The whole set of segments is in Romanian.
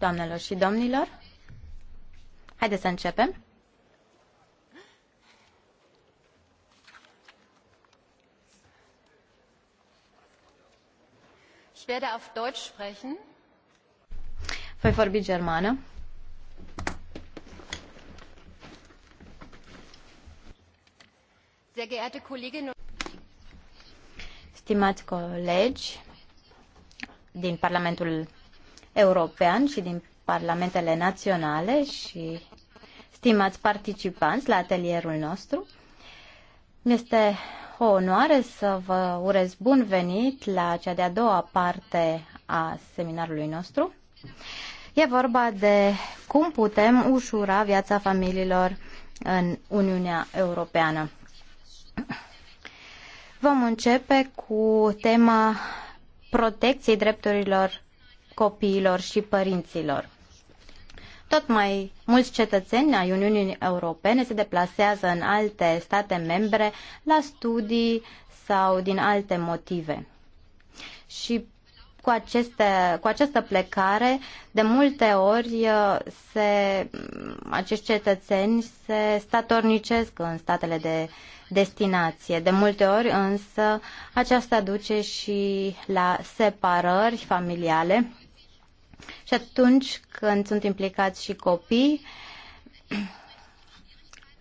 Doamnelor și domnilor, haideți să începem. Ich werde auf Deutsch sprechen. Voi vorbi germană. Sehr geehrte Kolleginnen Stimați colegi din Parlamentul European și din Parlamentele Naționale și stimați participanți la atelierul nostru, este o onoare să vă urez bun venit la cea de-a doua parte a seminarului nostru. E vorba de cum putem ușura viața familiilor în Uniunea Europeană. Vom începe cu tema protecției drepturilor copiilor și părinților. Tot mai mulți cetățeni ai Uniunii Europene se deplasează în alte state membre la studii sau din alte motive. Și cu, aceste, cu această plecare, de multe ori uh, se, acești cetățeni se statornicesc în statele de destinație. De multe ori însă aceasta duce și la separări familiale și atunci când sunt implicați și copii,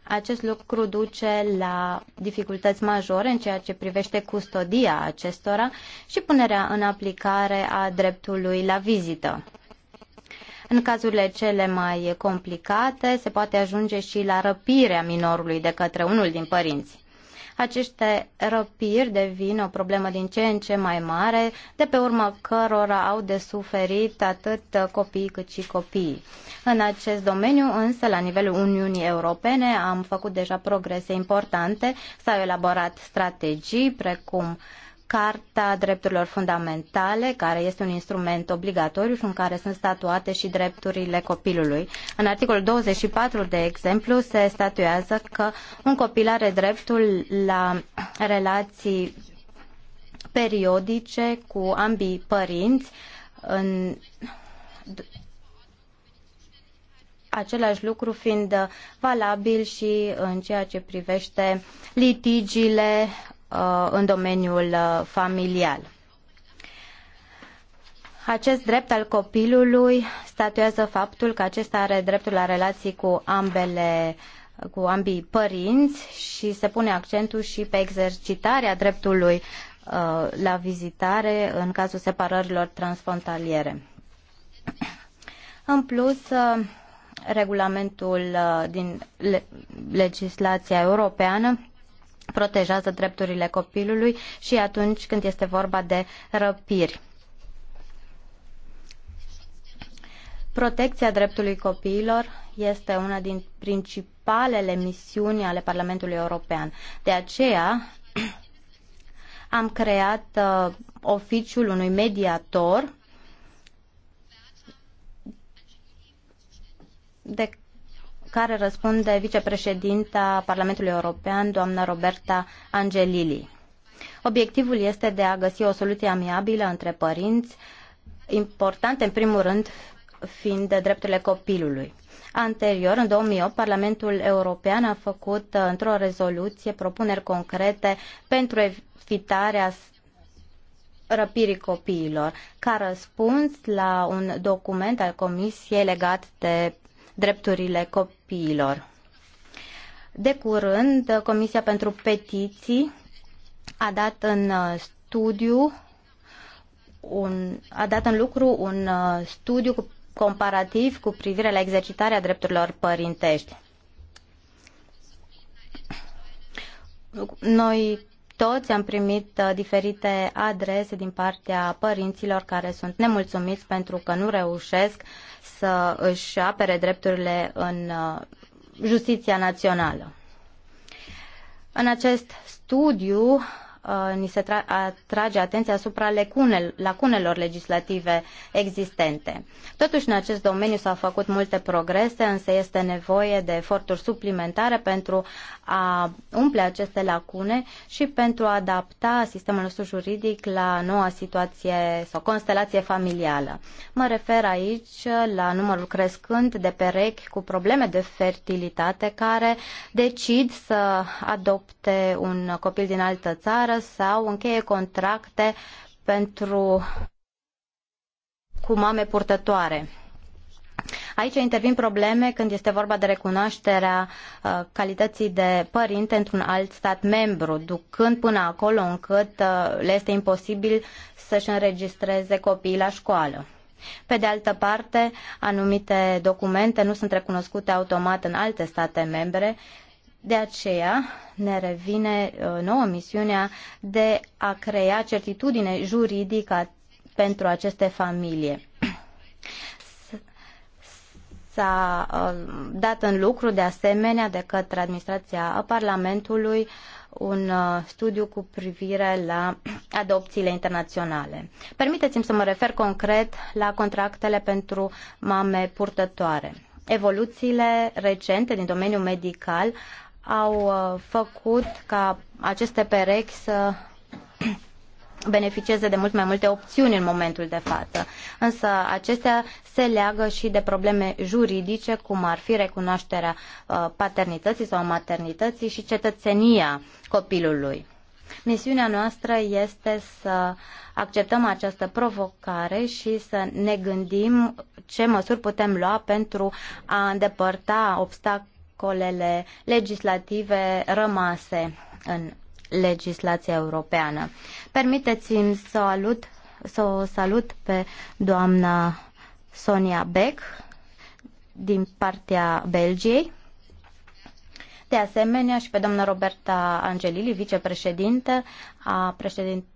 acest lucru duce la dificultăți majore în ceea ce privește custodia acestora și punerea în aplicare a dreptului la vizită. În cazurile cele mai complicate se poate ajunge și la răpirea minorului de către unul din părinți. Aceste răpiri devin o problemă din ce în ce mai mare, de pe urma cărora au de suferit atât copiii cât și copiii. În acest domeniu, însă, la nivelul Uniunii Europene, am făcut deja progrese importante, s-au elaborat strategii precum uh, Carta Drepturilor Fundamentale, care este un instrument obligatoriu și în care sunt statuate și drepturile copilului. În articolul 24, de exemplu, se statuează că un copil are dreptul la relații periodice cu ambii părinți în același lucru fiind valabil și în ceea ce privește litigiile Uh, în domeniul uh, familial. Acest drept al copilului statuează faptul că acesta are dreptul la relații cu ambele cu ambii părinți și se pune accentul și pe exercitarea dreptului uh, la vizitare în cazul separărilor transfrontaliere. În plus, uh, regulamentul uh, din le legislația europeană protejează drepturile copilului și atunci când este vorba de răpiri. Protecția dreptului copiilor este una din principalele misiuni ale Parlamentului European. De aceea am creat uh, oficiul unui mediator de care răspunde vicepreședinta Parlamentului European, doamna Roberta Angelilli. Obiectivul este de a găsi o soluție amiabilă între părinți, importante în primul rând fiind de drepturile copilului. Anterior, în 2008, Parlamentul European a făcut uh, într-o rezoluție propuneri concrete pentru evitarea răpirii copiilor, ca răspuns la un document al Comisiei legat de drepturile copiilor. De curând, Comisia pentru Petiții a dat în uh, studiu un, a dat în lucru un uh, studiu comparativ cu privire la exercitarea drepturilor părintești. Noi toți am primit uh, diferite adrese din partea părinților care sunt nemulțumiți pentru că nu reușesc să își apere drepturile în uh, justiția națională. În acest studiu Uh, ni se atrage atenția asupra lecunel, lacunelor legislative existente. Totuși, în acest domeniu s-au făcut multe progrese, însă este nevoie de eforturi suplimentare pentru a umple aceste lacune și pentru a adapta sistemul nostru juridic la noua situație sau constelație familială. Mă refer aici la numărul crescând de perechi cu probleme de fertilitate care decid să adopte un copil din altă țară sau încheie contracte pentru cu mame purtătoare. Aici intervin probleme când este vorba de recunoașterea uh, calității de părinte într-un alt stat membru, ducând până acolo încât uh, le este imposibil să-și înregistreze copiii la școală. Pe de altă parte, anumite documente nu sunt recunoscute automat în alte state membre de aceea ne revine uh, nouă misiunea de a crea certitudine juridică pentru aceste familii. S-a uh, dat în lucru de asemenea de către administrația Parlamentului un uh, studiu cu privire la adopțiile internaționale. Permiteți-mi să mă refer concret la contractele pentru mame purtătoare. Evoluțiile recente din domeniul medical au uh, făcut ca aceste perechi să beneficieze de mult mai multe opțiuni în momentul de față. Însă acestea se leagă și de probleme juridice, cum ar fi recunoașterea uh, paternității sau maternității și cetățenia copilului. Misiunea noastră este să acceptăm această provocare și să ne gândim ce măsuri putem lua pentru a îndepărta obstacolele articolele legislative rămase în legislația europeană. Permiteți-mi să, alut, să o salut pe doamna Sonia Beck din partea Belgiei. De asemenea și pe doamna Roberta Angelili, vicepreședinte a,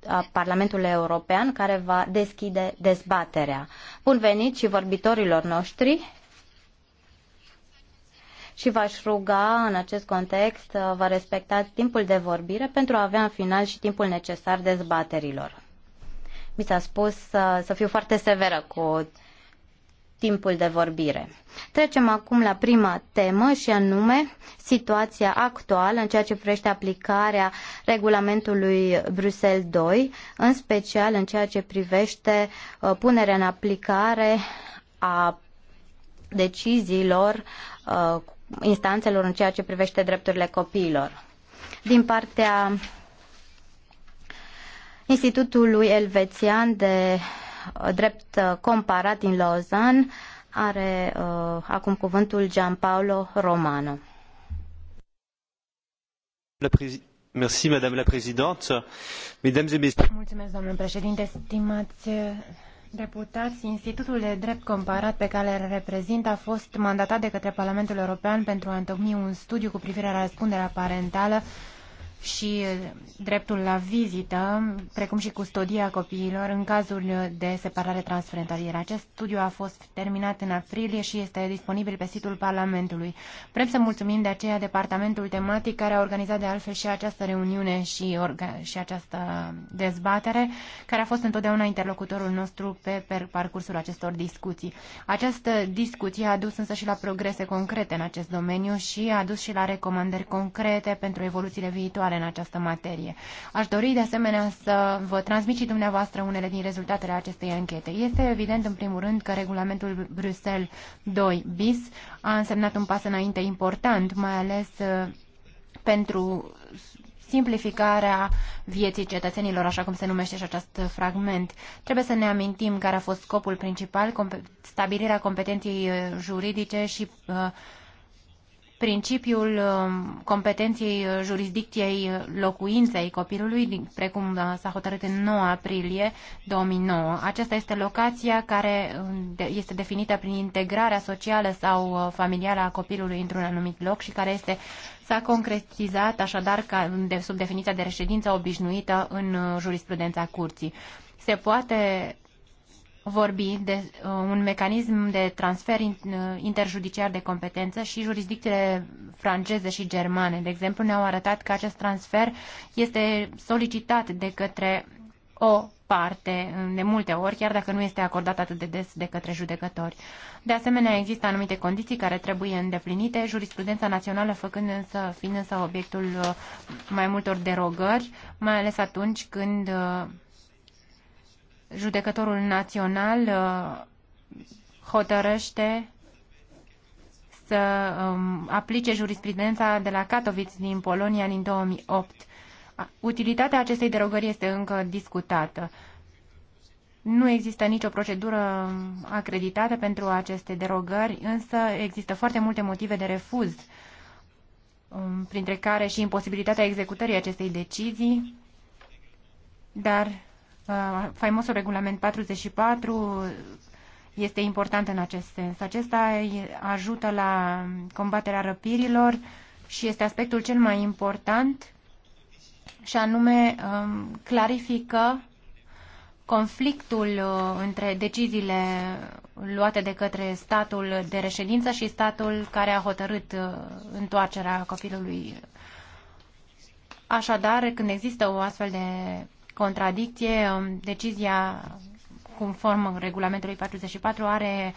a Parlamentului European, care va deschide dezbaterea. Bun venit și vorbitorilor noștri și v-aș ruga în acest context să uh, vă respectați timpul de vorbire pentru a avea în final și timpul necesar dezbaterilor. Mi s-a spus să, uh, să fiu foarte severă cu timpul de vorbire. Trecem acum la prima temă și anume situația actuală în ceea ce privește aplicarea regulamentului Bruxelles 2, în special în ceea ce privește uh, punerea în aplicare a deciziilor uh, instanțelor în ceea ce privește drepturile copiilor. Din partea Institutului Elvețian de uh, Drept Comparat din Lausanne are uh, acum cuvântul Gianpaolo Romano. La Mulțumesc, domnule președinte, stimați Deputați, Institutul de Drept Comparat pe care îl reprezint a fost mandatat de către Parlamentul European pentru a întocmi un studiu cu privire la răspunderea parentală și dreptul la vizită, precum și custodia copiilor în cazul de separare transfrontalieră. Acest studiu a fost terminat în aprilie și este disponibil pe site-ul Parlamentului. Vrem să mulțumim de aceea departamentul tematic care a organizat de altfel și această reuniune și, și această dezbatere, care a fost întotdeauna interlocutorul nostru pe pe parcursul acestor discuții. Această discuție a dus însă și la progrese concrete în acest domeniu și a dus și la recomandări concrete pentru evoluțiile viitoare inovare în această materie. Aș dori de asemenea să vă transmit și dumneavoastră unele din rezultatele acestei închete. Este evident în primul rând că regulamentul Bruxelles 2 bis a însemnat un pas înainte important, mai ales uh, pentru simplificarea vieții cetățenilor, așa cum se numește și acest fragment. Trebuie să ne amintim care a fost scopul principal, stabilirea competenței uh, juridice și uh, principiul um, competenței uh, jurisdicției uh, locuinței copilului, precum uh, s-a hotărât în 9 aprilie 2009. Aceasta este locația care este definită prin integrarea socială sau familială a copilului într-un anumit loc și care este s-a concretizat așadar ca, sub definiția de reședință obișnuită în jurisprudența curții. Se poate vorbi de uh, un mecanism de transfer uh, interjudiciar de competență și jurisdicțiile franceze și germane, de exemplu, ne-au arătat că acest transfer este solicitat de către o parte uh, de multe ori, chiar dacă nu este acordat atât de des de către judecători. De asemenea, există anumite condiții care trebuie îndeplinite, jurisprudența națională făcând însă, fiind însă obiectul mai multor derogări, mai ales atunci când judecătorul național uh, hotărăște să um, aplice jurisprudența de la Katowice din Polonia din 2008. Utilitatea acestei derogări este încă discutată. Nu există nicio procedură um, acreditată pentru aceste derogări, însă există foarte multe motive de refuz, um, printre care și imposibilitatea executării acestei decizii, dar Uh, faimosul regulament 44 este important în acest sens. Acesta ajută la combaterea răpirilor și este aspectul cel mai important și anume um, clarifică conflictul uh, între deciziile luate de către statul de reședință și statul care a hotărât uh, întoarcerea copilului. Așadar, când există o astfel de contradicție. Um, decizia conform regulamentului 44 are,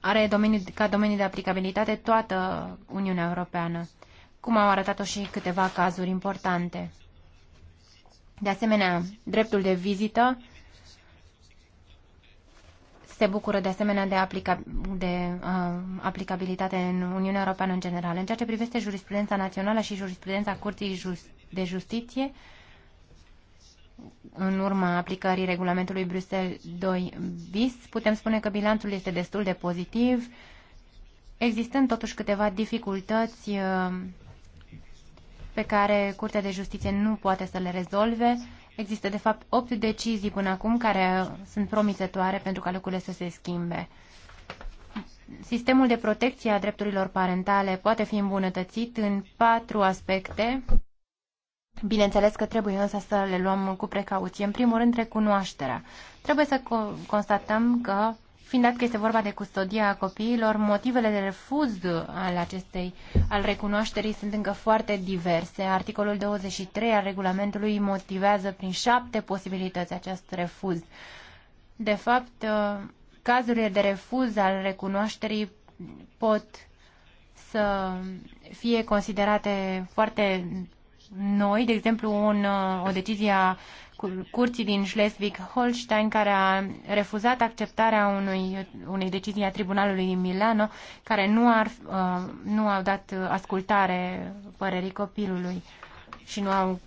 are domenii, ca domeniu de aplicabilitate toată Uniunea Europeană, cum au arătat-o și câteva cazuri importante. De asemenea, dreptul de vizită se bucură de asemenea de, aplica, de uh, aplicabilitate în Uniunea Europeană în general. În ceea ce privește jurisprudența națională și jurisprudența Curții Just, de Justiție, uh, în urma aplicării regulamentului Bruxelles 2 bis, putem spune că bilanțul este destul de pozitiv, existând totuși câteva dificultăți uh, pe care Curtea de Justiție nu poate să le rezolve. Există, de fapt, opt decizii până acum care sunt promițătoare pentru ca lucrurile să se schimbe. Sistemul de protecție a drepturilor parentale poate fi îmbunătățit în patru aspecte. Bineînțeles că trebuie însă să le luăm cu precauție. În primul rând, recunoașterea. Trebuie să co- constatăm că, fiind dat că este vorba de custodia a copiilor, motivele de refuz al acestei, al recunoașterii sunt încă foarte diverse. Articolul 23 al regulamentului motivează prin șapte posibilități acest refuz. De fapt, cazurile de refuz al recunoașterii pot să fie considerate foarte noi, de exemplu, un, o decizie a curții din Schleswig-Holstein care a refuzat acceptarea unui, unei decizii a tribunalului din Milano care nu, ar, uh, nu au dat ascultare părerii copilului și nu, au,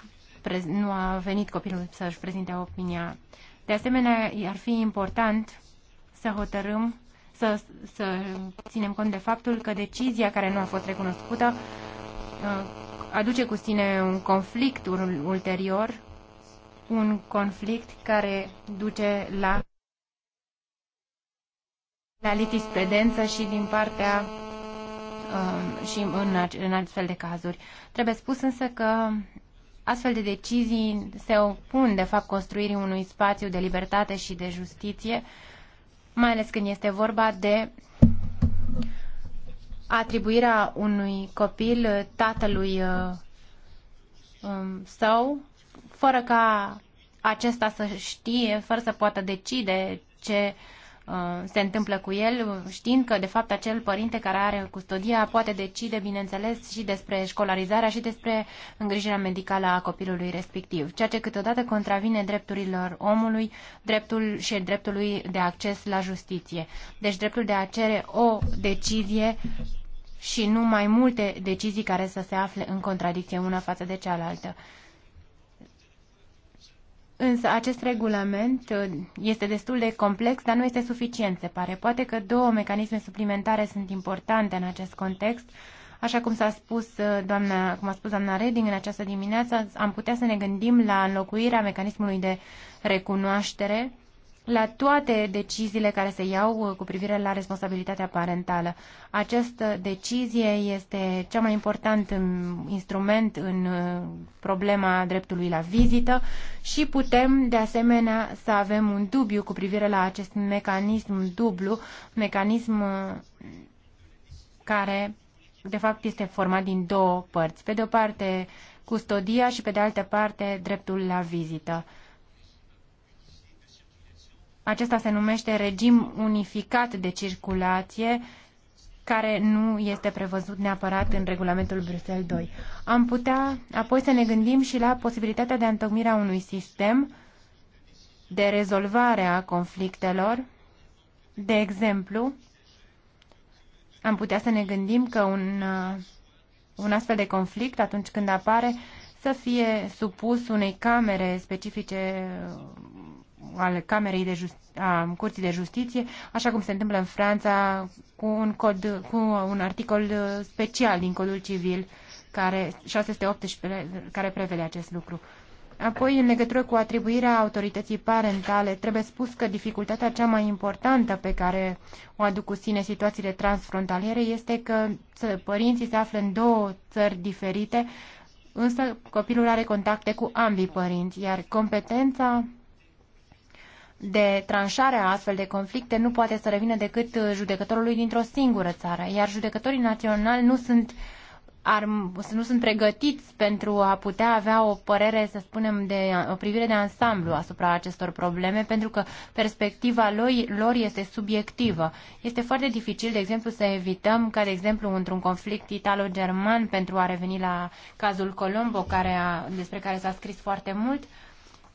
nu a venit copilul să-și prezinte opinia. De asemenea, ar fi important să hotărâm, să, să ținem cont de faptul că decizia care nu a fost recunoscută uh, aduce cu sine un conflict ulterior, un conflict care duce la, la litisprudență și din partea um, și în, în astfel de cazuri. Trebuie spus însă că astfel de decizii se opun, de fapt, construirii unui spațiu de libertate și de justiție, mai ales când este vorba de atribuirea unui copil tatălui uh, um, său, fără ca acesta să știe, fără să poată decide ce Uh, se întâmplă cu el, știind că, de fapt, acel părinte care are custodia poate decide, bineînțeles, și despre școlarizarea și despre îngrijirea medicală a copilului respectiv, ceea ce câteodată contravine drepturilor omului dreptul și dreptului de acces la justiție. Deci dreptul de a cere o decizie și nu mai multe decizii care să se afle în contradicție una față de cealaltă. Însă acest regulament uh, este destul de complex, dar nu este suficient, se pare. Poate că două mecanisme suplimentare sunt importante în acest context. Așa cum s-a spus uh, doamna, cum a spus doamna Reding în această dimineață, am putea să ne gândim la înlocuirea mecanismului de recunoaștere la toate deciziile care se iau uh, cu privire la responsabilitatea parentală. Această decizie este cea mai important um, instrument în uh, problema dreptului la vizită și putem, de asemenea, să avem un dubiu cu privire la acest mecanism dublu, mecanism uh, care, de fapt, este format din două părți. Pe de o parte, custodia și, pe de altă parte, dreptul la vizită. Acesta se numește regim unificat de circulație, care nu este prevăzut neapărat în regulamentul Bruxelles 2. Am putea apoi să ne gândim și la posibilitatea de a întocmirea unui sistem de rezolvare a conflictelor. De exemplu, am putea să ne gândim că un, uh, un astfel de conflict, atunci când apare, să fie supus unei camere specifice al Camerei de Justi- a Curții de Justiție, așa cum se întâmplă în Franța cu un, cod, cu un articol special din codul civil care 618 care prevede acest lucru. Apoi, în legătură cu atribuirea autorității parentale, trebuie spus că dificultatea cea mai importantă pe care o aduc cu sine situațiile transfrontaliere este că părinții se află în două țări diferite, însă copilul are contacte cu ambii părinți, iar competența de tranșare a astfel de conflicte nu poate să revină decât judecătorului dintr-o singură țară, iar judecătorii naționali nu sunt ar, nu sunt pregătiți pentru a putea avea o părere, să spunem, de o privire de ansamblu asupra acestor probleme, pentru că perspectiva lor, lor este subiectivă. Este foarte dificil, de exemplu, să evităm ca, de exemplu, într-un conflict italo-german, pentru a reveni la cazul Colombo, care a, despre care s-a scris foarte mult, uh,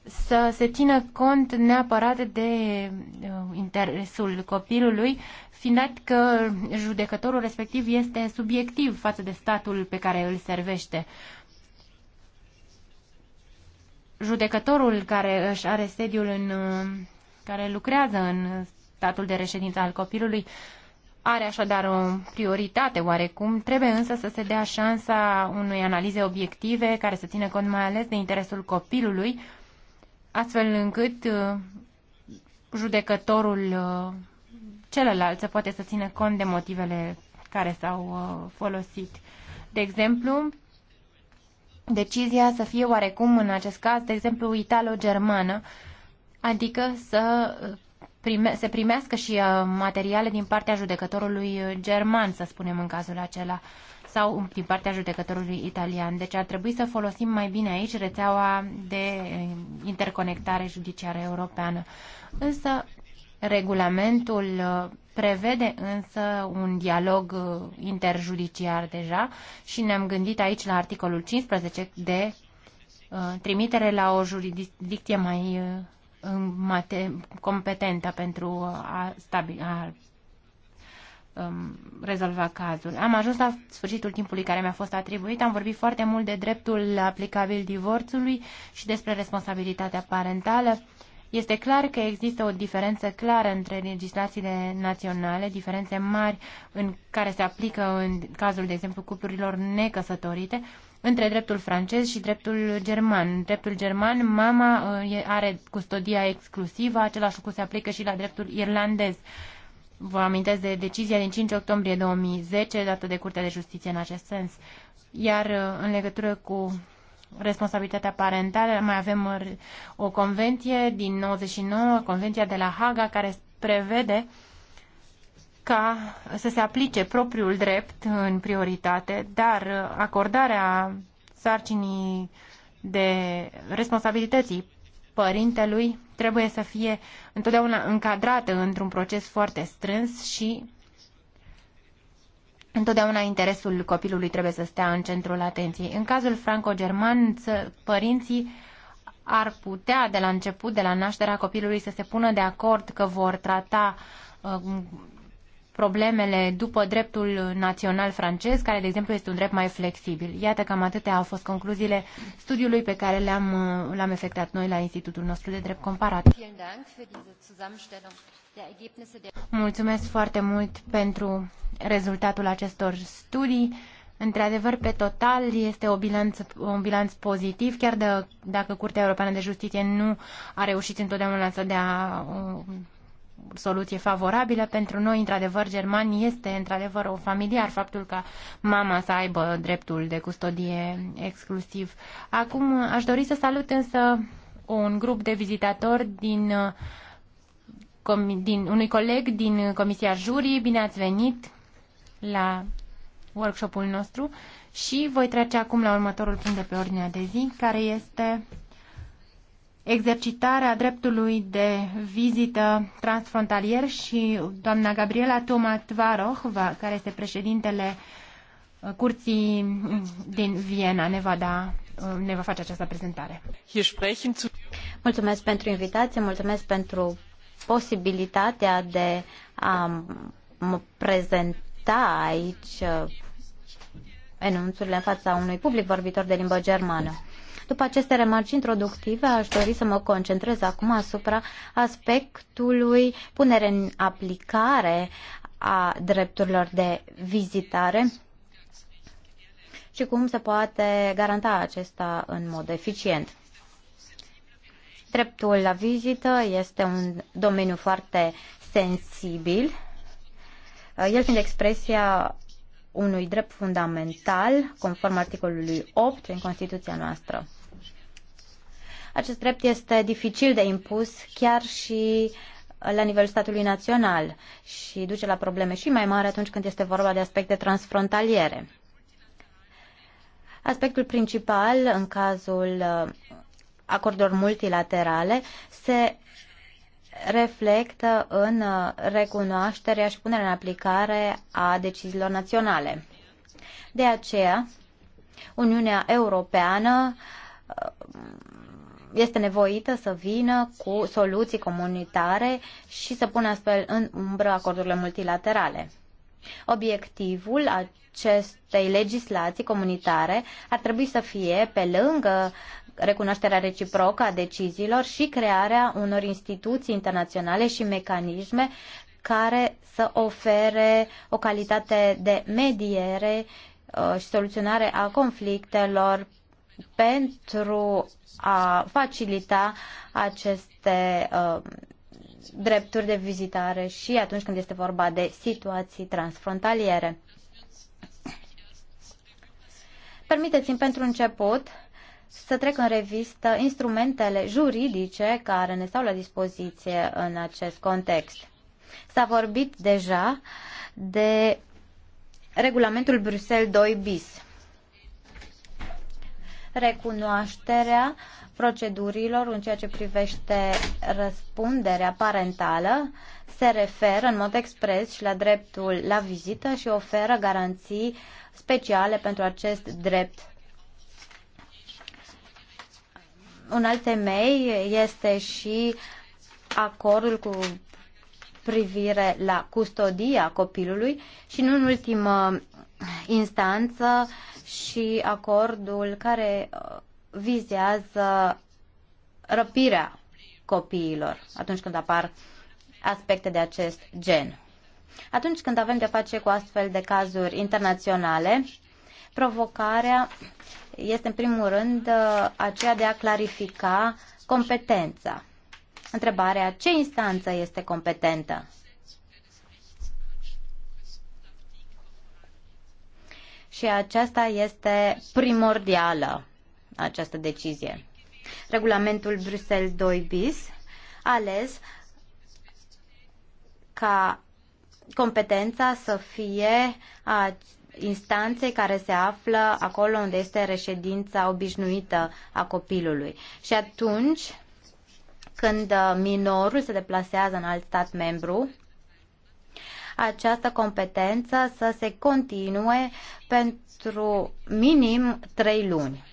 să se țină cont neapărat de uh, interesul copilului, fiind dat că judecătorul respectiv este subiectiv față de statul pe care îl servește. Judecătorul care își are sediul în uh, care lucrează în statul de reședință al copilului are așadar o prioritate oarecum, trebuie însă să se dea șansa unei analize obiective care să țină cont mai ales de interesul copilului, astfel încât uh, judecătorul uh, celălalt să poate să țină cont de motivele care s-au uh, folosit. De exemplu, decizia să fie oarecum în acest caz, de exemplu, italo-germană, adică să prime, se primească și materiale din partea judecătorului german, să spunem în cazul acela sau din partea judecătorului italian. Deci ar trebui să folosim mai bine aici rețeaua de eh, interconectare judiciară europeană. Însă regulamentul eh, prevede însă un dialog eh, interjudiciar deja și ne-am gândit aici la articolul 15 de trimitere la o jurisdicție mai competentă pentru a, stabi, a um, rezolva cazul. Am ajuns la sfârșitul timpului care mi-a fost atribuit, am vorbit foarte mult de dreptul aplicabil divorțului și despre responsabilitatea parentală. Este clar că există o diferență clară între legislațiile naționale, diferențe mari în care se aplică în cazul, de exemplu, cuplurilor necăsătorite, între dreptul francez și dreptul german. În dreptul german, mama uh, are custodia exclusivă, același lucru se aplică și la dreptul irlandez. Vă amintesc de decizia din 5 octombrie 2010 dată de Curtea de Justiție în acest sens. Iar uh, în legătură cu responsabilitatea parentală, mai avem uh, o convenție din 99, convenția de la Haga, care prevede ca să se aplice propriul drept în prioritate, dar uh, acordarea sarcinii de responsabilității părintelui trebuie să fie întotdeauna încadrată într-un proces foarte strâns și Întotdeauna interesul copilului trebuie să stea în centrul atenției. În cazul franco-german, părinții ar putea de la început, de la nașterea copilului, să se pună de acord că vor trata uh, problemele după dreptul național francez, care, de exemplu, este un drept mai flexibil. Iată, cam atâtea au fost concluziile studiului pe care le-am, l-am efectuat noi la Institutul nostru de Drept Comparat. Mulțumesc foarte mult pentru rezultatul acestor studii. Într-adevăr, pe total este o bilanț, un bilanț pozitiv, chiar de, dacă Curtea Europeană de Justiție nu a reușit întotdeauna să dea uh, soluție favorabilă pentru noi. Într-adevăr, germani este într-adevăr o familiar faptul că mama să aibă dreptul de custodie exclusiv. Acum aș dori să salut însă un grup de vizitatori din, din unui coleg din Comisia Jurii. Bine ați venit la workshopul nostru și voi trece acum la următorul punct de pe ordinea de zi, care este exercitarea dreptului de vizită transfrontalier și doamna Gabriela Toma Tvarohva, care este președintele uh, curții mm, din Viena, ne va, da, uh, ne va face această prezentare. Mulțumesc pentru invitație, mulțumesc pentru posibilitatea de a mă prezenta aici uh, enunțurile în fața unui public vorbitor de limbă germană. După aceste remarci introductive, aș dori să mă concentrez acum asupra aspectului punere în aplicare a drepturilor de vizitare și cum se poate garanta acesta în mod eficient. Dreptul la vizită este un domeniu foarte sensibil, el fiind expresia unui drept fundamental, conform articolului 8 în Constituția noastră. Acest drept este dificil de impus chiar și la nivelul statului național și duce la probleme și mai mari atunci când este vorba de aspecte transfrontaliere. Aspectul principal în cazul uh, acordurilor multilaterale se reflectă în uh, recunoașterea și punerea în aplicare a deciziilor naționale. De aceea, Uniunea Europeană uh, este nevoită să vină cu soluții comunitare și să pună astfel în umbră acordurile multilaterale. Obiectivul acestei legislații comunitare ar trebui să fie, pe lângă recunoașterea reciprocă a deciziilor și crearea unor instituții internaționale și mecanisme care să ofere o calitate de mediere uh, și soluționare a conflictelor pentru a facilita aceste uh, drepturi de vizitare și atunci când este vorba de situații transfrontaliere. Permiteți-mi pentru început să trec în revistă instrumentele juridice care ne stau la dispoziție în acest context. S-a vorbit deja de regulamentul Bruxelles 2 bis, recunoașterea procedurilor în ceea ce privește răspunderea parentală se referă în mod expres și la dreptul la vizită și oferă garanții speciale pentru acest drept un alt temei este și acordul cu privire la custodia copilului și, nu în ultimă instanță, și acordul care uh, vizează răpirea copiilor atunci când apar aspecte de acest gen. Atunci când avem de face cu astfel de cazuri internaționale, provocarea este în primul rând uh, aceea de a clarifica competența. Întrebarea ce instanță este competentă? Și aceasta este primordială, această decizie. Regulamentul Bruxelles 2 bis ales ca competența să fie a instanței care se află acolo unde este reședința obișnuită a copilului. Și atunci, când uh, minorul se deplasează în alt stat membru, această competență să se continue pentru minim trei luni.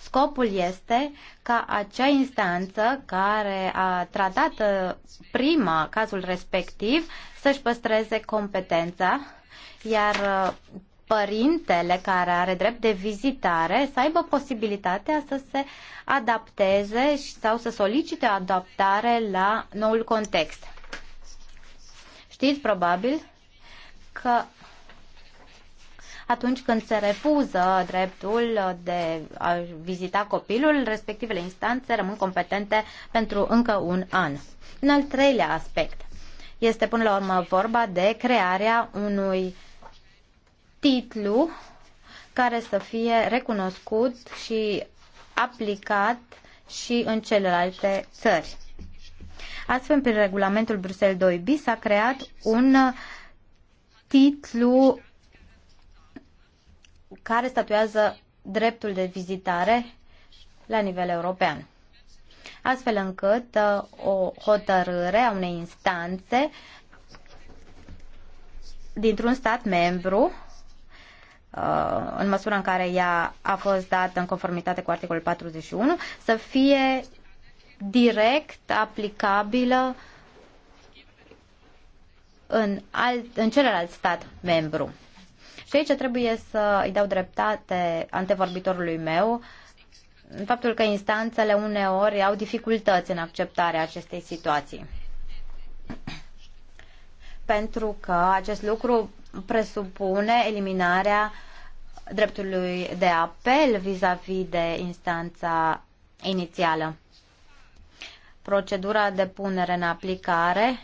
Scopul este ca acea instanță care a tratat uh, prima cazul respectiv să-și păstreze competența iar uh, părintele care are drept de vizitare să aibă posibilitatea să se adapteze sau să solicite o adaptare la noul context. Știți probabil că atunci când se refuză dreptul de a vizita copilul, respectivele instanțe rămân competente pentru încă un an. Un al treilea aspect. Este până la urmă vorba de crearea unui titlu care să fie recunoscut și aplicat și în celelalte țări. Astfel, prin regulamentul Bruxelles 2 b s-a creat un titlu care statuează dreptul de vizitare la nivel european astfel încât uh, o hotărâre a unei instanțe dintr-un stat membru uh, în măsura în care ea a fost dată în conformitate cu articolul 41, să fie direct aplicabilă în, alt, în celălalt stat membru. Și aici trebuie să îi dau dreptate antevorbitorului meu faptul că instanțele uneori au dificultăți în acceptarea acestei situații. Pentru că acest lucru presupune eliminarea dreptului de apel vis-a-vis -vis de instanța inițială. Procedura de punere în aplicare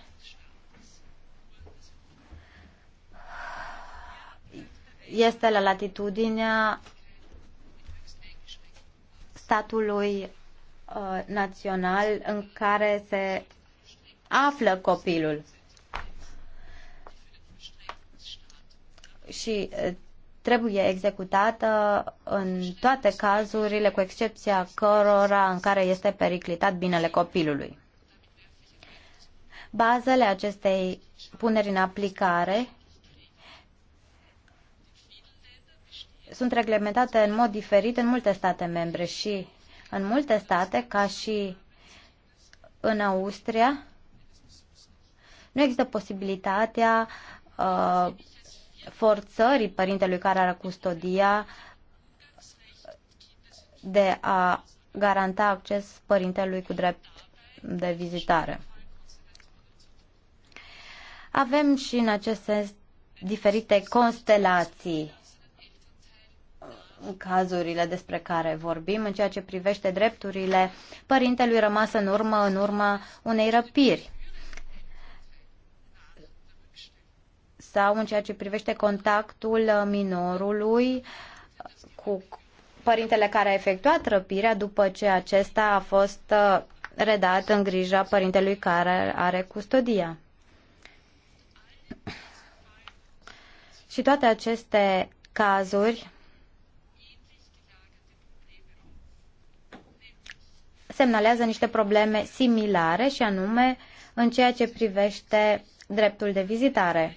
este la latitudinea statului uh, național în care se află copilul. Și uh, trebuie executată în toate cazurile, cu excepția cărora în care este periclitat binele copilului. Bazele acestei puneri în aplicare sunt reglementate în mod diferit în multe state membre și în multe state, ca și în Austria, nu există posibilitatea uh, forțării părintelui care are custodia de a garanta acces părintelui cu drept de vizitare. Avem și în acest sens diferite constelații cazurile despre care vorbim în ceea ce privește drepturile părintelui rămas în urmă în urma unei răpiri sau în ceea ce privește contactul minorului cu părintele care a efectuat răpirea după ce acesta a fost uh, redat în grija părintelui care are custodia. Și toate aceste cazuri semnalează niște probleme similare și anume în ceea ce privește dreptul de vizitare.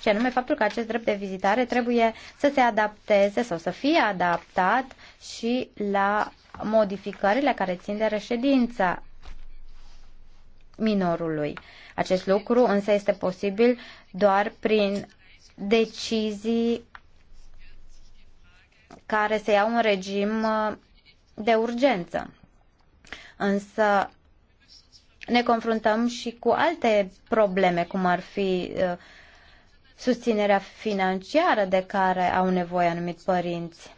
Și anume faptul că acest drept de vizitare trebuie să se adapteze sau să fie adaptat și la modificările care țin de reședința minorului. Acest lucru însă este posibil doar prin decizii care să iau un regim uh, de urgență. Însă ne confruntăm și cu alte probleme, cum ar fi uh, susținerea financiară de care au nevoie anumit părinți.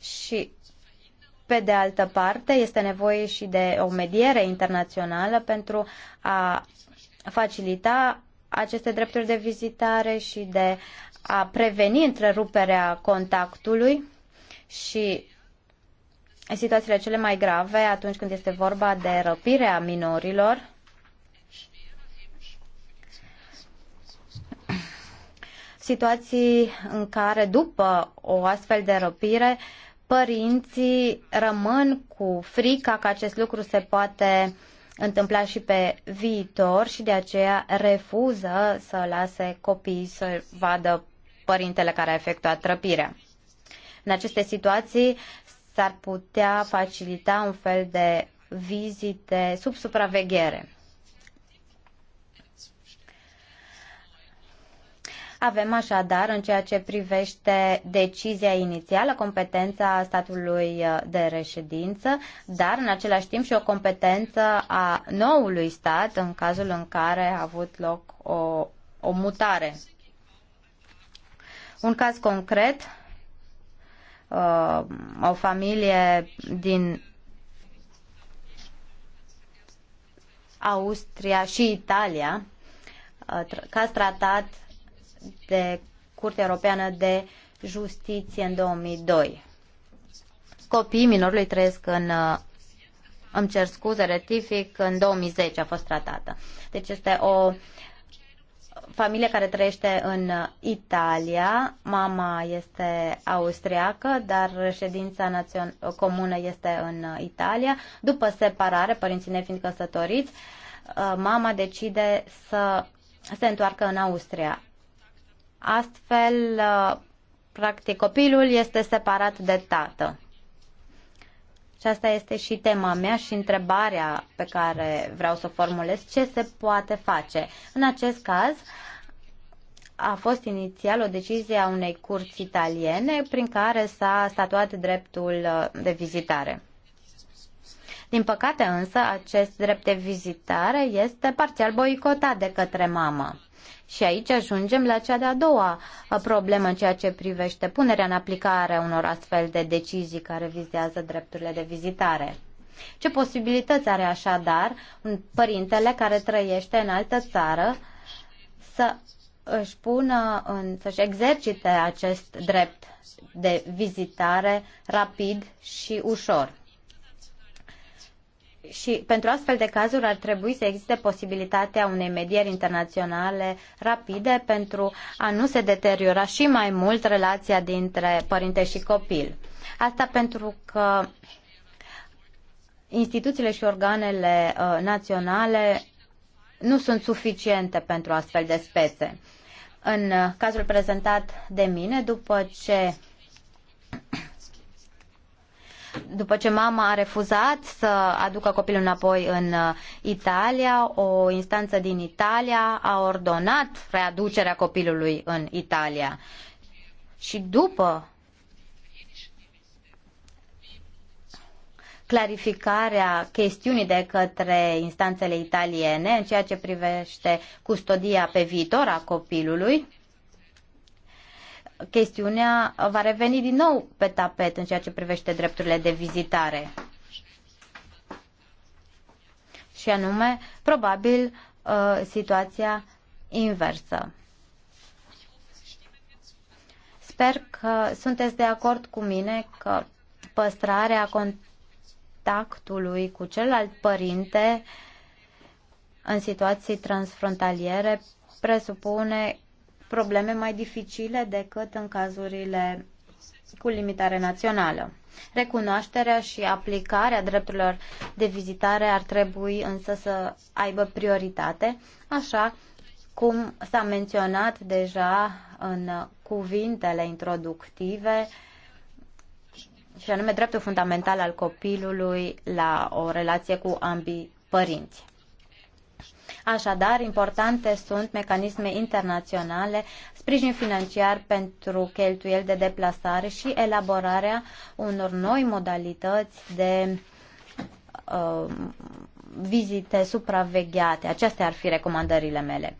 Și pe de altă parte, este nevoie și de o mediere internațională pentru a facilita aceste drepturi de vizitare și de a preveni întreruperea contactului și situațiile cele mai grave atunci când este vorba de răpirea minorilor. Situații în care după o astfel de răpire părinții rămân cu frica că acest lucru se poate întâmpla și pe viitor și de aceea refuză să lase copiii să vadă părintele care a efectuat trăpirea. În aceste situații s-ar putea facilita un fel de vizite sub supraveghere. Avem așadar, în ceea ce privește decizia inițială, competența statului uh, de reședință, dar în același timp și o competență a noului stat în cazul în care a avut loc o, o mutare. Un caz concret, uh, o familie din Austria și Italia, uh, caz tratat de Curtea Europeană de Justiție în 2002. Copiii minorului trăiesc în uh, îmi cer scuze, retific, în 2010 a fost tratată. Deci este o familie care trăiește în Italia. Mama este austriacă, dar reședința națion- comună este în Italia. După separare, părinții ne fiind căsătoriți, uh, mama decide să se întoarcă în Austria. Astfel, uh, practic, copilul este separat de tată. Și asta este și tema mea și întrebarea pe care vreau să o formulez, ce se poate face. În acest caz, a fost inițial o decizie a unei curți italiene prin care s-a statuat dreptul uh, de vizitare. Din păcate însă, acest drept de vizitare este parțial boicotat de către mamă. Și aici ajungem la cea de-a doua uh, problemă în ceea ce privește punerea în aplicare unor astfel de decizii care vizează drepturile de vizitare. Ce posibilități are așadar un părintele care trăiește în altă țară să își pună, să-și exercite acest drept de vizitare rapid și ușor? și pentru astfel de cazuri ar trebui să existe posibilitatea unei medieri internaționale rapide pentru a nu se deteriora și mai mult relația dintre părinte și copil. Asta pentru că instituțiile și organele uh, naționale nu sunt suficiente pentru astfel de spețe. În uh, cazul prezentat de mine, după ce după ce mama a refuzat să aducă copilul înapoi în uh, Italia, o instanță din Italia a ordonat readucerea copilului în Italia. Și după clarificarea chestiunii de către instanțele italiene în ceea ce privește custodia pe viitor a copilului, chestiunea va reveni din nou pe tapet în ceea ce privește drepturile de vizitare. Și anume, probabil, uh, situația inversă. Sper că sunteți de acord cu mine că păstrarea contactului cu celălalt părinte în situații transfrontaliere presupune probleme mai dificile decât în cazurile cu limitare națională. Recunoașterea și aplicarea drepturilor de vizitare ar trebui însă să aibă prioritate, așa cum s-a menționat deja în cuvintele introductive, și anume dreptul fundamental al copilului la o relație cu ambii părinți. Așadar, importante sunt mecanisme internaționale, sprijin financiar pentru cheltuieli de deplasare și elaborarea unor noi modalități de uh, vizite supravegheate. Acestea ar fi recomandările mele.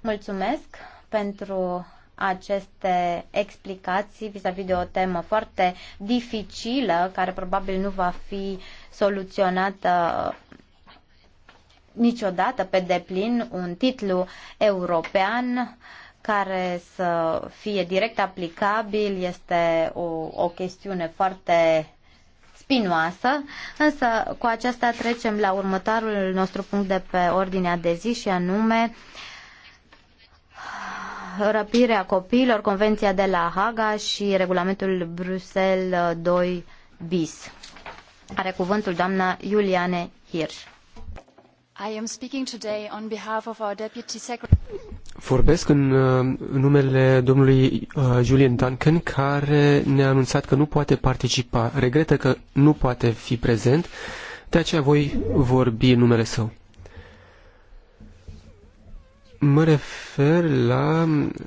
Mulțumesc pentru aceste explicații vis-a-vis -vis de o temă foarte dificilă, care probabil nu va fi soluționată niciodată pe deplin un titlu european care să fie direct aplicabil este o, o chestiune foarte spinoasă, însă cu aceasta trecem la următorul nostru punct de pe ordinea de zi și anume răpirea copiilor, Convenția de la Haga și regulamentul Bruxelles 2 bis. Are cuvântul doamna Iuliane Hirsch. Vorbesc în numele domnului uh, Julian Duncan, care ne-a anunțat că nu poate participa. Regretă că nu poate fi prezent, de aceea voi vorbi în numele său. Mă refer la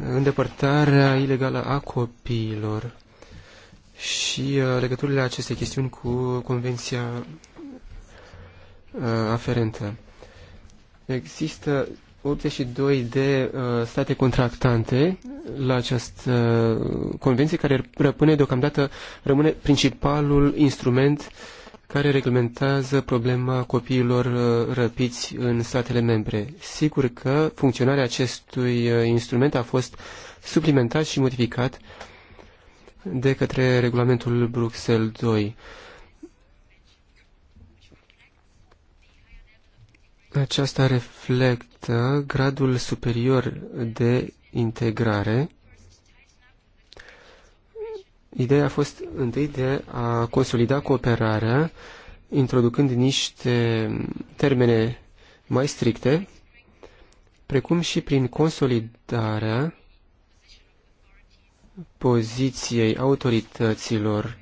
îndepărtarea ilegală a copiilor și uh, legăturile acestei chestiuni cu Convenția uh, aferentă. Există 82 de uh, state contractante la această uh, convenție care răpune deocamdată rămâne principalul instrument care reglementează problema copiilor uh, răpiți în statele membre. Sigur că funcționarea acestui uh, instrument a fost suplimentat și modificat de către regulamentul Bruxelles II. Aceasta reflectă gradul superior de integrare. Ideea a fost întâi de a consolida cooperarea, introducând niște termene mai stricte, precum și prin consolidarea poziției autorităților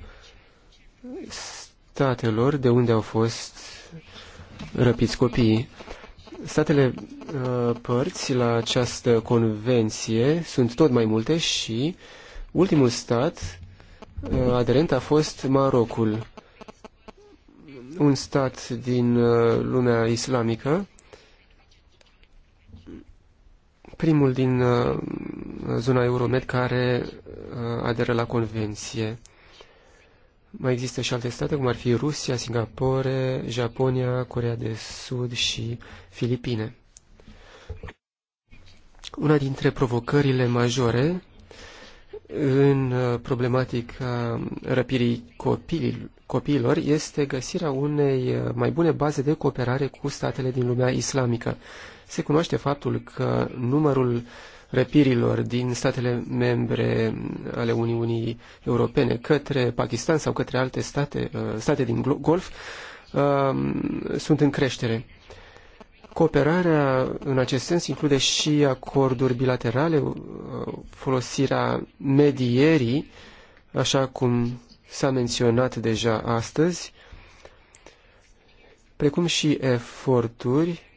statelor de unde au fost răpiți copiii. Statele uh, părți la această convenție sunt tot mai multe și ultimul stat uh, aderent a fost Marocul, un stat din uh, lumea islamică, primul din zona Euromed care aderă la convenție. Mai există și alte state, cum ar fi Rusia, Singapore, Japonia, Corea de Sud și Filipine. Una dintre provocările majore în uh, problematica răpirii copiilor este găsirea unei uh, mai bune baze de cooperare cu statele din lumea islamică. Se cunoaște faptul că numărul repirilor din statele membre ale Uniunii Europene către Pakistan sau către alte state, uh, state din Golf um, sunt în creștere. Cooperarea în acest sens include și acorduri bilaterale, uh, folosirea medierii, așa cum s-a menționat deja astăzi, precum și eforturi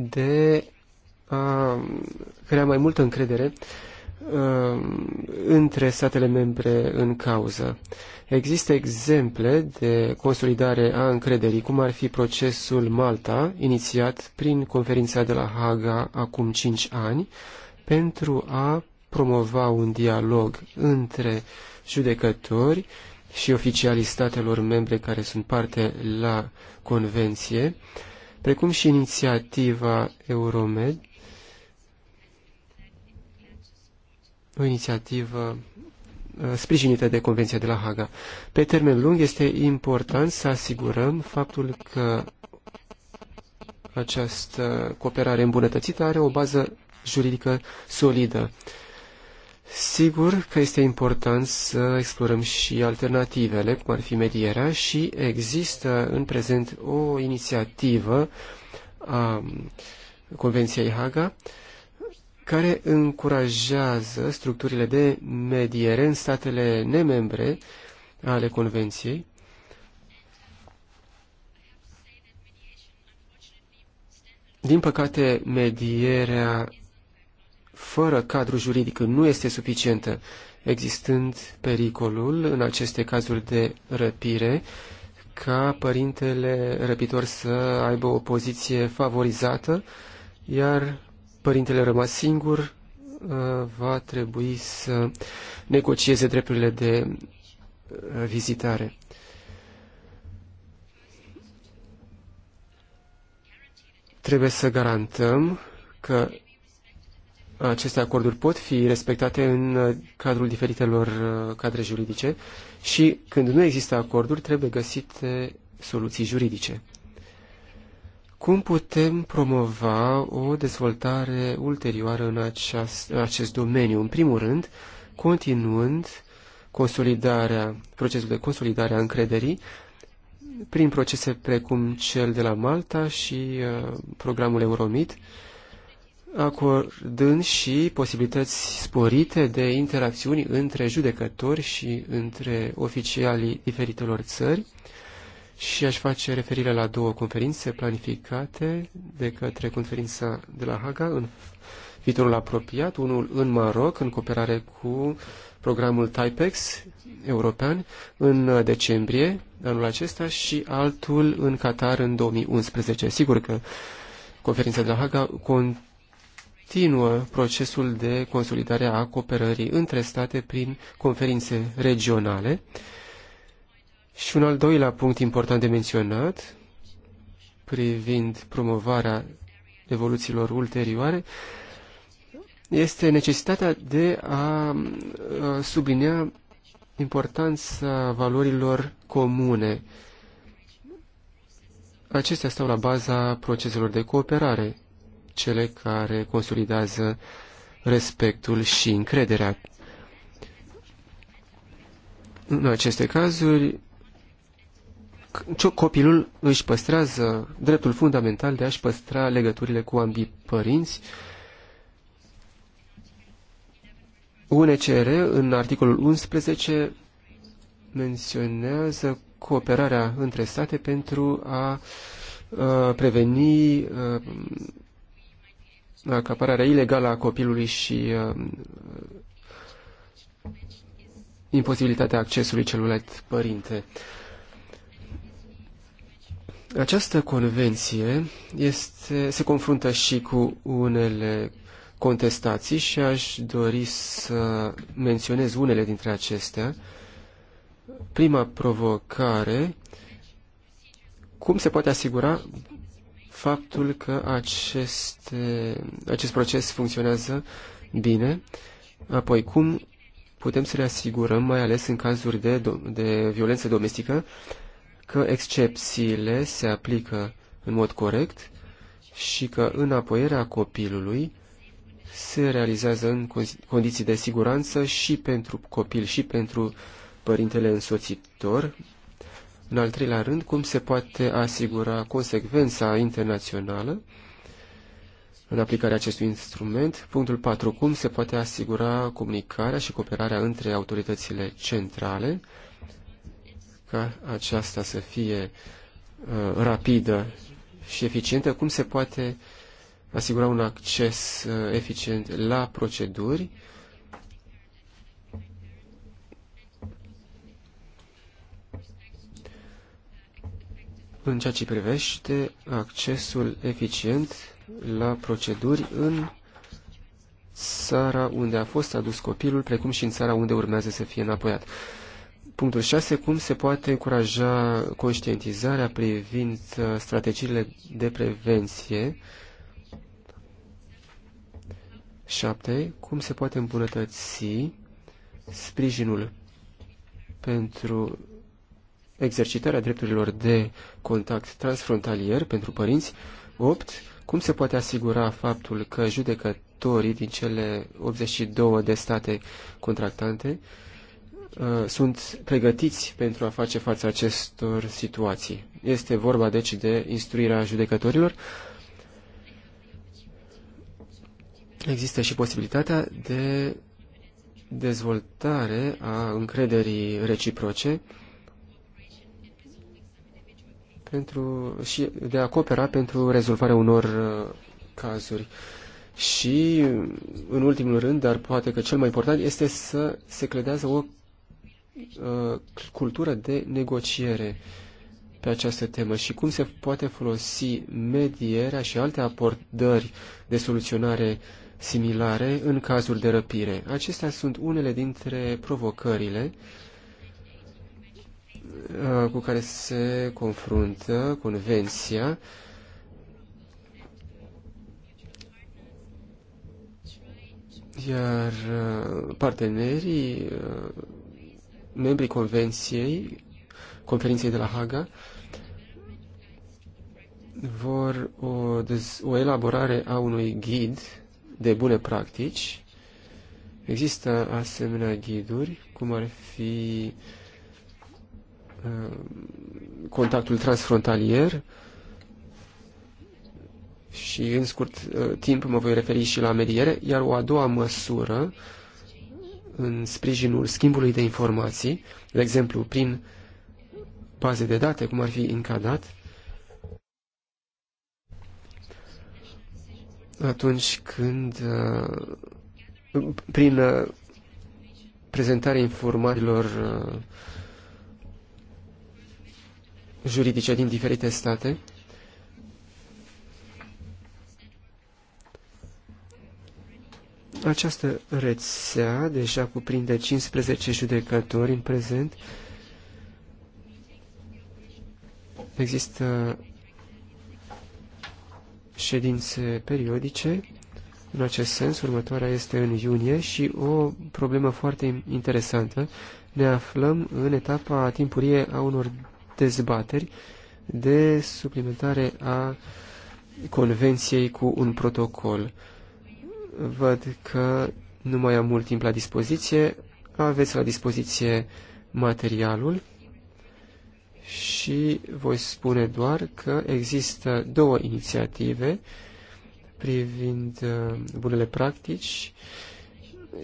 de a uh, crea mai multă încredere uh, între statele membre în cauză. Există exemple de consolidare a încrederii, cum ar fi procesul Malta, inițiat prin conferința de la Haga acum 5 ani, pentru a promova un dialog între judecători și oficialii statelor membre care sunt parte la convenție, uh, precum și inițiativa Euromed, o inițiativă uh, sprijinită de Convenția de la Haga. Pe termen lung este important să asigurăm faptul că această cooperare îmbunătățită are o bază juridică solidă. Sigur că este important să explorăm și alternativele, cum ar fi medierea, și există în prezent o inițiativă a Convenției Haga care încurajează structurile de mediere în statele nemembre ale Convenției Din păcate, medierea fără cadru juridic nu este suficientă, existând pericolul, în aceste cazuri de răpire, ca părintele răpitor să aibă o poziție favorizată, iar părintele rămas singur uh, va trebui să negocieze drepturile de uh, vizitare. Trebuie să garantăm că aceste acorduri pot fi respectate în uh, cadrul diferitelor uh, cadre juridice și când nu există acorduri trebuie găsite soluții juridice. Cum putem promova o dezvoltare ulterioară în aceast, acest domeniu? În primul rând, continuând consolidarea, procesul de consolidare a încrederii prin procese precum cel de la Malta și uh, programul Euromit, acordând și posibilități sporite de interacțiuni între judecători și între oficialii diferitelor țări și aș face referire la două conferințe planificate de către conferința de la Haga în viitorul apropiat, unul în Maroc, în cooperare cu programul TIPEX european, în decembrie anul acesta și altul în Qatar în 2011. Sigur că conferința de la Haga con continuă procesul de consolidare a cooperării între state prin conferințe regionale. Și un al doilea punct important de menționat, privind promovarea evoluțiilor ulterioare, este necesitatea de a sublinia importanța valorilor comune. Acestea stau la baza proceselor de cooperare cele care consolidează respectul și încrederea. În aceste cazuri, copilul își păstrează dreptul fundamental de a-și păstra legăturile cu ambii părinți. UNCR, în articolul 11, menționează cooperarea între state pentru a uh, preveni uh, acapararea ilegală a copilului și uh, imposibilitatea accesului celuilalt părinte. Această convenție este, se confruntă și cu unele contestații și aș dori să menționez unele dintre acestea. Prima provocare, cum se poate asigura faptul că acest acest proces funcționează bine, apoi cum putem să le asigurăm, mai ales în cazuri de, de violență domestică, că excepțiile se aplică în mod corect și că înapoierea copilului se realizează în condiții de siguranță și pentru copil și pentru părintele însoțitor, în al treilea rând, cum se poate asigura consecvența internațională în aplicarea acestui instrument. Punctul 4. Cum se poate asigura comunicarea și cooperarea între autoritățile centrale ca aceasta să fie uh, rapidă și eficientă? Cum se poate asigura un acces uh, eficient la proceduri uh, în ceea ce privește accesul eficient la proceduri în țara unde a fost adus copilul, precum și în țara unde urmează să fie înapoiat. Punctul 6. Cum se poate încuraja conștientizarea privind uh, strategiile de prevenție? 7. Cum se poate îmbunătăți sprijinul pentru exercitarea drepturilor de contact transfrontalier pentru părinți. 8. Cum se poate asigura faptul că judecătorii din cele 82 de state contractante uh, sunt pregătiți pentru a face față acestor situații. Este vorba deci de instruirea judecătorilor. Există și posibilitatea de dezvoltare a încrederii reciproce pentru, și de a coopera pentru rezolvarea unor uh, cazuri. Și, în ultimul rând, dar poate că cel mai important este să se credează o uh, cultură de negociere pe această temă și cum se poate folosi medierea și alte abordări de soluționare similare în cazuri de răpire. Acestea sunt unele dintre provocările uh, Uh, cu care se confruntă Convenția iar uh, partenerii, uh, membrii Convenției, conferinței de la Haga, vor o, o elaborare a unui ghid de bune practici. Există asemenea ghiduri, cum ar fi uh, Uh, contactul transfrontalier și în scurt uh, timp mă voi referi și la mediere, iar o a doua măsură în sprijinul schimbului de informații, de exemplu prin baze de date, cum ar fi încadat, atunci când uh, prin prezentarea informațiilor juridice din diferite state. Această rețea deja cuprinde 15 judecători în prezent. Există ședințe periodice în acest sens. Următoarea este în iunie și o problemă foarte interesantă. Ne aflăm în etapa timpurie a unor dezbateri de suplimentare a convenției cu un protocol. Văd că nu mai am mult timp la dispoziție. Aveți la dispoziție materialul și voi spune doar că există două inițiative privind uh, bunele practici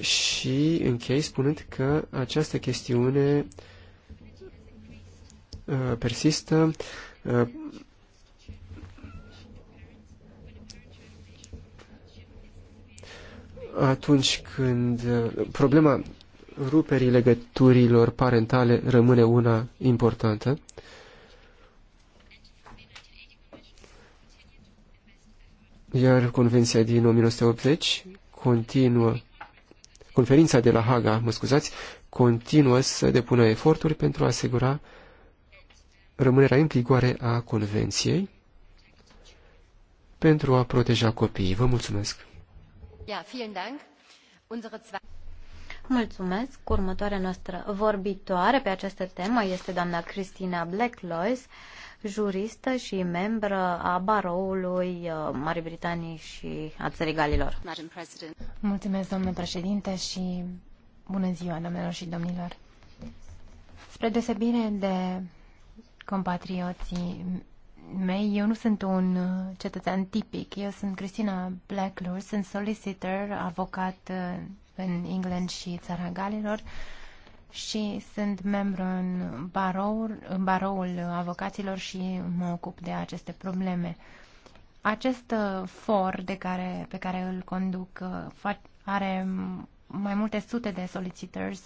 și închei spunând că această chestiune Uh, persistă. Uh, atunci când uh, problema ruperii legăturilor parentale rămâne una importantă, iar Convenția din 1980 continuă, conferința de la Haga, mă scuzați, continuă să depună eforturi pentru a asigura uh, rămânerea în vigoare a Convenției pentru a proteja copiii. Vă mulțumesc! Mulțumesc! Următoarea noastră vorbitoare pe această temă este doamna Cristina Blacklois, juristă și membră a baroului uh, Marii Britanii și a Țării Galilor. Mulțumesc, domnule președinte, și bună ziua, domnilor și domnilor! Spre deosebire de compatrioții mei, eu nu sunt un uh, cetățean tipic. Eu sunt Cristina Blacklur, sunt solicitor, avocat uh, în England și țara Galilor și sunt membru în, Baroul, în baroul avocaților și mă ocup de aceste probleme. Acest uh, for de care, pe care îl conduc are mai multe sute de solicitors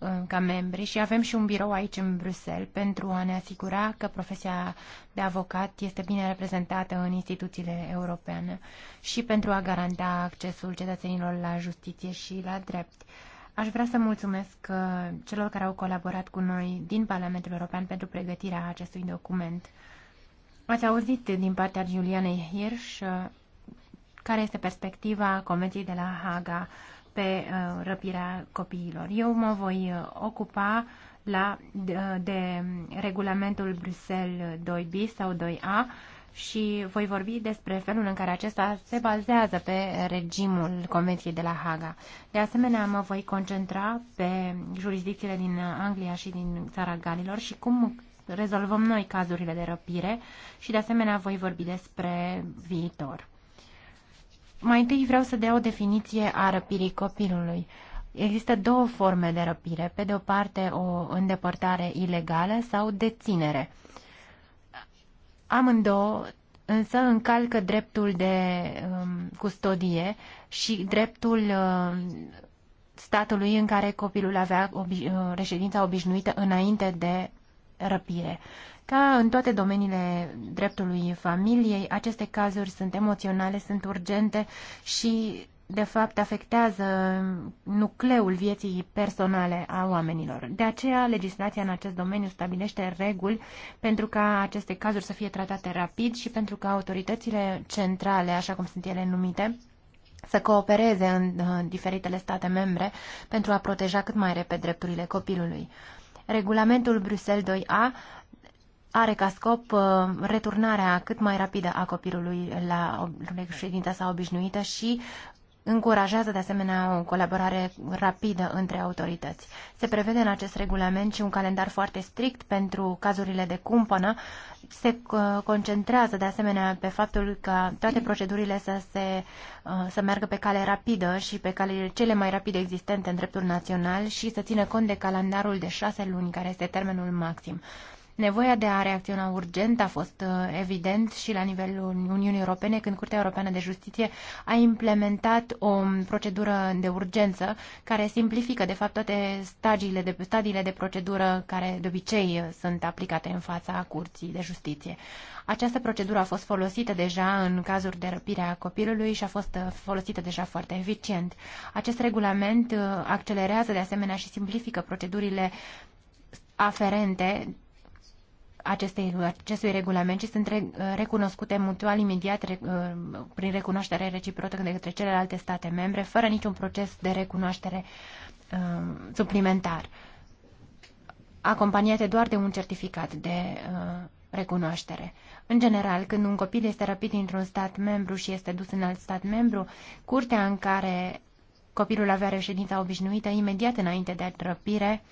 Uh, ca membri și avem și un birou aici în Bruxelles pentru a ne asigura că profesia de avocat este bine reprezentată în instituțiile europene și pentru a garanta accesul cetățenilor la justiție și la drept. Aș vrea să mulțumesc uh, celor care au colaborat cu noi din Parlamentul European pentru pregătirea acestui document. Ați auzit din partea Julianei Hirsch uh, care este perspectiva Convenției de la Haga pe uh, răpirea copiilor. Eu mă voi uh, ocupa la, de, uh, de regulamentul Bruxelles 2B sau 2A și voi vorbi despre felul în care acesta se bazează pe regimul Convenției de la Haga. De asemenea, mă voi concentra pe jurisdicțiile din Anglia și din țara Galilor și cum rezolvăm noi cazurile de răpire și de asemenea voi vorbi despre viitor. Mai întâi vreau să dea o definiție a răpirii copilului. Există două forme de răpire. Pe de o parte, o îndepărtare ilegală sau deținere. Amândouă însă încalcă dreptul de um, custodie și dreptul um, statului în care copilul avea obi- uh, reședința obișnuită înainte de răpire. Ca în toate domeniile dreptului familiei, aceste cazuri sunt emoționale, sunt urgente și, de fapt, afectează nucleul vieții personale a oamenilor. De aceea, legislația în acest domeniu stabilește reguli pentru ca aceste cazuri să fie tratate rapid și pentru ca autoritățile centrale, așa cum sunt ele numite, să coopereze în, în diferitele state membre pentru a proteja cât mai repede drepturile copilului. Regulamentul Bruxelles 2A are ca scop uh, returnarea cât mai rapidă a copilului la reședința sa obișnuită și încurajează de asemenea o colaborare rapidă între autorități. Se prevede în acest regulament și un calendar foarte strict pentru cazurile de cumpănă. Se uh, concentrează de asemenea pe faptul că toate procedurile să, se, uh, să meargă pe cale rapidă și pe cale cele mai rapide existente în dreptul național și să țină cont de calendarul de șase luni, care este termenul maxim. Nevoia de a reacționa urgent a fost uh, evident și la nivelul Uniunii Europene când Curtea Europeană de Justiție a implementat o um, procedură de urgență care simplifică de fapt toate stagiile de, stadiile de procedură care de obicei uh, sunt aplicate în fața Curții de Justiție. Această procedură a fost folosită deja în cazuri de răpire a copilului și a fost uh, folosită deja foarte eficient. Acest regulament accelerează de asemenea și simplifică procedurile aferente acestei, acestui regulament și sunt re, recunoscute mutual imediat re, uh, prin recunoaștere reciprocă de către celelalte state membre, fără niciun proces de recunoaștere uh, suplimentar, acompaniate doar de un certificat de uh, recunoaștere. În general, când un copil este răpit într-un stat membru și este dus în alt stat membru, curtea în care copilul avea reședința obișnuită imediat înainte de răpire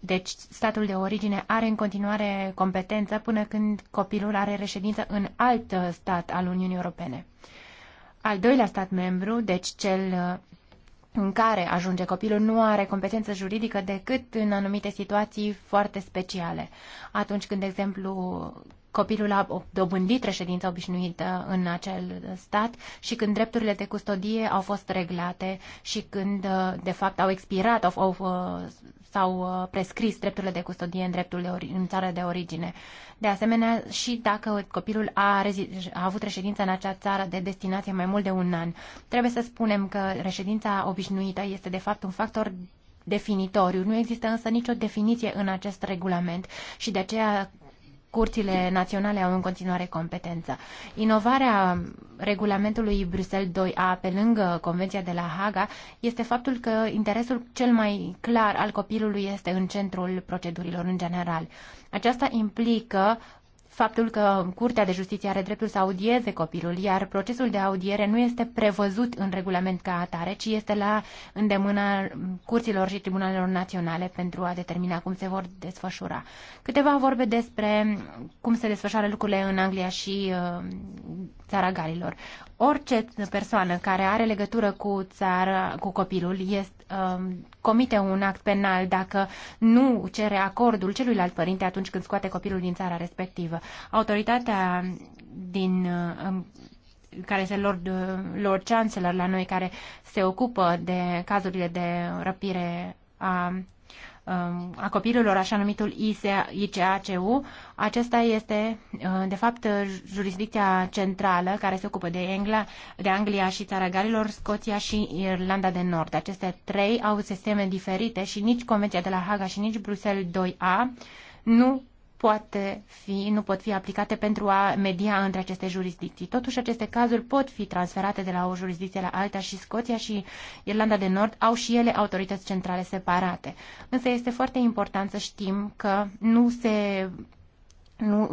deci, statul de origine are în continuare competență până când copilul are reședință în alt stat al Uniunii Europene. Al doilea stat membru, deci cel uh, în care ajunge copilul, nu are competență juridică decât în anumite situații foarte speciale. Atunci când, de exemplu, copilul a dobândit reședința obișnuită în acel stat și când drepturile de custodie au fost reglate și când, uh, de fapt, au expirat, au, au uh, s-au uh, prescris drepturile de custodie în dreptul de ori, în țara de origine. De asemenea, și dacă copilul a, a avut reședința în acea țară de destinație mai mult de un an. Trebuie să spunem că reședința obișnuită este de fapt un factor definitoriu. Nu există însă nicio definiție în acest regulament și de aceea curțile naționale au în continuare competență. Inovarea regulamentului Bruxelles 2A pe lângă Convenția de la Haga este faptul că interesul cel mai clar al copilului este în centrul procedurilor în general. Aceasta implică faptul că Curtea de Justiție are dreptul să audieze copilul, iar procesul de audiere nu este prevăzut în regulament ca atare, ci este la îndemâna curților și tribunalelor naționale pentru a determina cum se vor desfășura. Câteva vorbe despre cum se desfășoară lucrurile în Anglia și uh, țara Galilor. Orice persoană care are legătură cu țara, cu copilul, este, uh, comite un act penal dacă nu cere acordul celuilalt părinte atunci când scoate copilul din țara respectivă autoritatea din uh, care este Lord, uh, Lord Chancellor la noi, care se ocupă de cazurile de răpire a, um, a copilului, așa numitul ICACU. Acesta este, uh, de fapt, jurisdicția centrală care se ocupă de, Engla, de Anglia și Țara Galilor, Scoția și Irlanda de Nord. Aceste trei au sisteme diferite și nici Convenția de la Haga și nici Bruxelles 2A nu poate fi, nu pot fi aplicate pentru a media între aceste jurisdicții. Totuși, aceste cazuri pot fi transferate de la o jurisdicție la alta și Scoția și Irlanda de Nord au și ele autorități centrale separate. Însă este foarte important să știm că nu se nu,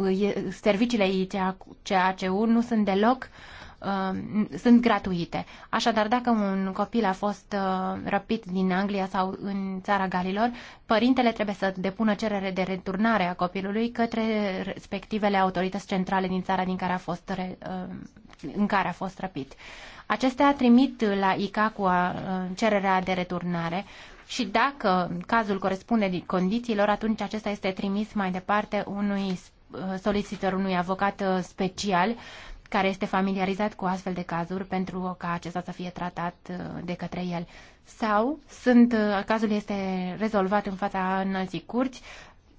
serviciile ICACU nu sunt deloc uh, Uh, sunt gratuite. Așadar, dacă un copil a fost uh, răpit din Anglia sau în țara Galilor, părintele trebuie să depună cerere de returnare a copilului către respectivele autorități centrale din țara din care a fost, uh, în care a fost răpit. Acestea trimit la ICACUA cererea de returnare și dacă cazul corespunde condițiilor, atunci acesta este trimis mai departe unui solicitor, unui avocat special care este familiarizat cu astfel de cazuri pentru ca acesta să fie tratat uh, de către el. Sau sunt, uh, cazul este rezolvat în fața înălții curți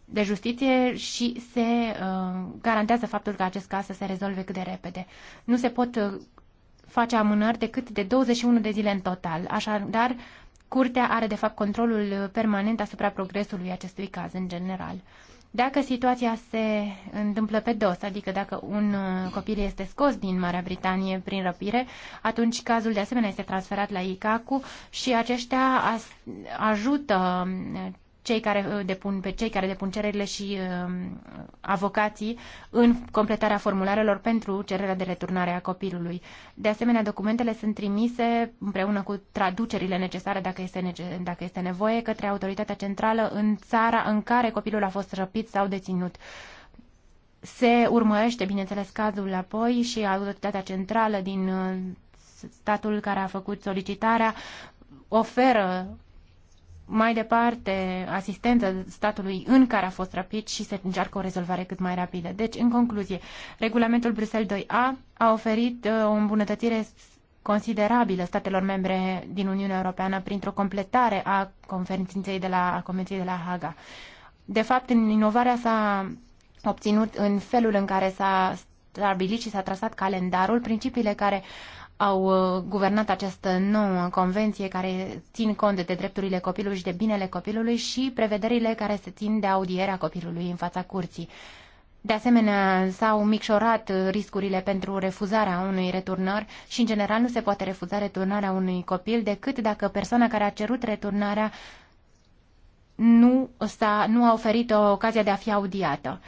de justiție și se uh, garantează faptul că acest caz să se rezolve cât de repede. Nu se pot uh, face amânări decât de 21 de zile în total. Așadar, curtea are de fapt controlul permanent asupra progresului acestui caz în general. Dacă situația se întâmplă pe dos, adică dacă un uh, copil este scos din Marea Britanie prin răpire, atunci cazul de asemenea este transferat la ICACU și aceștia ajută uh, cei care uh, depun, pe cei care depun cererile și uh, avocații în completarea formularelor pentru cererea de returnare a copilului. De asemenea, documentele sunt trimise împreună cu traducerile necesare dacă este, nece- dacă este nevoie către autoritatea centrală în țara în care copilul a fost răpit sau deținut. Se urmărește, bineînțeles, cazul apoi și autoritatea centrală din uh, statul care a făcut solicitarea oferă mai departe asistență statului în care a fost răpit și se încearcă o rezolvare cât mai rapidă. Deci, în concluzie, regulamentul Bruxelles 2A a oferit uh, o îmbunătățire considerabilă statelor membre din Uniunea Europeană printr-o completare a conferinței de la, a Convenției de la Haga. De fapt, în inovarea s-a obținut în felul în care s-a stabilit și s-a trasat calendarul, principiile care uh, au uh, guvernat această nouă convenție care țin cont de drepturile copilului și de binele copilului și prevederile care se țin de audierea copilului în fața curții. De asemenea, s-au micșorat uh, riscurile pentru refuzarea unui returnar și, în general, nu se poate refuza returnarea unui copil decât dacă persoana care a cerut returnarea nu, a nu a oferit o ocazia de a fi audiată.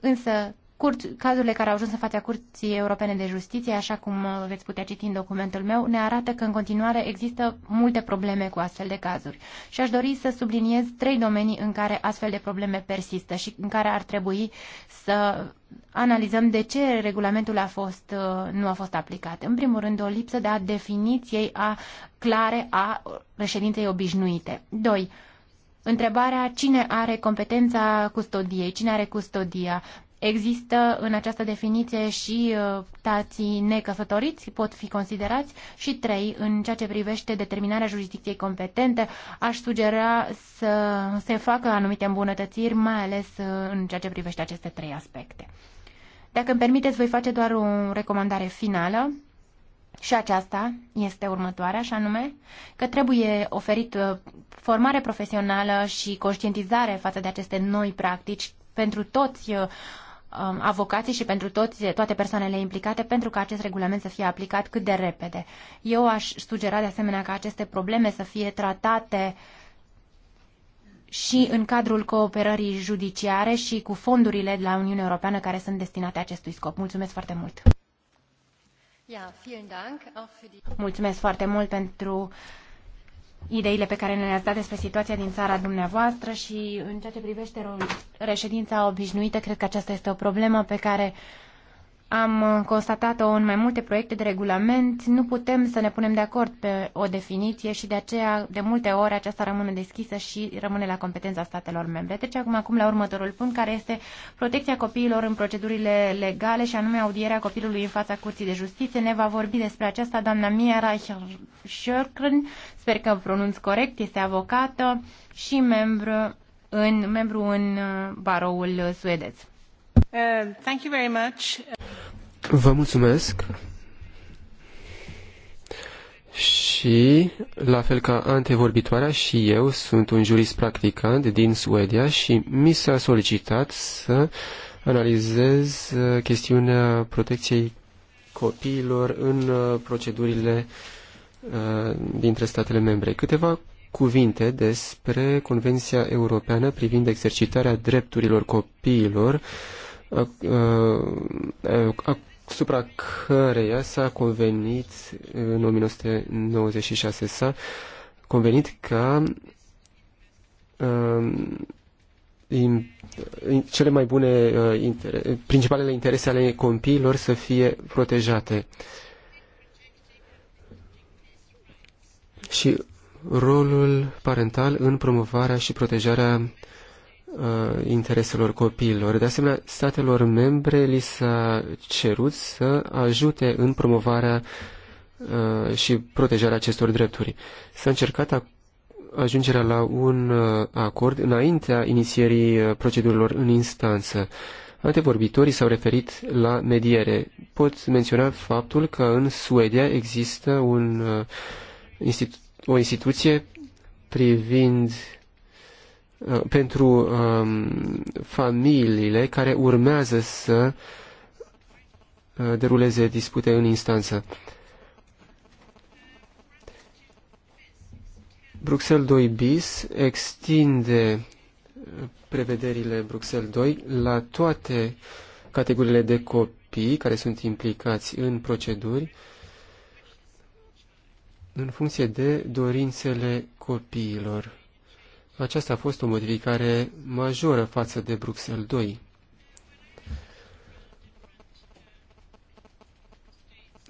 Însă, Curt, cazurile care au ajuns în fața Curții Europene de Justiție, așa cum uh, veți putea citi în documentul meu, ne arată că în continuare există multe probleme cu astfel de cazuri. Și aș dori să subliniez trei domenii în care astfel de probleme persistă și în care ar trebui să analizăm de ce regulamentul a fost, uh, nu a fost aplicat. În primul rând, o lipsă de a definiției a clare a reședinței obișnuite. 2 întrebarea cine are competența custodiei, cine are custodia, Există în această definiție și uh, tații necăsătoriți, pot fi considerați, și trei, în ceea ce privește determinarea jurisdicției competente, aș sugera să se facă anumite îmbunătățiri, mai ales uh, în ceea ce privește aceste trei aspecte. Dacă îmi permiteți, voi face doar o recomandare finală. Și aceasta este următoarea, așa nume, că trebuie oferit uh, formare profesională și conștientizare față de aceste noi practici pentru toți Um, avocații și pentru toți, toate persoanele implicate pentru ca acest regulament să fie aplicat cât de repede. Eu aș sugera de asemenea ca aceste probleme să fie tratate și în cadrul cooperării judiciare și cu fondurile de la Uniunea Europeană care sunt destinate acestui scop. Mulțumesc foarte mult! Mulțumesc foarte mult pentru ideile pe care ne le-ați dat despre situația din țara dumneavoastră și în ceea ce privește reședința obișnuită, cred că aceasta este o problemă pe care uh, am uh, constatat-o în mai multe proiecte de regulament, nu putem să ne punem de acord pe o definiție și de aceea, de multe ori, aceasta rămâne deschisă și rămâne la competența statelor membre. Deci acum, acum la următorul punct, care este protecția copiilor în procedurile legale și anume audierea copilului în fața Curții de Justiție. Ne va vorbi despre aceasta doamna Mia Reicher-Schörkren, sper că pronunț corect, este avocată și membru în, membru în uh, baroul suedez. Uh, Vă mulțumesc. Și, la fel ca antevorbitoarea, și eu sunt un jurist practicant din Suedia și mi s-a solicitat să analizez uh, chestiunea protecției copiilor în uh, procedurile dintre statele membre. Câteva cuvinte despre Convenția Europeană privind exercitarea drepturilor copiilor asupra căreia s-a convenit în 1996 s-a convenit ca in, in, cele mai bune inter, principalele interese ale copiilor să fie protejate. Și rolul parental în promovarea și protejarea Uh, intereselor copiilor. De asemenea, statelor membre li s-a cerut să ajute în promovarea uh, și protejarea acestor drepturi. S-a încercat ajungerea la un uh, acord înaintea inițierii procedurilor în instanță. Antevorbitorii s-au referit la mediere. Pot menționa faptul că în Suedia există un, institu o instituție privind Uh, pentru um, familiile care urmează să uh, deruleze dispute în instanță. Bruxelles 2 bis extinde uh, prevederile Bruxelles 2 la toate categoriile de copii care sunt implicați în proceduri în funcție de dorințele copiilor. Aceasta a fost o modificare majoră față de Bruxelles 2.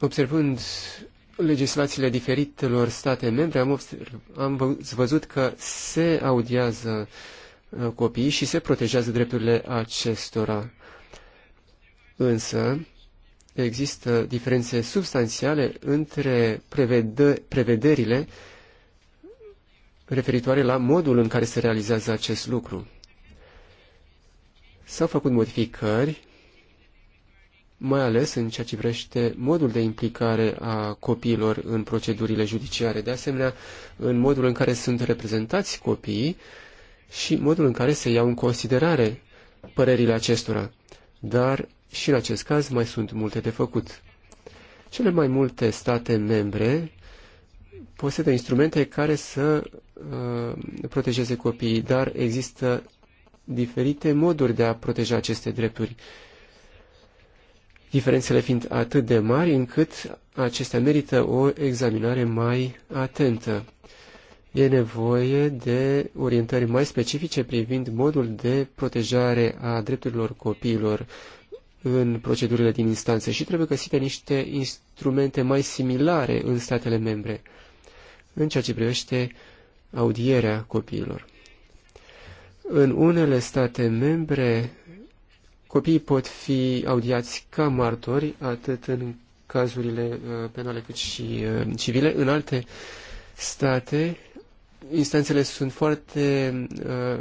Observând legislațiile diferitelor state membre, am, observ, am văzut că se audiază uh, copiii și se protejează drepturile acestora. Însă, există diferențe substanțiale între prevederile referitoare la modul în care se realizează acest lucru. S-au făcut modificări, mai ales în ceea ce privește modul de implicare a copiilor în procedurile judiciare, de asemenea în modul în care sunt reprezentați copiii și modul în care se iau în considerare părerile acestora. Dar și în acest caz mai sunt multe de făcut. Cele mai multe state membre posedă instrumente care să uh, protejeze copiii, dar există diferite moduri de a proteja aceste drepturi. Diferențele fiind atât de mari încât acestea merită o examinare mai atentă. E nevoie de orientări mai specifice privind modul de protejare a drepturilor copiilor în procedurile din instanțe și trebuie găsite niște instrumente mai similare în statele membre în ceea ce privește audierea copiilor. În unele state membre, copiii pot fi audiați ca martori, atât în cazurile uh, penale cât și uh, civile. În alte state, instanțele sunt foarte uh,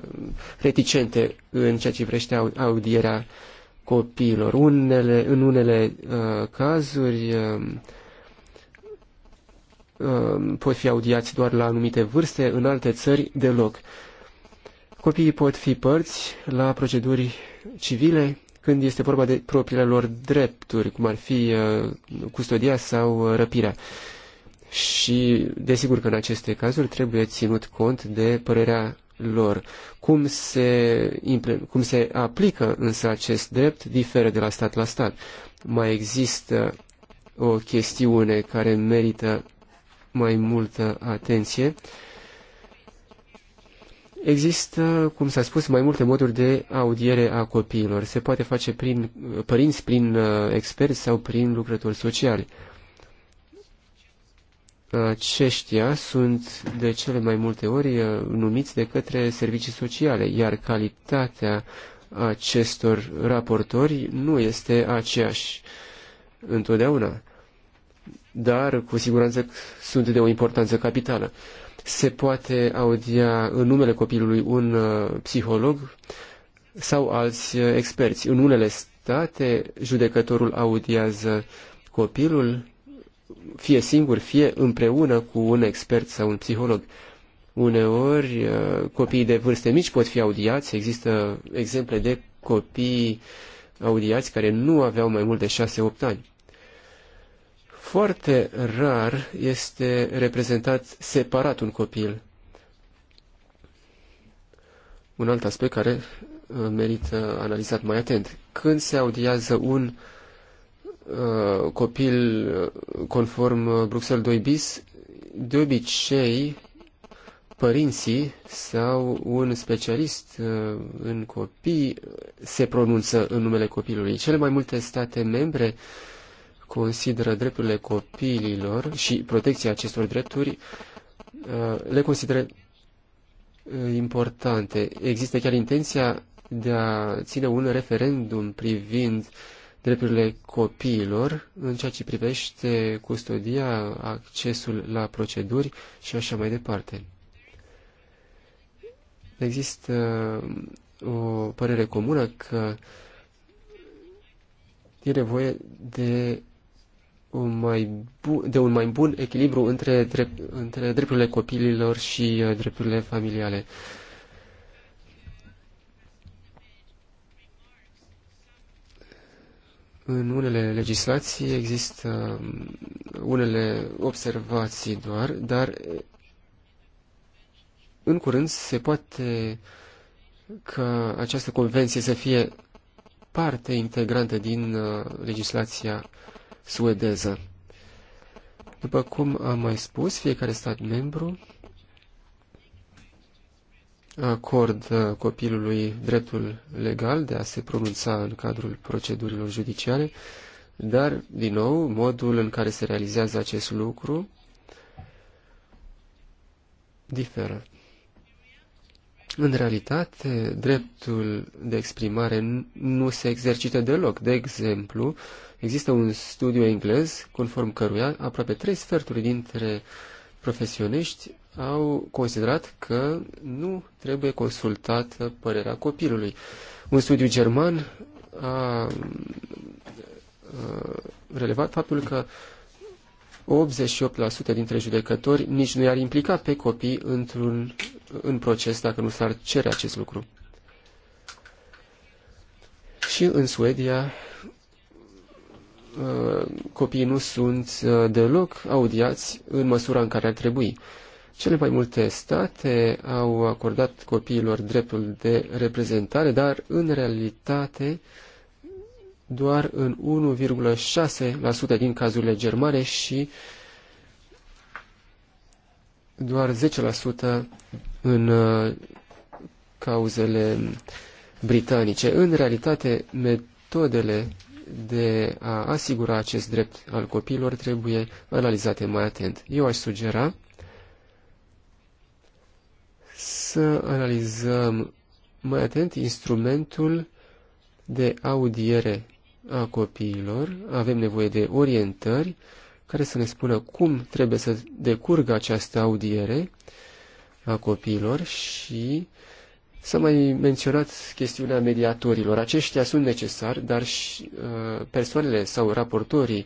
reticente în ceea ce privește audierea copiilor. Unele, în unele uh, cazuri, uh, Uh, pot fi audiați doar la anumite vârste, în alte țări deloc. Copiii pot fi părți la proceduri civile când este vorba de propriile lor drepturi, cum ar fi uh, custodia sau uh, răpirea. Și desigur că în aceste cazuri trebuie ținut cont de părerea lor. Cum se, cum se aplică însă acest drept diferă de la stat la stat. Mai există o chestiune care merită mai multă atenție. Există, cum s-a spus, mai multe moduri de audiere a copiilor. Se poate face prin părinți, prin uh, experți sau prin lucrători sociali. Aceștia sunt de cele mai multe ori uh, numiți de către servicii sociale, iar calitatea acestor raportori nu este aceeași întotdeauna dar cu siguranță sunt de o importanță capitală. Se poate audia în numele copilului un uh, psiholog sau alți uh, experți. În unele state, judecătorul audiază copilul fie singur, fie împreună cu un expert sau un psiholog. Uneori, uh, copiii de vârste mici pot fi audiați. Există exemple de copii audiați care nu aveau mai mult de 6-8 ani. Foarte rar este reprezentat separat un copil. Un alt aspect care uh, merită analizat mai atent. Când se audiază un uh, copil uh, conform uh, Bruxelles 2 bis, de obicei părinții sau un specialist în copii se pronunță în numele copilului. Cele mai multe state membre uh, consideră drepturile copiilor și protecția acestor drepturi, uh, le consideră uh, importante. Există chiar intenția de a ține un referendum privind drepturile copiilor în ceea ce privește custodia, accesul la proceduri și așa mai departe. Există uh, o părere comună că e nevoie de un mai bun, de un mai bun echilibru între, drept, între drepturile copiilor și uh, drepturile familiale. În unele legislații există um, unele observații doar, dar uh, în curând se poate ca această convenție să fie parte integrantă din uh, legislația suedeză. După cum am mai spus, fiecare stat membru acord copilului dreptul legal de a se pronunța în cadrul procedurilor judiciare, dar, din nou, modul în care se realizează acest lucru diferă. Deci, în realitate, dreptul de exprimare nu se exercită deloc. De exemplu, există un studiu englez conform căruia aproape trei sferturi dintre profesioniști au considerat că nu trebuie consultată părerea copilului. Un studiu german a relevat faptul că 88% dintre judecători nici nu i-ar implica pe copii într-un în proces dacă nu s-ar cere acest lucru. Și în Suedia uh, copiii nu sunt uh, deloc audiați în măsura în care ar trebui. Cele mai multe state au acordat copiilor dreptul de reprezentare, dar în realitate doar în 1,6% din cazurile germane și doar în uh, cauzele britanice. În realitate, metodele de a asigura acest drept al copiilor trebuie analizate mai atent. Eu aș sugera să analizăm mai atent instrumentul de audiere a copiilor. Avem nevoie de orientări care să ne spună cum trebuie să decurgă această audiere a copiilor și să mai menționat chestiunea mediatorilor. Aceștia sunt necesari, dar și uh, persoanele sau raportorii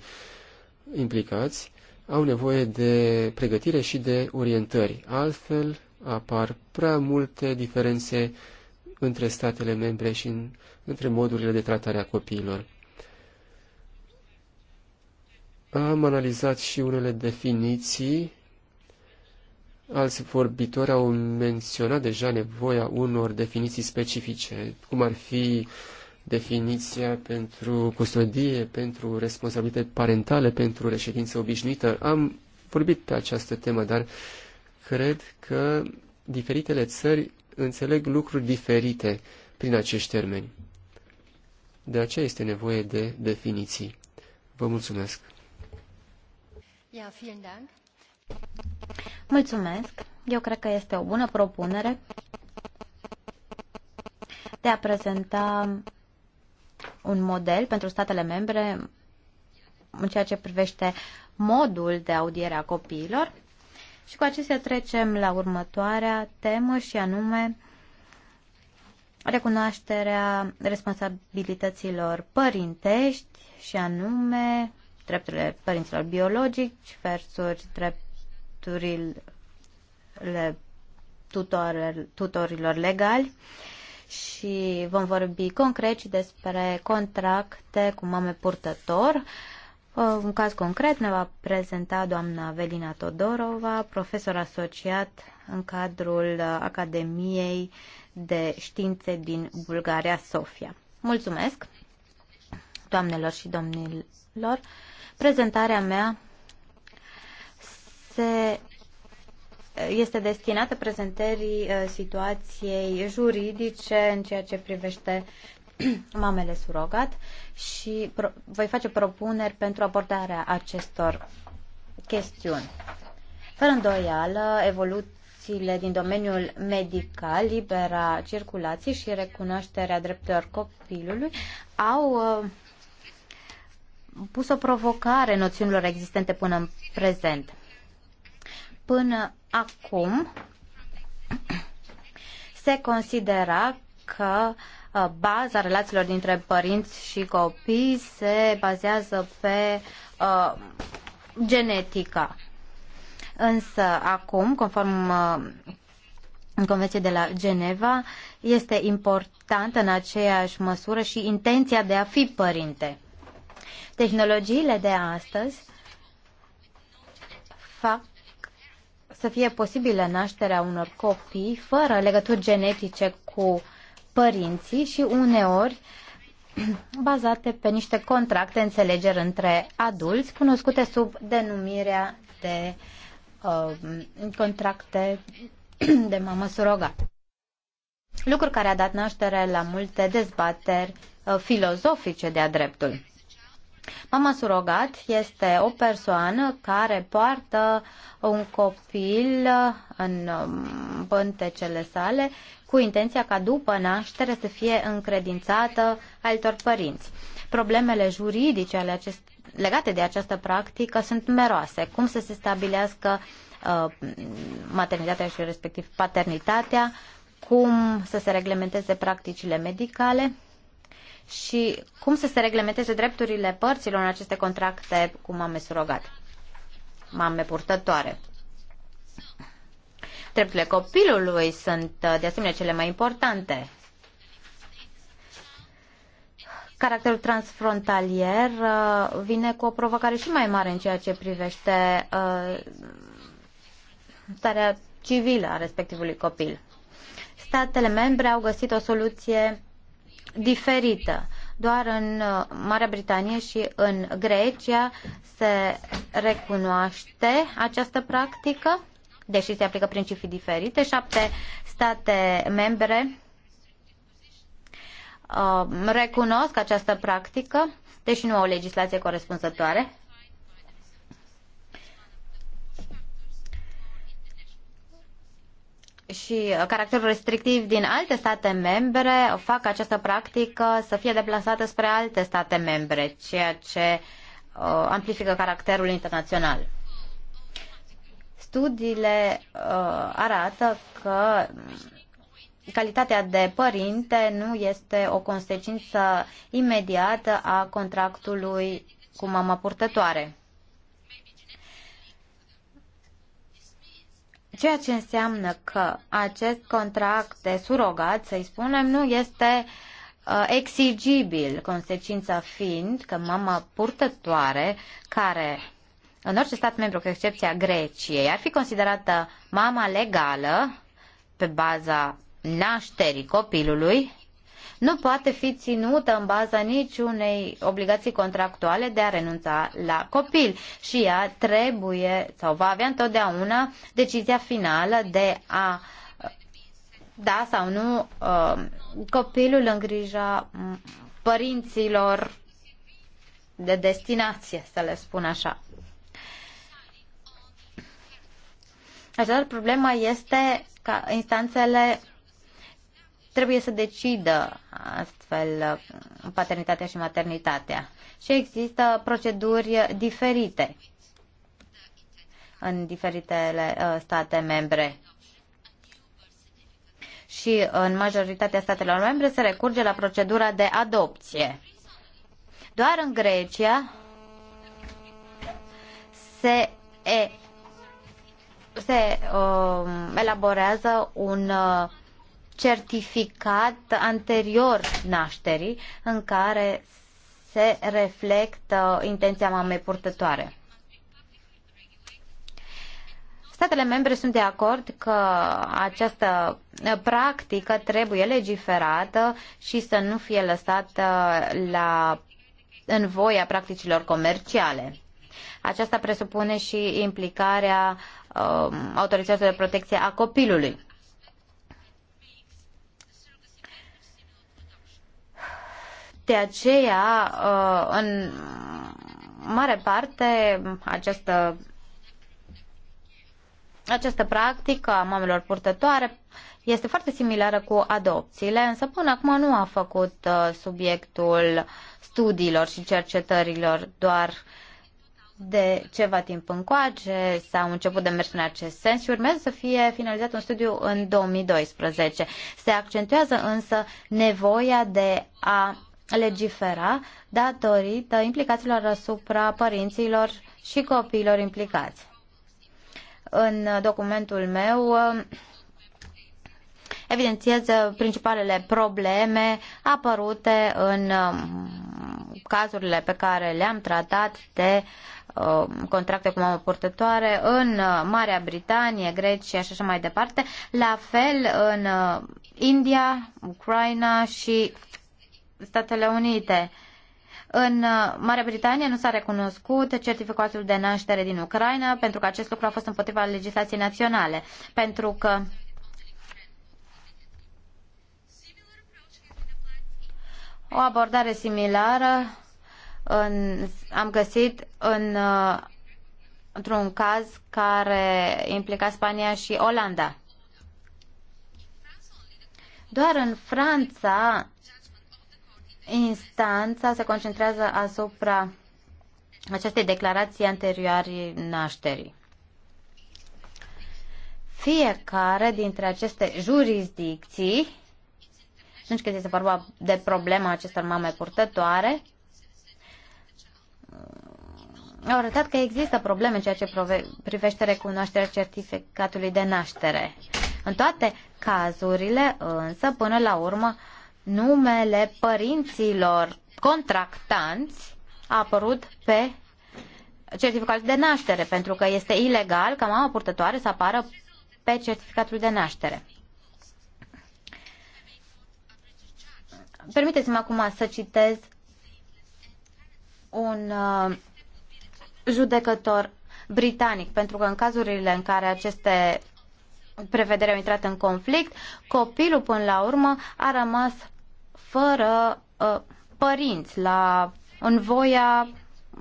implicați au nevoie de pregătire și de orientări. Altfel apar prea multe diferențe între statele membre și în, între modurile de tratare a copiilor. Am analizat și unele definiții Alți vorbitori au menționat deja nevoia unor definiții specifice, cum ar fi definiția pentru custodie, pentru responsabilitate parentale, pentru reședință obișnuită. Am vorbit pe această temă, dar cred că diferitele țări înțeleg lucruri diferite prin acești termeni. De aceea este nevoie de definiții. Vă mulțumesc! Ja, vielen Dank. Mulțumesc! Eu cred că este o bună propunere de a prezenta un model pentru statele membre în ceea ce privește modul de audiere a copiilor. Și cu acestea trecem la următoarea temă și anume recunoașterea responsabilităților părintești și anume drepturile părinților biologici versus drept drepturile tutorilor, tutorilor legali și vom vorbi concret și despre contracte cu mame purtător. Un caz concret ne va prezenta doamna Velina Todorova, profesor asociat în cadrul Academiei de Științe din Bulgaria, Sofia. Mulțumesc, doamnelor și domnilor! Prezentarea mea este destinată prezentării uh, situației juridice în ceea ce privește mamele surogat și pro- voi face propuneri pentru abordarea acestor chestiuni. Fără îndoială, evoluțiile din domeniul medical, libera circulației și recunoașterea drepturilor copilului au uh, pus o provocare noțiunilor existente până în prezent. Până acum se considera că uh, baza relațiilor dintre părinți și copii se bazează pe uh, genetica. Însă acum, conform uh, Convenției de la Geneva, este importantă în aceeași măsură și intenția de a fi părinte. Tehnologiile de astăzi fac să fie posibilă nașterea unor copii fără legături genetice cu părinții și uneori bazate pe niște contracte înțelegeri între adulți cunoscute sub denumirea de uh, contracte de mamă surogată. Lucru care a dat naștere la multe dezbateri uh, filozofice de-a dreptul. Mama surogat este o persoană care poartă un copil în um, pântecele sale cu intenția ca după naștere să fie încredințată altor părinți. Problemele juridice ale acest, legate de această practică sunt numeroase. Cum să se stabilească uh, maternitatea și respectiv paternitatea, cum să se reglementeze practicile medicale, și cum să se reglementeze drepturile părților în aceste contracte cu mame surogat, mame purtătoare. Drepturile copilului sunt uh, de asemenea cele mai importante. Caracterul transfrontalier uh, vine cu o provocare și mai mare în ceea ce privește uh, starea civilă a respectivului copil. Statele membre au găsit o soluție diferită. Doar în uh, Marea Britanie și în Grecia se recunoaște această practică, deși se aplică principii diferite. Șapte state membre uh, recunosc această practică, deși nu au legislație corespunzătoare. și uh, caracterul restrictiv din alte state membre fac această practică să fie deplasată spre alte state membre, ceea ce uh, amplifică caracterul internațional. Studiile uh, arată că calitatea de părinte nu este o consecință imediată a contractului cu mama purtătoare. Ceea ce înseamnă că acest contract de surogat, să-i spunem, nu este uh, exigibil, consecința fiind că mama purtătoare, care în orice stat membru, cu excepția Greciei, ar fi considerată mama legală pe baza nașterii copilului, nu poate fi ținută în baza niciunei obligații contractuale de a renunța la copil și ea trebuie sau va avea întotdeauna decizia finală de a uh, da sau nu uh, copilul în grija mm, părinților de destinație, să le spun așa. Așadar, problema este ca instanțele trebuie să decidă astfel uh, paternitatea și maternitatea. Și există proceduri diferite în diferitele uh, state membre. Și în majoritatea statelor membre se recurge la procedura de adopție. Doar în Grecia se e, se uh, elaborează un uh, certificat anterior nașterii în care se reflectă intenția mamei purtătoare. Statele membre sunt de acord că această practică trebuie legiferată și să nu fie lăsată la, în voia practicilor comerciale. Aceasta presupune și implicarea uh, um, autorităților de protecție a copilului. De aceea, uh, în mare parte, această, această practică a mamelor purtătoare este foarte similară cu adopțiile, însă până acum nu a făcut uh, subiectul studiilor și cercetărilor doar de ceva timp încoace s-au început de mers în acest sens și urmează să fie finalizat un studiu în 2012. Se accentuează însă nevoia de a legifera datorită implicațiilor asupra părinților și copiilor implicați. În documentul meu evidențiez principalele probleme apărute în um, cazurile pe care le-am tratat de um, contracte cu mamă purtătoare în uh, Marea Britanie, Grecia și așa mai departe, la fel în uh, India, Ucraina și Statele Unite. În uh, Marea Britanie nu s-a recunoscut certificatul de naștere din Ucraina pentru că acest lucru a fost împotriva legislației naționale, pentru că o abordare similară în, am găsit în, uh, într-un caz care implica Spania și Olanda. Doar în Franța instanța se concentrează asupra acestei declarații anterioare nașterii. Fiecare dintre aceste jurisdicții, atunci când este vorba de problema acestor mame purtătoare, au arătat că există probleme în ceea ce privește recunoașterea certificatului de naștere. În toate cazurile, însă, până la urmă, uh, numele părinților contractanți a apărut pe certificatul de naștere, pentru că este ilegal ca mama purtătoare să apară pe certificatul de naștere. Permiteți-mi acum să citez un uh, judecător britanic, pentru că în cazurile în care aceste prevederea au intrat în conflict, copilul până la urmă a rămas fără uh, părinți la, în voia,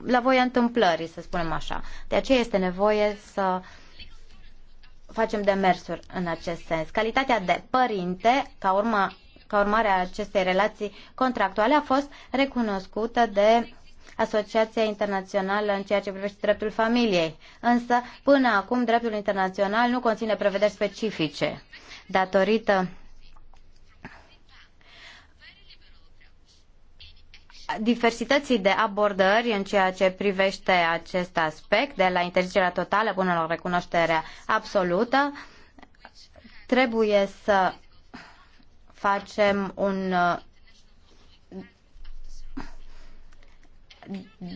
la voia întâmplării, să spunem așa. De aceea este nevoie să facem demersuri în acest sens. Calitatea de părinte, ca, urma, ca urmare a acestei relații contractuale, a fost recunoscută de Asociația Internațională în ceea ce privește dreptul familiei. Însă, până acum, dreptul internațional nu conține prevederi specifice. Datorită diversității de abordări în ceea ce privește acest aspect, de la interzicerea totală până la recunoașterea absolută, trebuie să facem un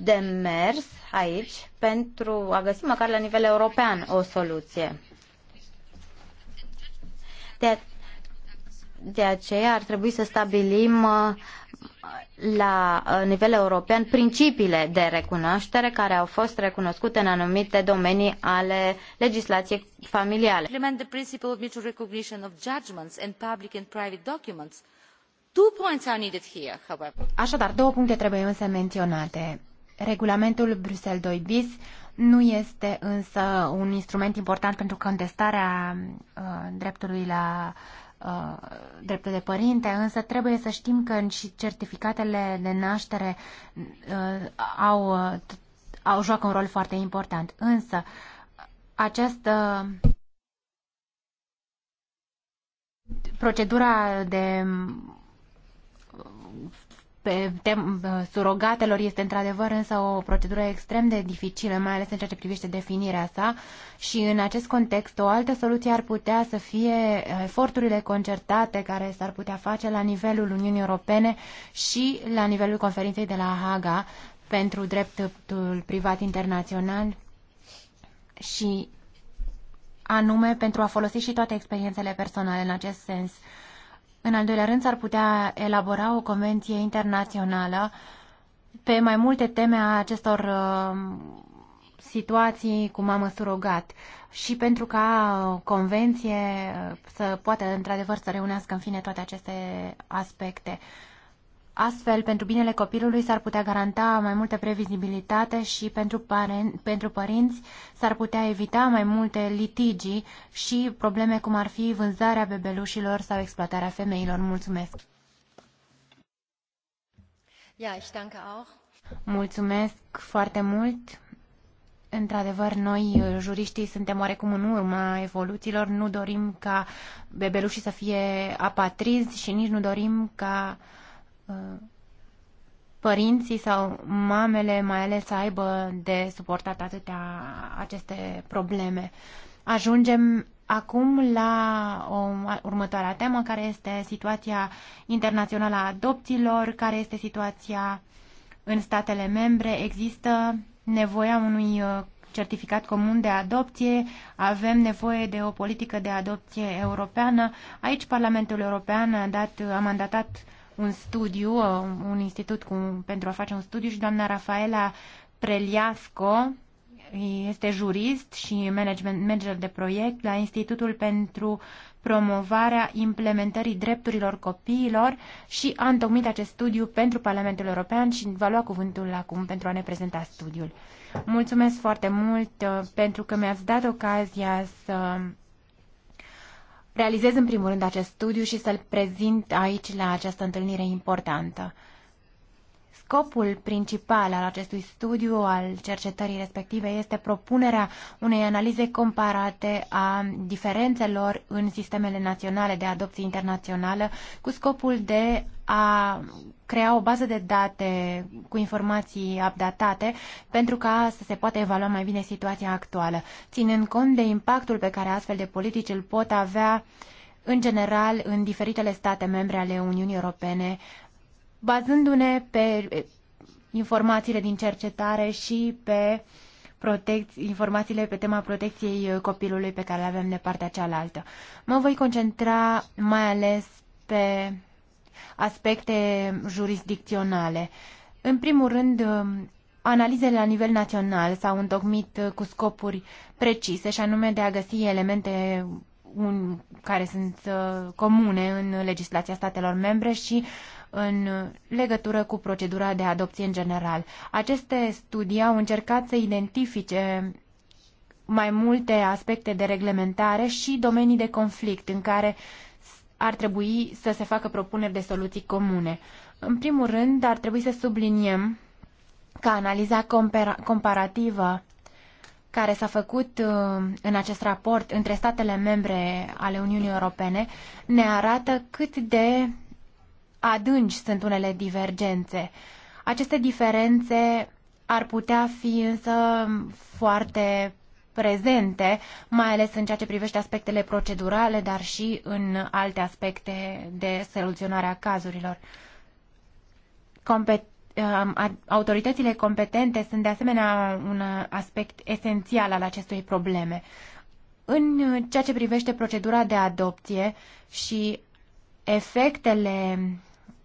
de mers aici pentru a găsi măcar la nivel european o soluție. De, de aceea ar trebui să stabilim uh, la uh, nivel european principiile de recunoaștere care au fost recunoscute în anumite domenii ale legislației familiale. Așadar, două puncte trebuie însă menționate. Regulamentul Bruxelles 2 bis nu este însă un instrument important pentru contestarea uh, dreptului la uh, dreptul de părinte, însă trebuie să știm că și certificatele de naștere uh, au, uh, au joacă un rol foarte important. Însă această procedura de pe tem, surogatelor este într-adevăr însă o procedură extrem de dificilă, mai ales în ceea ce privește definirea sa și în acest context o altă soluție ar putea să fie eforturile concertate care s-ar putea face la nivelul Uniunii Europene și la nivelul conferinței de la Haga pentru dreptul privat internațional și anume pentru a folosi și toate experiențele personale în acest sens. În al doilea rând, s-ar putea elabora o convenție internațională pe mai multe teme a acestor uh, situații cu mamă surogat și pentru ca convenție să poată într-adevăr să reunească în fine toate aceste aspecte. Astfel, pentru binele copilului s-ar putea garanta mai multă previzibilitate și pentru, paren- pentru părinți s-ar putea evita mai multe litigii și probleme cum ar fi vânzarea bebelușilor sau exploatarea femeilor. Mulțumesc! Ja, ich danke auch. Mulțumesc foarte mult! Într-adevăr, noi, uh, juriștii, suntem oarecum în urma evoluțiilor. Nu dorim ca bebelușii să fie apatrizi și nici nu dorim ca uh, Uh, părinții sau mamele mai ales să aibă de suportat atâtea aceste probleme. Ajungem acum la o următoarea temă, care este situația internațională a adopțiilor, care este situația în statele membre. Există nevoia unui uh, certificat comun de adopție, avem nevoie de o politică de adopție europeană. Aici Parlamentul European a, dat, a mandatat un studiu, uh, un institut cu, pentru a face un studiu și doamna Rafaela Preliasco este jurist și management, manager de proiect la Institutul pentru promovarea implementării drepturilor copiilor și a întocmit acest studiu pentru Parlamentul European și va lua cuvântul acum pentru a ne prezenta studiul. Mulțumesc foarte mult uh, pentru că mi-ați dat ocazia să realizez în primul rând acest studiu și să-l prezint aici la această întâlnire importantă. Scopul principal al acestui studiu, al cercetării respective, este propunerea unei analize comparate a diferențelor în sistemele naționale de adopție internațională cu scopul de a crea o bază de date cu informații updatate pentru ca să se poată evalua mai bine situația actuală, ținând cont de impactul pe care astfel de politici îl pot avea în general în diferitele state membre ale Uniunii Europene, bazându-ne pe eh, informațiile din cercetare și pe informațiile pe tema protecției eh, copilului pe care le avem de partea cealaltă. Mă voi concentra mai ales pe aspecte jurisdicționale. În primul rând, um, analizele la nivel național s-au întocmit uh, cu scopuri precise și anume de a găsi elemente un, care sunt uh, comune în legislația statelor membre și în legătură cu procedura de adopție în general. Aceste studii au încercat să identifice mai multe aspecte de reglementare și domenii de conflict în care ar trebui să se facă propuneri de soluții comune. În primul rând, ar trebui să subliniem că analiza comparativă care s-a făcut uh, în acest raport între statele membre ale Uniunii Europene ne arată cât de adânci sunt unele divergențe. Aceste diferențe ar putea fi însă foarte prezente, mai ales în ceea ce privește aspectele procedurale, dar și în alte aspecte de soluționare a cazurilor. Compet autoritățile competente sunt de asemenea un aspect esențial al acestui probleme. În ceea ce privește procedura de adopție și efectele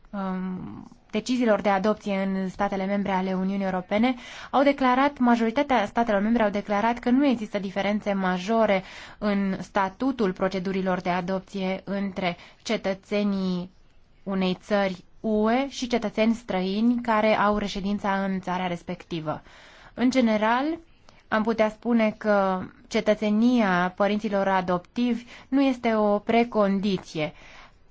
um, deciziilor de adopție în statele membre ale Uniunii Europene, au declarat, majoritatea statelor membre au declarat că nu există diferențe majore în statutul procedurilor de adopție între cetățenii unei țări UE și cetățeni străini care au reședința în țara respectivă. În general, am putea spune că cetățenia părinților adoptivi nu este o precondiție.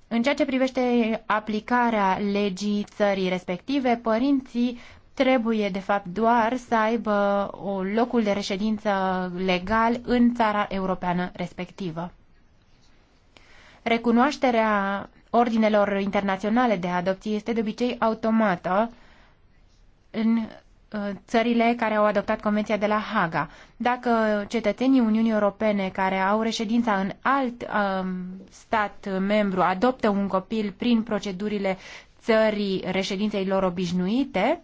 În ceea ce privește aplicarea legii țării respective, părinții trebuie, de fapt, doar să aibă o locul de reședință legal în țara europeană respectivă. Recunoașterea ordinelor internaționale de adopție este de obicei automată în Uh, țările care au adoptat Convenția de la Haga. Dacă cetățenii Uniunii Europene care au reședința în alt um, stat membru adoptă un copil prin procedurile țării reședinței lor obișnuite,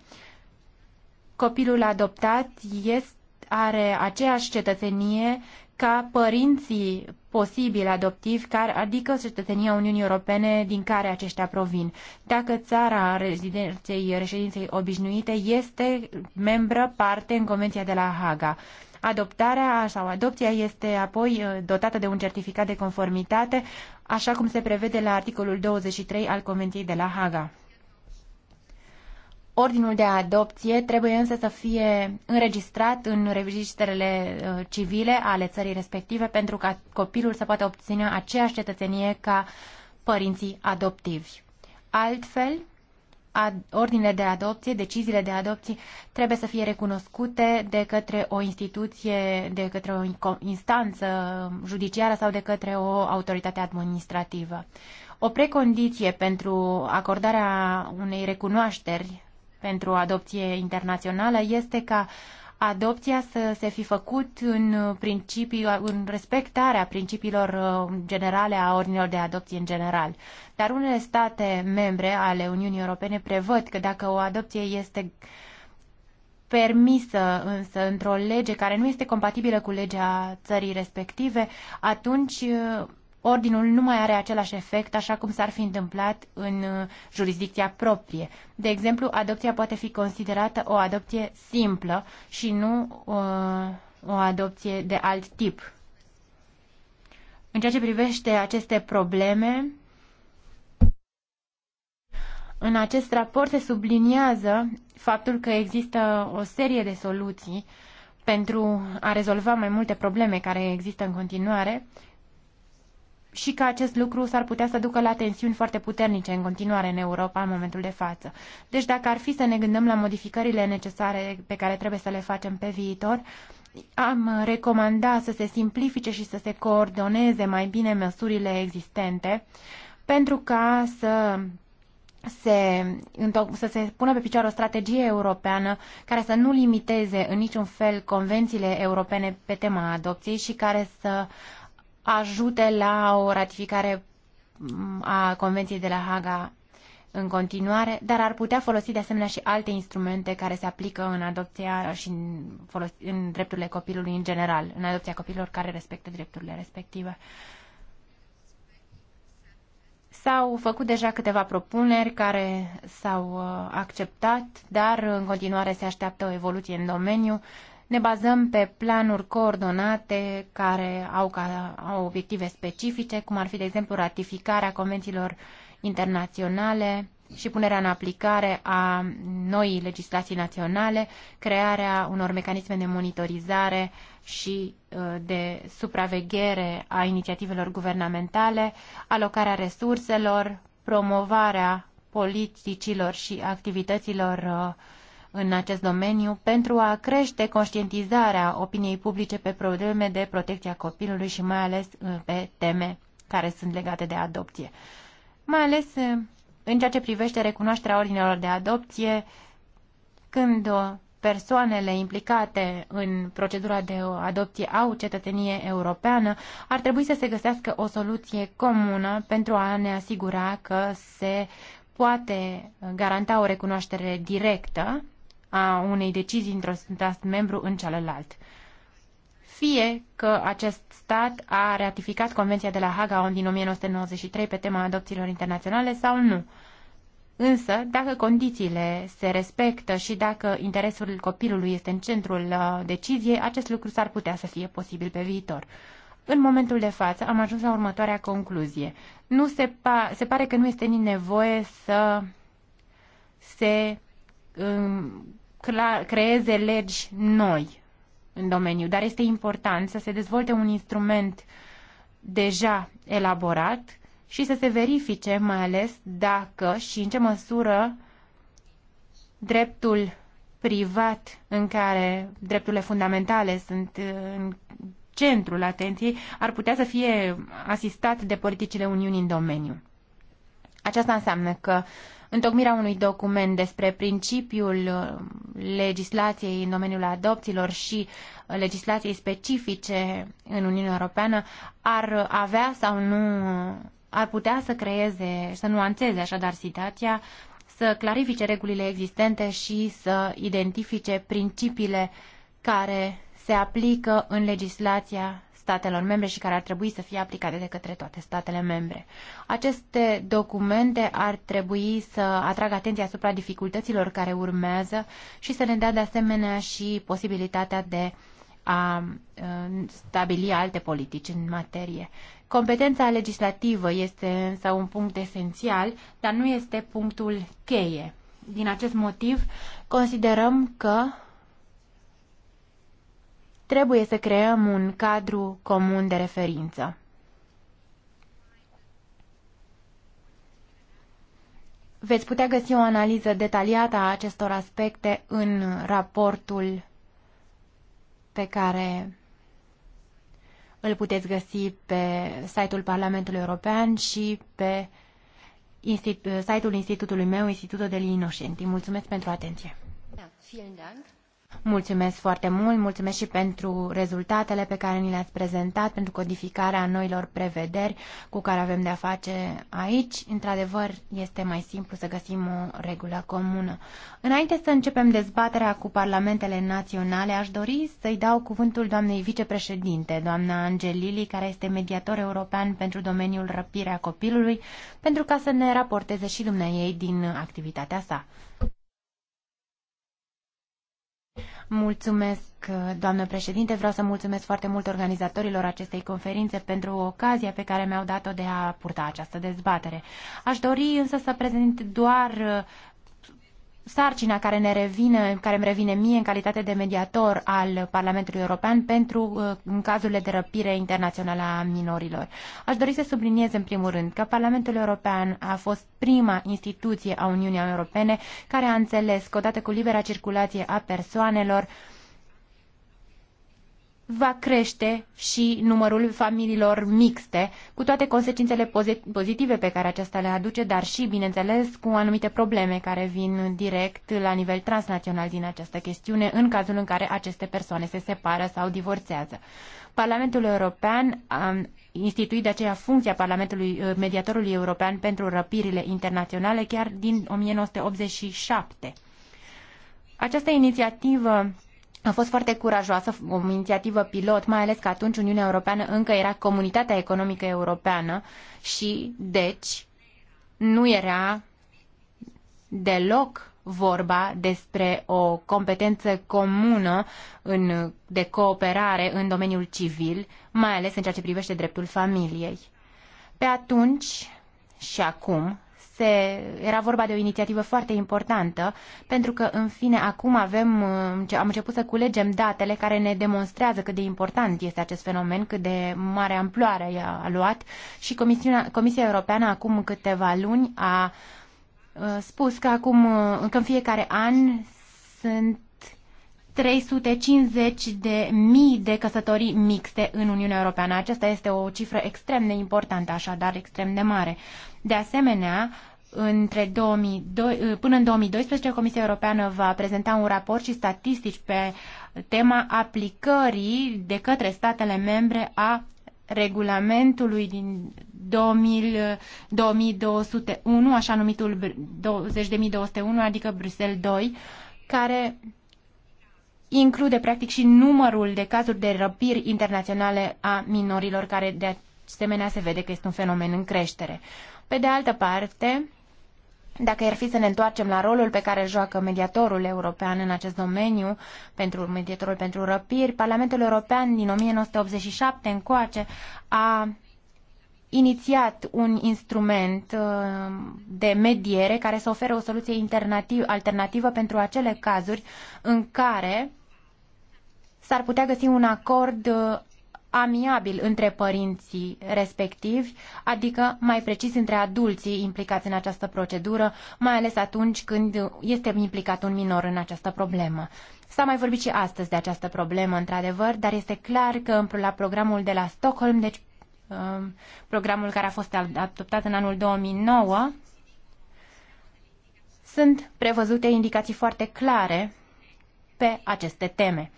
copilul adoptat este, are aceeași cetățenie ca părinții posibili adoptivi, care, adică cetățenia Uniunii Europene din care aceștia provin. Dacă țara rezidenței, reședinței obișnuite este membră parte în Convenția de la Haga. Adoptarea sau adopția este apoi uh, dotată de un certificat de conformitate, așa cum se prevede la articolul 23 al Convenției de la Haga. Ordinul de adopție trebuie însă să fie înregistrat în registrele uh, civile ale țării respective pentru ca copilul să poată obține aceeași cetățenie ca părinții adoptivi. Altfel, ad, ordinele de adopție, deciziile de adopție trebuie să fie recunoscute de către o instituție, de către o instanță judiciară sau de către o autoritate administrativă. O precondiție pentru acordarea unei recunoașteri pentru adopție internațională este ca adopția să se fi făcut în, principii, în respectarea principiilor uh, generale a ordinilor de adopție în general. Dar unele state membre ale Uniunii Europene prevăd că dacă o adopție este permisă însă într-o lege care nu este compatibilă cu legea țării respective, atunci uh, ordinul nu mai are același efect așa cum s-ar fi întâmplat în uh, jurisdicția proprie. De exemplu, adopția poate fi considerată o adopție simplă și nu o, uh, o adopție de alt tip. În ceea ce privește aceste probleme, în acest raport se subliniază faptul că există o serie de soluții pentru a rezolva mai multe probleme care există în continuare și că acest lucru s-ar putea să ducă la tensiuni foarte puternice în continuare în Europa în momentul de față. Deci dacă ar fi să ne gândăm la modificările necesare pe care trebuie să le facem pe viitor, am recomanda să se simplifice și să se coordoneze mai bine măsurile existente pentru ca să se, să se pună pe picioare o strategie europeană care să nu limiteze în niciun fel convențiile europene pe tema adopției și care să ajute la o ratificare mm, a Convenției de la Haga în continuare, dar ar putea folosi de asemenea și alte instrumente care se aplică în adopția și în, folos- în drepturile copilului în general, în adopția copilor care respectă drepturile respective. S-au făcut deja câteva propuneri care s-au uh, acceptat, dar în continuare se așteaptă o evoluție în domeniu. Ne bazăm pe planuri coordonate care au, ca, au obiective specifice, cum ar fi, de exemplu, ratificarea convențiilor internaționale și punerea în aplicare a noii legislații naționale, crearea unor mecanisme de monitorizare și uh, de supraveghere a inițiativelor guvernamentale, alocarea resurselor, promovarea politicilor și activităților uh, în acest domeniu pentru a crește conștientizarea opiniei publice pe probleme de protecție a copilului și mai ales uh, pe teme care sunt legate de adopție. Mai ales uh, în ceea ce privește recunoașterea ordinelor de adopție, când uh, persoanele implicate în procedura de adopție au cetățenie europeană, ar trebui să se găsească o soluție comună pentru a ne asigura că se poate garanta o recunoaștere directă a unei decizii într-un stat membru în celălalt. Fie că acest stat a ratificat Convenția de la Haga din 1993 pe tema adopțiilor internaționale sau nu. Însă, dacă condițiile se respectă și dacă interesul copilului este în centrul uh, deciziei, acest lucru s-ar putea să fie posibil pe viitor. În momentul de față am ajuns la următoarea concluzie. Nu se, pa- se pare că nu este nici nevoie să se um, creeze legi noi în domeniu, dar este important să se dezvolte un instrument deja elaborat și să se verifice mai ales dacă și în ce măsură dreptul privat în care drepturile fundamentale sunt uh, în centrul atenției ar putea să fie asistat de politicile Uniunii în domeniu. Aceasta înseamnă că întocmirea unui document despre principiul uh, legislației în domeniul adopțiilor și uh, legislației specifice în Uniunea Europeană ar avea sau nu ar putea să creeze, să nuanțeze așadar situația, să clarifice regulile existente și să identifice principiile care se aplică în legislația statelor membre și care ar trebui să fie aplicate de către toate statele membre. Aceste documente ar trebui să atragă atenția asupra dificultăților care urmează și să ne dea de asemenea și posibilitatea de a stabili alte politici în materie. Competența legislativă este însă un punct esențial, dar nu este punctul cheie. Din acest motiv, considerăm că Trebuie să creăm un cadru comun de referință. Veți putea găsi o analiză detaliată a acestor aspecte în raportul pe care îl puteți găsi pe site-ul Parlamentului European și pe site-ul institutului meu, Institutul de Linoșenti. Mulțumesc pentru atenție. Da, Mulțumesc foarte mult, mulțumesc și pentru rezultatele pe care ni le-ați prezentat, pentru codificarea noilor prevederi cu care avem de-a face aici. Într-adevăr, este mai simplu să găsim o regulă comună. Înainte să începem dezbaterea cu parlamentele naționale, aș dori să-i dau cuvântul doamnei vicepreședinte, doamna Angelili, care este mediator european pentru domeniul răpirea copilului, pentru ca să ne raporteze și dumneai din activitatea sa. Mulțumesc, doamnă președinte. Vreau să mulțumesc foarte mult organizatorilor acestei conferințe pentru ocazia pe care mi-au dat-o de a purta această dezbatere. Aș dori însă să prezint doar sarcina care ne revine, care îmi revine mie în calitate de mediator al Parlamentului European pentru uh, în cazurile de răpire internațională a minorilor. Aș dori să subliniez în primul rând că Parlamentul European a fost prima instituție a Uniunii Europene care a înțeles că odată cu libera circulație a persoanelor, va crește și numărul familiilor mixte, cu toate consecințele pozitive pe care aceasta le aduce, dar și, bineînțeles, cu anumite probleme care vin direct la nivel transnațional din această chestiune, în cazul în care aceste persoane se separă sau divorțează. Parlamentul European a instituit de aceea funcția Parlamentului uh, Mediatorului European pentru răpirile internaționale chiar din 1987. Această inițiativă a fost foarte curajoasă o inițiativă pilot, mai ales că atunci Uniunea Europeană încă era Comunitatea Economică Europeană și, deci, nu era deloc vorba despre o competență comună în, de cooperare în domeniul civil, mai ales în ceea ce privește dreptul familiei. Pe atunci și acum, se, era vorba de o inițiativă foarte importantă, pentru că, în fine, acum avem, uh, am început să culegem datele care ne demonstrează cât de important este acest fenomen, cât de mare amploare a luat și Comisia, Comisia Europeană acum câteva luni a uh, spus că acum, uh, că în fiecare an sunt 350 de mii de căsătorii mixte în Uniunea Europeană. Aceasta este o cifră extrem de importantă, așadar extrem de mare. De asemenea, între 2002, până în 2012, Comisia Europeană va prezenta un raport și statistici pe tema aplicării de către statele membre a regulamentului din 2000, 2201, așa numitul 20.201, adică Bruxelles 2, care include practic și numărul de cazuri de răpiri internaționale a minorilor, care de asemenea se vede că este un fenomen în creștere. Pe de altă parte, dacă ar fi să ne întoarcem la rolul pe care joacă mediatorul european în acest domeniu, pentru mediatorul pentru răpiri, Parlamentul European din 1987 încoace a inițiat un instrument uh, de mediere care să ofere o soluție alternativă pentru acele cazuri în care s-ar putea găsi un acord uh, amiabil între părinții respectivi, adică mai precis între adulții implicați în această procedură, mai ales atunci când este implicat un minor în această problemă. S-a mai vorbit și astăzi de această problemă, într-adevăr, dar este clar că la programul de la Stockholm, deci um, programul care a fost adoptat în anul 2009, sunt prevăzute indicații foarte clare pe aceste teme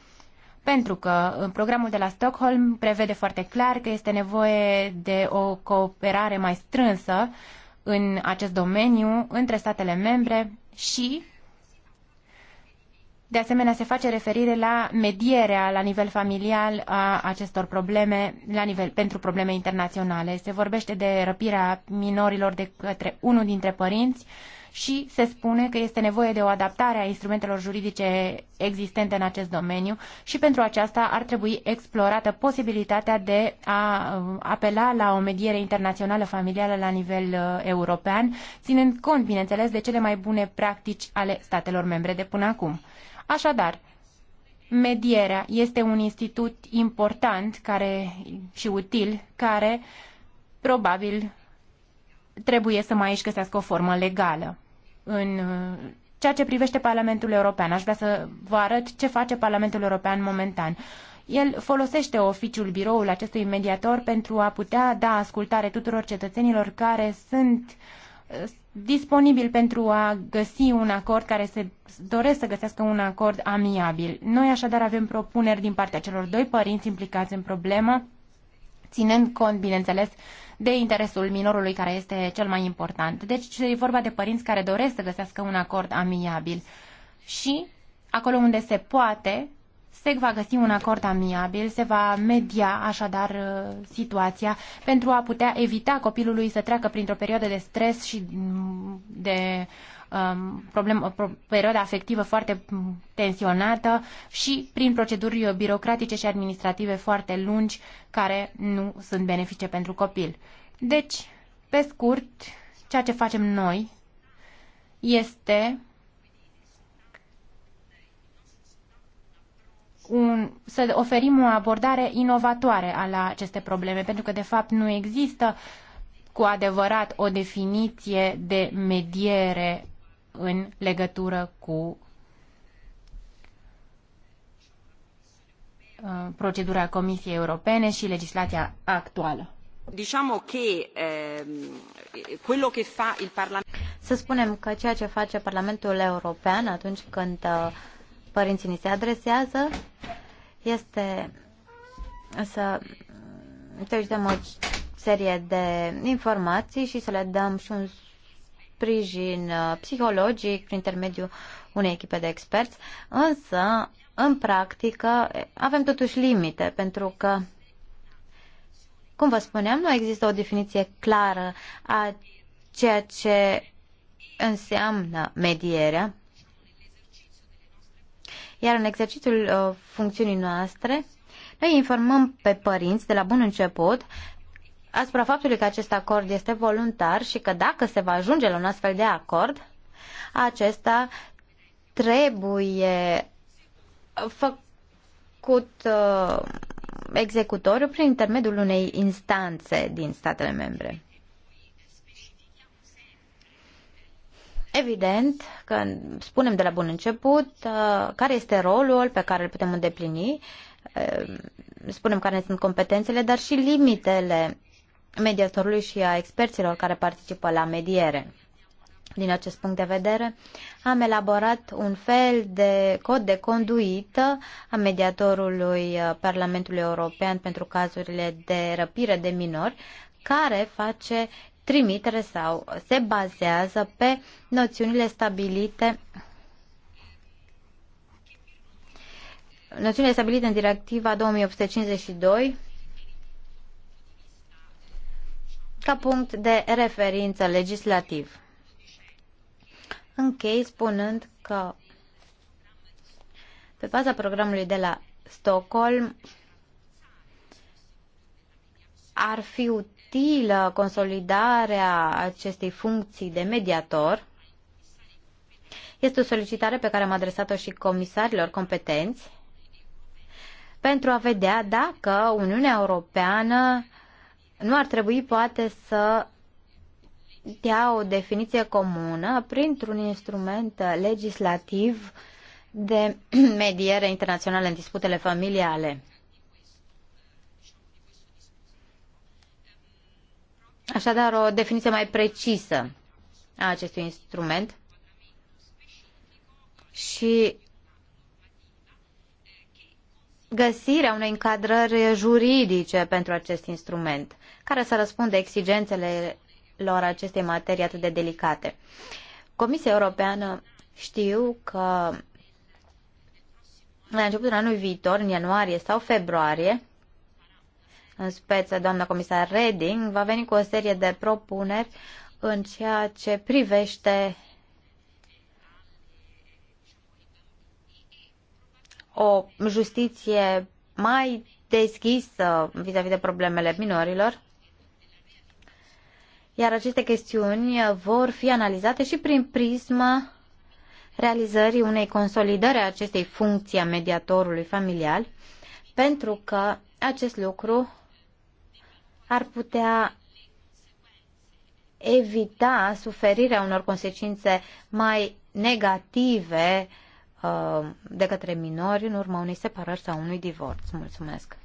pentru că uh, programul de la Stockholm prevede foarte clar că este nevoie de o cooperare mai strânsă în acest domeniu între statele membre și de asemenea, se face referire la medierea la nivel familial a acestor probleme la nivel, pentru probleme internaționale. Se vorbește de răpirea minorilor de către unul dintre părinți și se spune că este nevoie de o adaptare a instrumentelor juridice existente în acest domeniu și pentru aceasta ar trebui explorată posibilitatea de a uh, apela la o mediere internațională familială la nivel uh, european, ținând cont, bineînțeles, de cele mai bune practici ale statelor membre de până acum. Așadar, medierea este un institut important care, și util care probabil trebuie să mai își găsească o formă legală în uh, ceea ce privește Parlamentul European. Aș vrea să vă arăt ce face Parlamentul European momentan. El folosește oficiul, biroul acestui mediator pentru a putea da ascultare tuturor cetățenilor care sunt uh, disponibil pentru a găsi un acord care se doresc să găsească un acord amiabil. Noi așadar avem propuneri din partea celor doi părinți implicați în problemă, ținând cont, bineînțeles, uh, de interesul minorului care este cel mai important. Deci e vorba de părinți care doresc să găsească un acord amiabil și acolo unde se poate, se va găsi un acord amiabil, se va media așadar uh, situația pentru a putea evita copilului să treacă printr-o perioadă de stres și mm, de uh, um, problem, o pro, perioadă afectivă foarte tensionată și prin proceduri birocratice și administrative foarte lungi care nu sunt benefice pentru copil. Deci, pe scurt, ceea ce facem noi este un, să oferim o abordare inovatoare a la aceste probleme, pentru că de fapt nu există cu adevărat o definiție de mediere în legătură cu uh, procedura Comisiei Europene și legislația actuală. Ehm, să spunem că ceea ce face Parlamentul European atunci când uh, părinții ni se adresează este să dăm o serie de informații și să le dăm și un sprijin uh, psihologic prin intermediul unei echipe de experți, însă, în practică, avem totuși limite, pentru că, cum vă spuneam, nu există o definiție clară a ceea ce înseamnă medierea, iar în exercițiul uh, funcțiunii noastre, noi informăm pe părinți de la bun început asupra faptului că acest acord este voluntar și că dacă se va ajunge la un astfel de acord, acesta trebuie făcut uh, executoriu prin intermediul unei instanțe din statele membre. Evident că spunem de la bun început uh, care este rolul pe care îl putem îndeplini, uh, spunem care sunt competențele, dar și limitele mediatorului și a experților care participă la mediere. Din acest punct de vedere, am elaborat un fel de cod de conduită a mediatorului uh, Parlamentului European pentru cazurile de răpire de minori, care face trimitere sau se bazează pe noțiunile stabilite noțiunile stabilite în directiva 2852 ca punct de referință legislativ. Închei spunând că pe baza programului de la Stockholm ar fi utilă consolidarea acestei funcții de mediator. Este o solicitare pe care am adresat-o și comisarilor competenți pentru a vedea dacă Uniunea Europeană nu ar trebui poate să dea o definiție comună printr-un instrument legislativ de mediere internațională în disputele familiale. Așadar, o definiție mai precisă a acestui instrument și găsirea unei încadrări juridice pentru acest instrument care să răspundă exigențele lor acestei materii atât de delicate. Comisia Europeană știu că la începutul anului viitor, în ianuarie sau februarie, în speță doamna comisar Reding va veni cu o serie de propuneri în ceea ce privește o justiție mai deschisă vis-a-vis -vis de problemele minorilor iar aceste chestiuni uh, vor fi analizate și prin prisma realizării unei consolidări a acestei funcții a mediatorului familial, pentru că acest lucru ar putea evita suferirea unor consecințe mai negative uh, de către minori în urma unei separări sau unui divorț. Mulțumesc!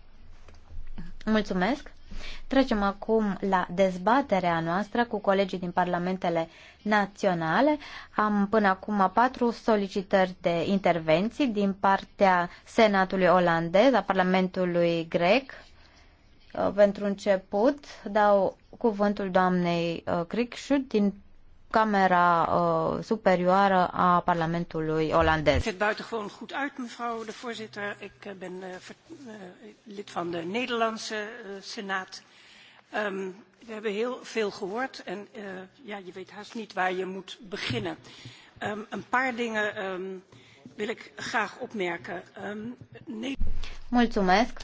Mulțumesc! Trecem acum la dezbaterea noastră cu colegii din parlamentele naționale. Am până acum patru solicitări de intervenții din partea Senatului olandez, a Parlamentului grec. Uh, pentru început, dau cuvântul doamnei Crickshut uh, din Camera uh, Superioară a Parlamentului Olandez. Het buitengewoon goed uit, mevrouw de voorzitter. Ik eh, ben eh, eh, lid van de Nederlandse Senaat. Ehm, we hebben heel veel gehoord en ja, je weet haast niet waar je moet beginnen. Ehm, een paar dingen ehm, wil ik graag opmerken. Mulțumesc.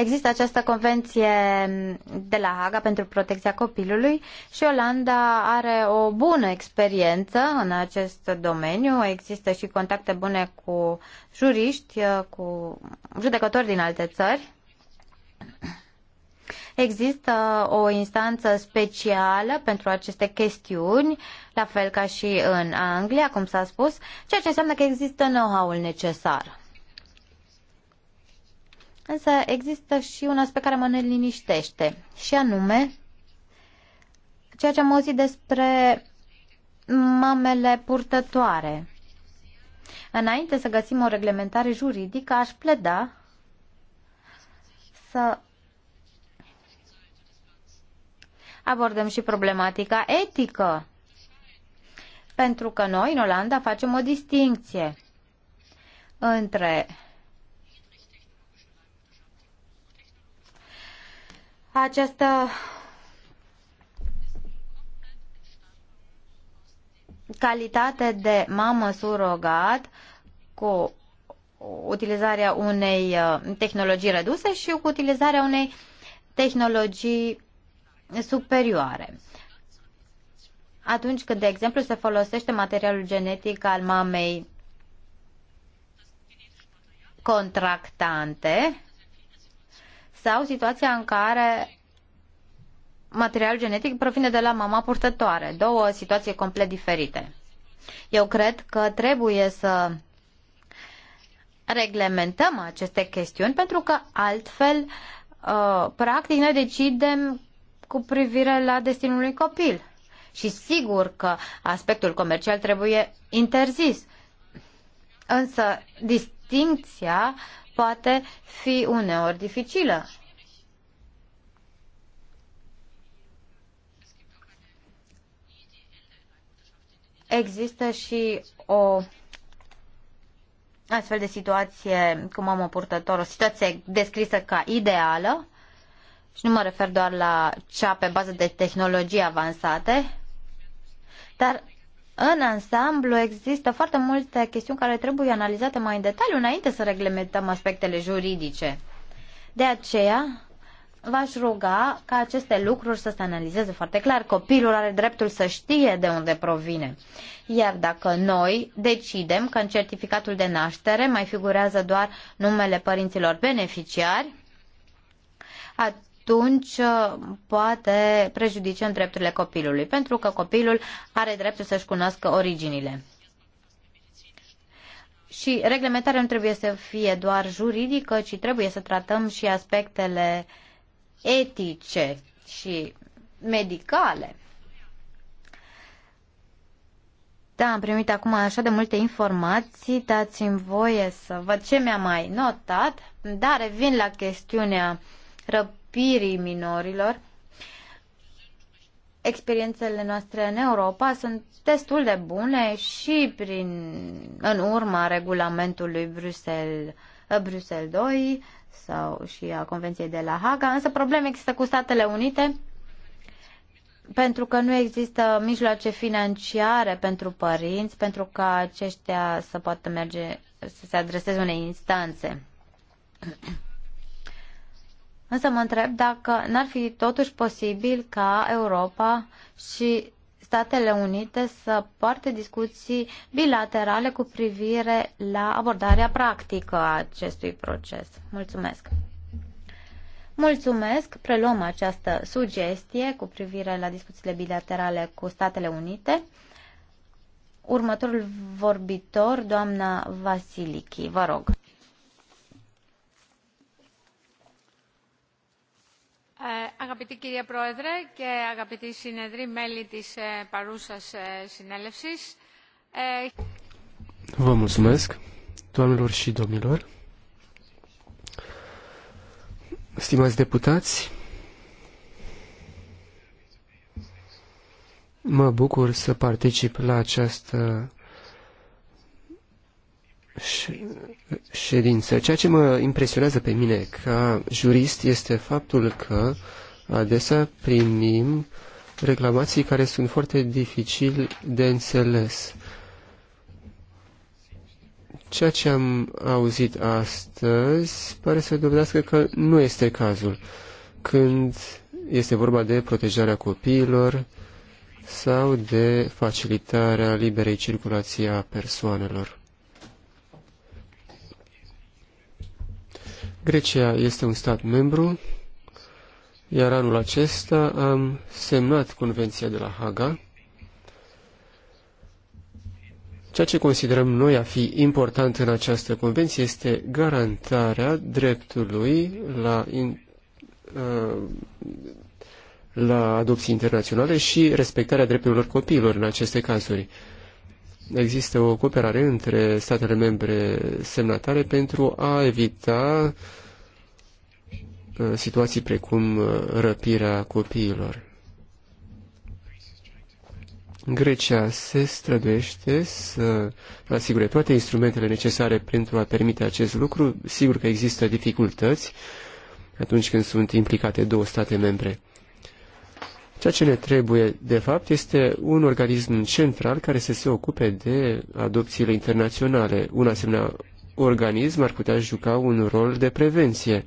Există această convenție de la Haga pentru protecția copilului și Olanda are o bună experiență în acest domeniu. Există și contacte bune cu juriști, uh, cu judecători din alte țări. Există o instanță specială pentru aceste chestiuni, la fel ca și în Anglia, cum s-a spus, ceea ce înseamnă că există know-how-ul necesar. Însă există și un aspect care mă neliniștește, și anume ceea ce am auzit despre mamele purtătoare. Înainte să găsim o reglementare juridică, aș pleda să abordăm și problematica etică. Pentru că noi, în Olanda, facem o distinție între Această calitate de mamă surogat cu utilizarea unei uh, tehnologii reduse și cu utilizarea unei tehnologii superioare. Atunci când, de exemplu, se folosește materialul genetic al mamei contractante, sau situația în care material genetic provine de la mama purtătoare. Două situații complet diferite. Eu cred că trebuie să reglementăm aceste chestiuni pentru că altfel, uh, practic, noi decidem cu privire la destinul unui copil. Și sigur că aspectul comercial trebuie interzis. Însă, distinția poate fi uneori dificilă. Există și o astfel de situație am o purtător, o situație descrisă ca ideală, și nu mă refer doar la cea pe bază de tehnologii avansate, dar în ansamblu există foarte multe chestiuni care trebuie analizate mai în detaliu înainte să reglementăm aspectele juridice. De aceea v-aș ruga ca aceste lucruri să se analizeze foarte clar. Copilul are dreptul să știe de unde provine. Iar dacă noi decidem că în certificatul de naștere mai figurează doar numele părinților beneficiari, atunci uh, poate prejudiciem drepturile copilului, pentru că copilul are dreptul să-și cunoască originile. Și reglementarea nu trebuie să fie doar juridică, ci trebuie să tratăm și aspectele etice și medicale. Da, am primit acum așa de multe informații, dați-mi voie să văd ce mi-a mai notat, dar revin la chestiunea răp- pirii minorilor, experiențele noastre în Europa sunt destul de bune și prin, în urma regulamentului Bruxelles, uh, Bruxelles 2 sau și a Convenției de la Haga, însă probleme există cu Statele Unite pentru că nu există mijloace financiare pentru părinți, pentru ca aceștia să poată merge să se adreseze unei instanțe. Însă mă întreb dacă n-ar fi totuși posibil ca Europa și Statele Unite să poarte discuții bilaterale cu privire la abordarea practică a acestui proces. Mulțumesc! Mulțumesc! Preluăm această sugestie cu privire la discuțiile bilaterale cu Statele Unite. Următorul vorbitor, doamna Vasilichi, vă rog. Αγαπητή κυρία Πρόεδρε και αγαπητοί συνεδροί, μέλη της παρούσας συνέλευσης. Vă mulțumesc, doamnelor și domnilor. Stimați deputați, mă bucur să particip la această ședință. Ceea ce mă impresionează pe mine ca jurist este faptul că adesea primim reclamații care sunt foarte dificil de înțeles. Ceea ce am auzit astăzi pare să dovedească că nu este cazul. Când este vorba de protejarea copiilor sau de facilitarea liberei circulației a persoanelor. Grecia este un stat membru, iar anul acesta am semnat Convenția de la Haga. Ceea ce considerăm noi a fi important în această convenție este garantarea dreptului la, in, uh, la adopții internaționale și respectarea drepturilor copiilor în aceste cazuri există o cooperare între statele membre semnatare pentru a evita uh, situații precum uh, răpirea copiilor. Grecia se străduiește să asigure toate instrumentele necesare pentru a permite acest lucru. Sigur că există dificultăți atunci când sunt implicate două state membre. Ceea ce ne trebuie, de fapt, este un organism central care să se ocupe de adopțiile internaționale. Un asemenea organism ar putea juca un rol de prevenție,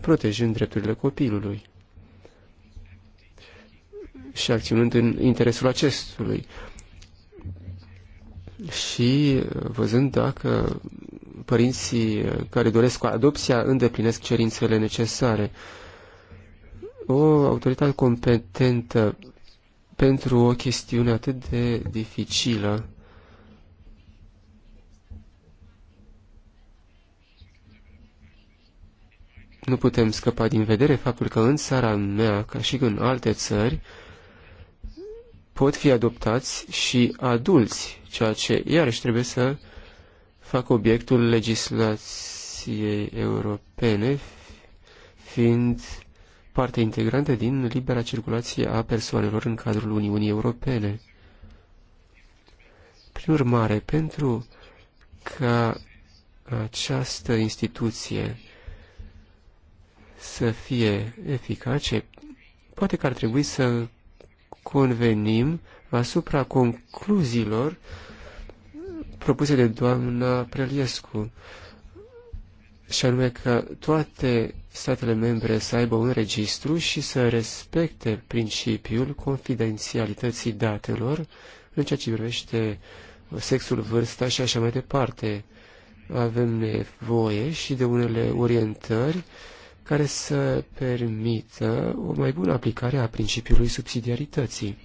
protejând drepturile copilului și acționând în interesul acestului. Și văzând dacă părinții care doresc adopția îndeplinesc cerințele necesare o autoritate competentă pentru o chestiune atât de dificilă. Nu putem scăpa din vedere faptul că în țara mea, ca și în alte țări, pot fi adoptați și adulți, ceea ce iarăși trebuie să fac obiectul legislației europene, fiind parte integrantă din libera circulație a persoanelor în cadrul Uniunii Europene. Prin urmare, pentru ca această instituție să fie eficace, poate că ar trebui să convenim asupra concluziilor propuse de doamna Preliescu, și anume că toate statele membre să aibă un registru și să respecte principiul confidențialității datelor în ceea ce privește sexul, vârsta și așa mai departe. Avem nevoie și de unele orientări care să permită o mai bună aplicare a principiului subsidiarității.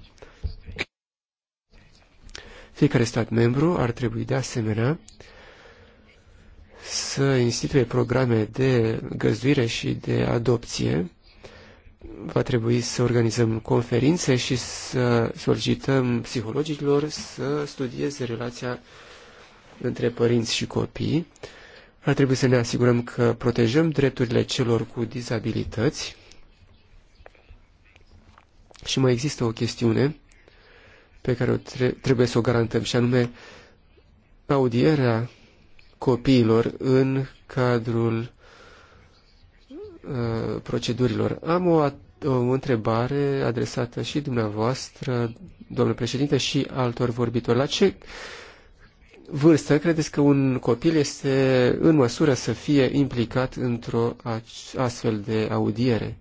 Fiecare stat membru ar trebui de asemenea să instituie programe de găzduire și de adopție. Va trebui să organizăm conferințe și să solicităm psihologilor să studieze relația între părinți și copii. Ar trebui să ne asigurăm că protejăm drepturile celor cu dizabilități. Și mai există o chestiune pe care o tre- trebuie să o garantăm, și anume audierea copiilor în cadrul uh, procedurilor. Am o, o întrebare adresată și dumneavoastră, domnule președinte, și altor vorbitori. La ce vârstă credeți că un copil este în măsură să fie implicat într-o astfel de audiere?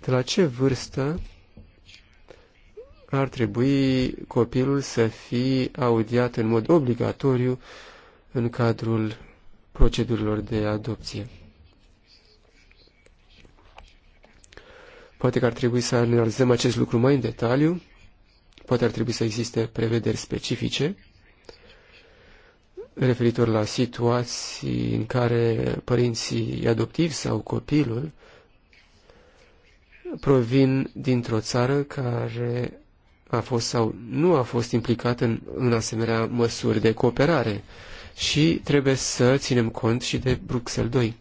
De la ce vârstă ar trebui copilul să fie audiat în mod obligatoriu în cadrul procedurilor de adopție. Poate că ar trebui să analizăm acest lucru mai în detaliu, poate ar trebui să existe prevederi specifice referitor la situații în care părinții adoptivi sau copilul provin dintr-o țară care a fost sau nu a fost implicată în, în asemenea măsuri de cooperare și trebuie să ținem cont și de Bruxelles 2.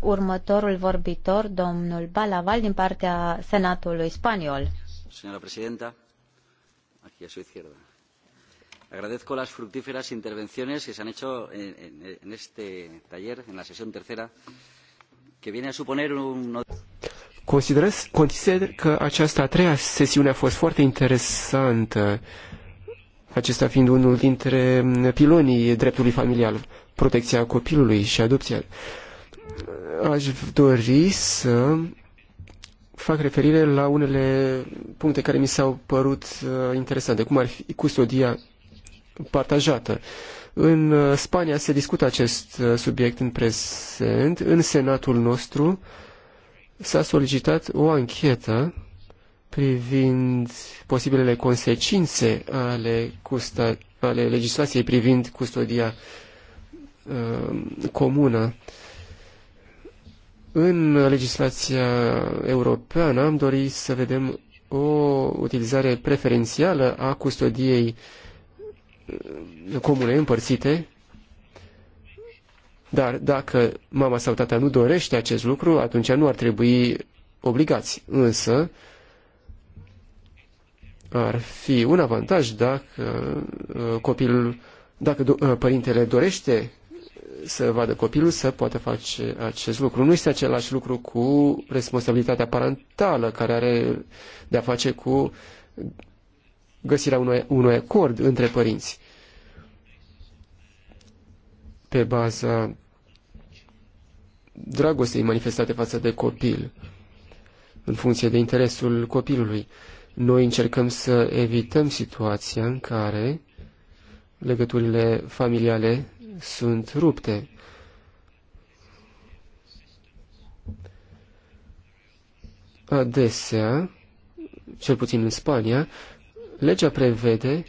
Următorul vorbitor, domnul Balaval, din partea Senatului Spaniol. Señora Presidenta, aquí a su izquierda. Agradezco las fructíferas intervenciones que se han hecho en, en, en este taller, en la sesión tercera, que viene a suponer un... Considerez, consider că această a treia sesiune a fost foarte interesantă acesta fiind unul dintre pilonii dreptului familial, protecția copilului și adopția. Aș dori să fac referire la unele puncte care mi s-au părut uh, interesante, cum ar fi custodia partajată. În uh, Spania se discută acest uh, subiect în prezent. În Senatul nostru s-a solicitat o anchetă privind posibilele consecințe ale, custa, ale legislației privind custodia uh, comună. În legislația europeană am dorit să vedem o utilizare preferențială a custodiei uh, comune împărțite, dar dacă mama sau tata nu dorește acest lucru, atunci nu ar trebui obligați. Însă, ar fi un avantaj dacă uh, copilul, dacă uh, părintele dorește să vadă copilul, să poată face acest lucru. Nu este același lucru cu responsabilitatea parentală, care are de-a face cu găsirea unui, unui acord între părinți. Pe baza dragostei manifestate față de copil, în funcție de interesul copilului. Noi încercăm să evităm situația în care legăturile familiale sunt rupte. Adesea, cel puțin în Spania, legea prevede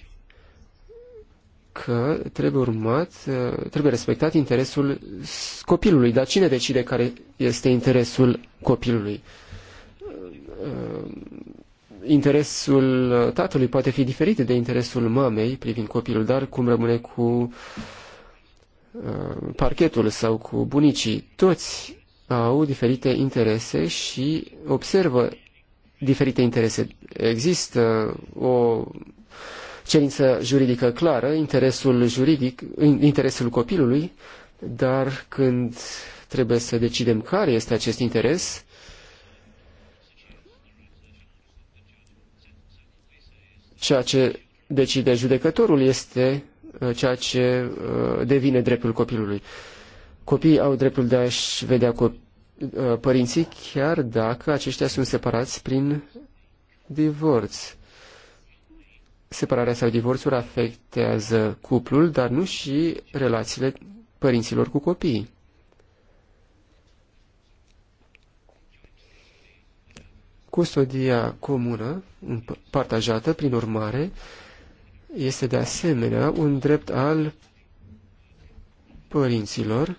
că trebuie urmat, trebuie respectat interesul copilului. Dar cine decide care este interesul copilului? interesul tatălui poate fi diferit de interesul mamei privind copilul, dar cum rămâne cu uh, parchetul sau cu bunicii, toți au diferite interese și observă diferite interese. Există o cerință juridică clară, interesul juridic, interesul copilului, dar când trebuie să decidem care este acest interes, Ceea ce decide judecătorul este uh, ceea ce uh, devine dreptul copilului. Copiii au dreptul de a-și vedea uh, părinții chiar dacă aceștia sunt separați prin divorț. Separarea sau divorțul afectează cuplul, dar nu și relațiile părinților cu copiii. Custodia comună, partajată, prin urmare, este de asemenea un drept al părinților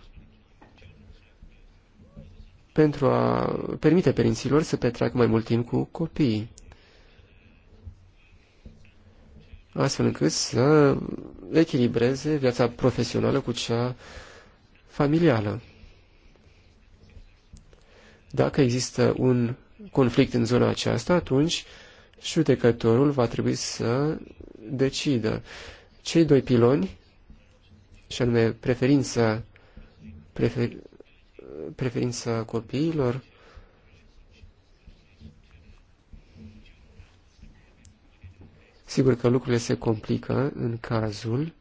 pentru a permite părinților să petreacă mai mult timp cu copiii. Astfel încât să echilibreze viața profesională cu cea familială. Dacă există un conflict în zona aceasta, atunci judecătorul va trebui să decidă. Cei doi piloni, și anume preferința, prefer, preferința copiilor, Sigur că lucrurile se complică în cazul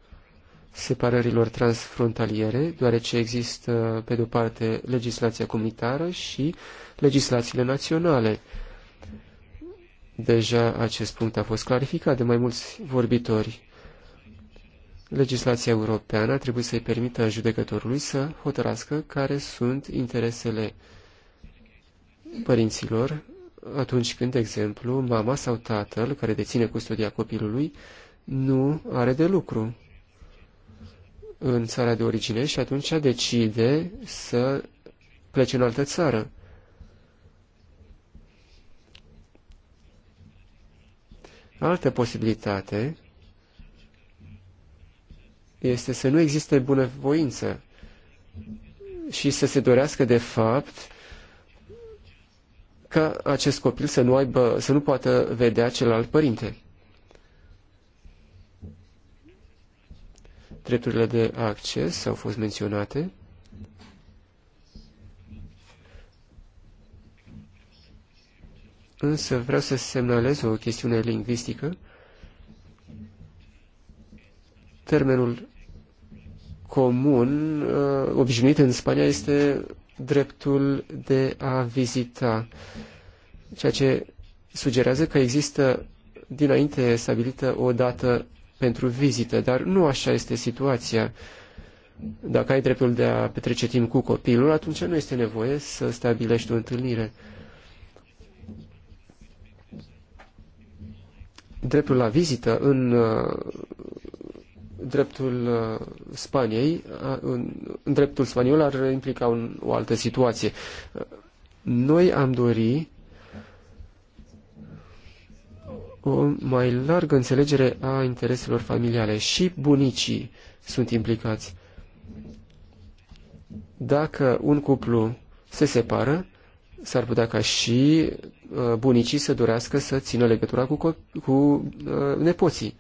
separărilor transfrontaliere, deoarece există, pe de-o parte, legislația comunitară și legislațiile naționale. Deja acest punct a fost clarificat de mai mulți vorbitori. Legislația europeană trebuie să-i permită judecătorului să hotărască care sunt interesele părinților atunci când, de exemplu, mama sau tatăl care deține custodia copilului nu are de lucru în țara de origine și atunci decide să plece în altă țară. Altă posibilitate este să nu existe bunăvoință și să se dorească de fapt ca acest copil să nu, aibă, să nu poată vedea celălalt părinte. Drepturile de acces au fost menționate. Însă vreau să semnalez o chestiune lingvistică. Termenul comun, uh, obișnuit în Spania, este dreptul de a vizita, ceea ce sugerează că există dinainte stabilită o dată pentru vizită, dar nu așa este situația. Dacă ai dreptul de a petrece timp cu copilul, atunci nu este nevoie să stabilești o întâlnire. Dreptul la vizită în uh, dreptul uh, Spaniei, uh, în, dreptul spaniol ar implica un, o altă situație. Noi am dori o mai largă înțelegere a intereselor familiale. Și bunicii sunt implicați. Dacă un cuplu se separă, s-ar putea ca și uh, bunicii să dorească să țină legătura cu, cu uh, nepoții.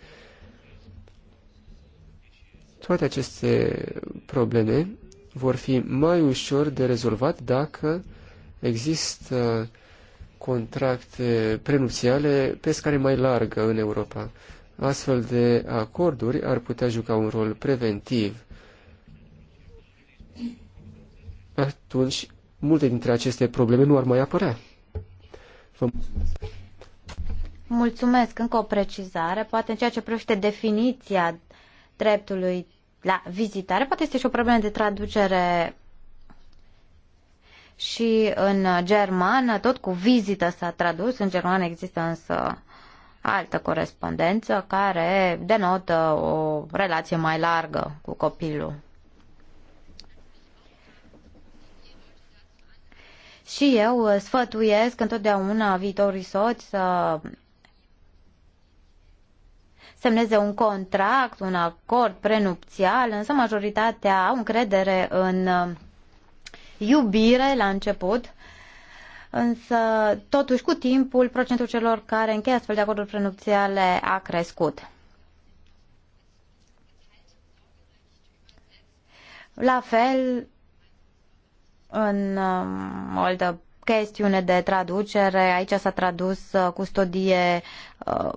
Toate aceste probleme vor fi mai ușor de rezolvat dacă există uh, contracte prenupțiale pe scară mai largă în Europa. Astfel de acorduri ar putea juca un rol preventiv. Atunci, multe dintre aceste probleme nu ar mai apărea. Vă mulțumesc. Mulțumesc. Încă o precizare. Poate în ceea ce privește definiția dreptului la vizitare, poate este și o problemă de traducere și în germană, tot cu vizită s-a tradus, în germană există însă altă corespondență care denotă o relație mai largă cu copilul. Și eu sfătuiesc întotdeauna viitorii soți să semneze un contract, un acord prenupțial, însă majoritatea au încredere în iubire la început, însă totuși cu timpul procentul celor care încheie astfel de acorduri prenupțiale a crescut. La fel, în um, altă chestiune de traducere, aici s-a tradus uh, custodie uh,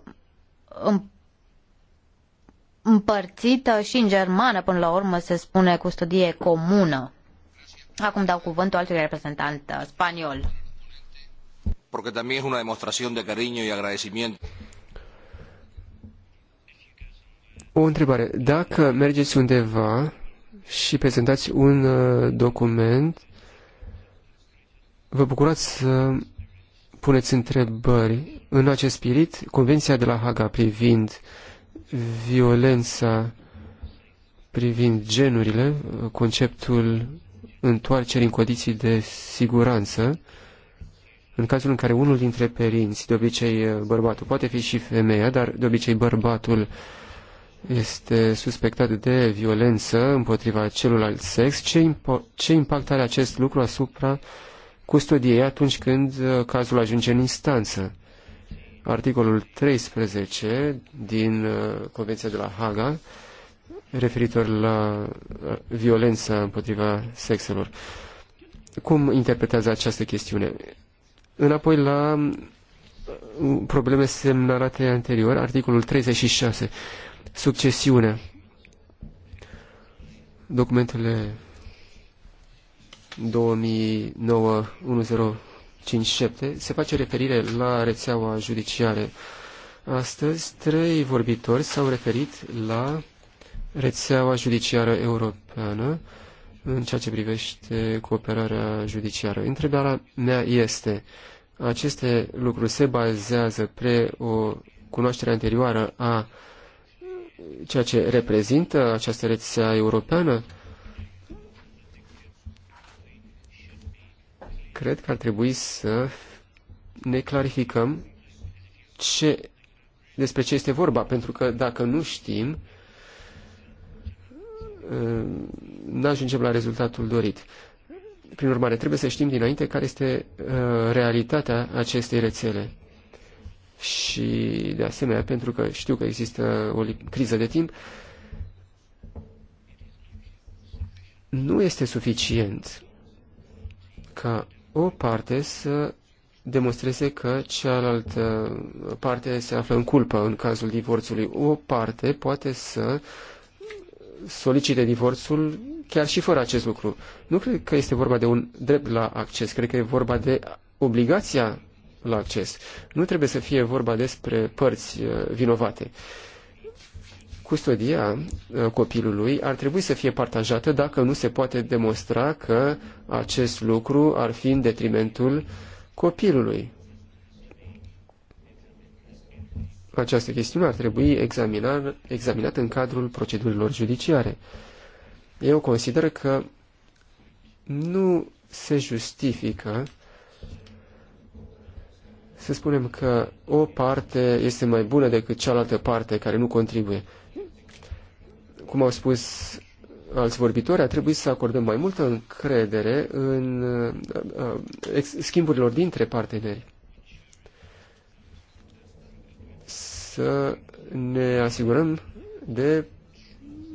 împărțită și în germană, până la urmă se spune custodie comună. Acum dau cuvântul altui reprezentant uh, spaniol. Porque también es una demostración de cariño y agradecimiento. O întrebare. Dacă mergeți undeva și prezentați un uh, document, vă bucurați să puneți întrebări. În acest spirit, Convenția de la Haga privind violența, privind genurile, conceptul întoarcere în condiții de siguranță, în cazul în care unul dintre părinți, de obicei bărbatul, poate fi și femeia, dar de obicei bărbatul este suspectat de violență împotriva celuilalt sex, ce, impo- ce impact are acest lucru asupra custodiei atunci când uh, cazul ajunge în instanță? Articolul 13 din uh, Convenția de la Haga referitor la uh, violența împotriva sexelor. Cum interpretează această chestiune? Înapoi la uh, probleme semnalate anterior, articolul 36, succesiune. Documentele 2009-1057 se face referire la rețeaua judiciară. Astăzi, trei vorbitori s-au referit la rețeaua judiciară europeană în ceea ce privește cooperarea judiciară. Întrebarea mea este, aceste lucruri se bazează pe o cunoaștere anterioară a ceea ce reprezintă această rețea europeană? Cred că ar trebui să ne clarificăm ce, despre ce este vorba, pentru că dacă nu știm, n-ajungem da, la rezultatul dorit. Prin urmare, trebuie să știm dinainte care este ehm, realitatea acestei rețele. Și, de asemenea, pentru că știu că există o criză de timp, nu este suficient ca o parte să demonstreze că cealaltă parte se află în culpă în cazul divorțului. O parte poate să uh, solicite divorțul chiar și fără acest lucru. Nu cred că este vorba de un drept la acces, cred că e vorba de obligația la acces. Nu trebuie să fie vorba despre părți uh, vinovate. Custodia uh, copilului ar trebui să fie partajată dacă nu se poate demonstra că acest lucru ar fi în detrimentul copilului. această chestiune ar trebui examinat, examinată în cadrul procedurilor judiciare. Eu consider că nu se justifică să spunem că o parte este mai bună decât cealaltă parte care nu contribuie. Cum au spus alți vorbitori, ar trebui să acordăm mai multă încredere în uh, uh, schimburilor dintre parteneri. să ne asigurăm de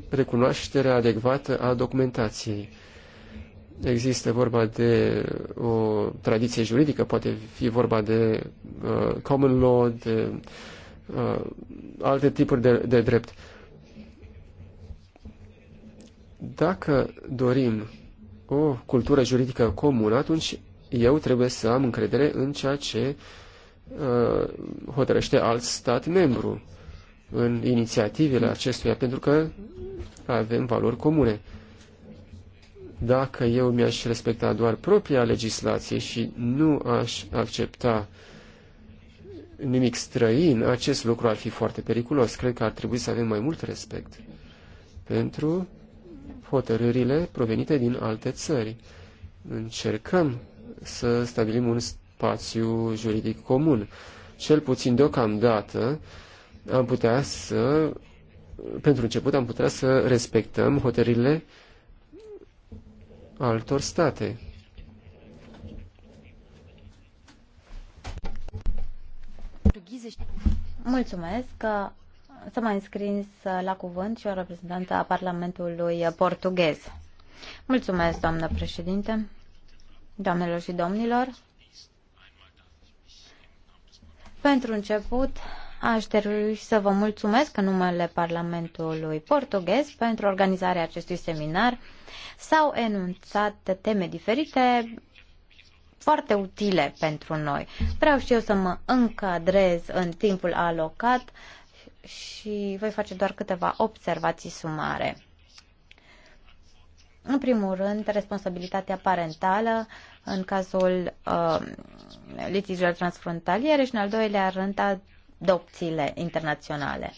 recunoașterea adecvată a documentației. Există vorba de o tradiție juridică, poate fi vorba de uh, common law, de uh, alte tipuri de, de drept. Dacă dorim o cultură juridică comună, atunci eu trebuie să am încredere în ceea ce uh, Uh, hotărăște alt stat membru în inițiativele acestuia, pentru că avem valori comune. Dacă eu mi-aș respecta doar propria legislație și nu aș accepta nimic străin, acest lucru ar fi foarte periculos. Cred că ar trebui să avem mai mult respect pentru hotărârile provenite din alte țări. Încercăm să stabilim un spațiu juridic comun. Cel puțin deocamdată am putea să, pentru început, am putea să respectăm hotările altor state. Mulțumesc că s-a mai înscris la cuvânt și o reprezentantă a Parlamentului portughez. Mulțumesc, doamnă președinte, doamnelor și domnilor. Pentru început, aș trebui să vă mulțumesc în numele Parlamentului portughez pentru organizarea acestui seminar. S-au enunțat teme diferite foarte utile pentru noi. Vreau și eu să mă încadrez în timpul alocat și voi face doar câteva observații sumare. În primul rând, responsabilitatea parentală în cazul uh, litigiilor transfrontaliere și, în al doilea rând, adopțiile internaționale.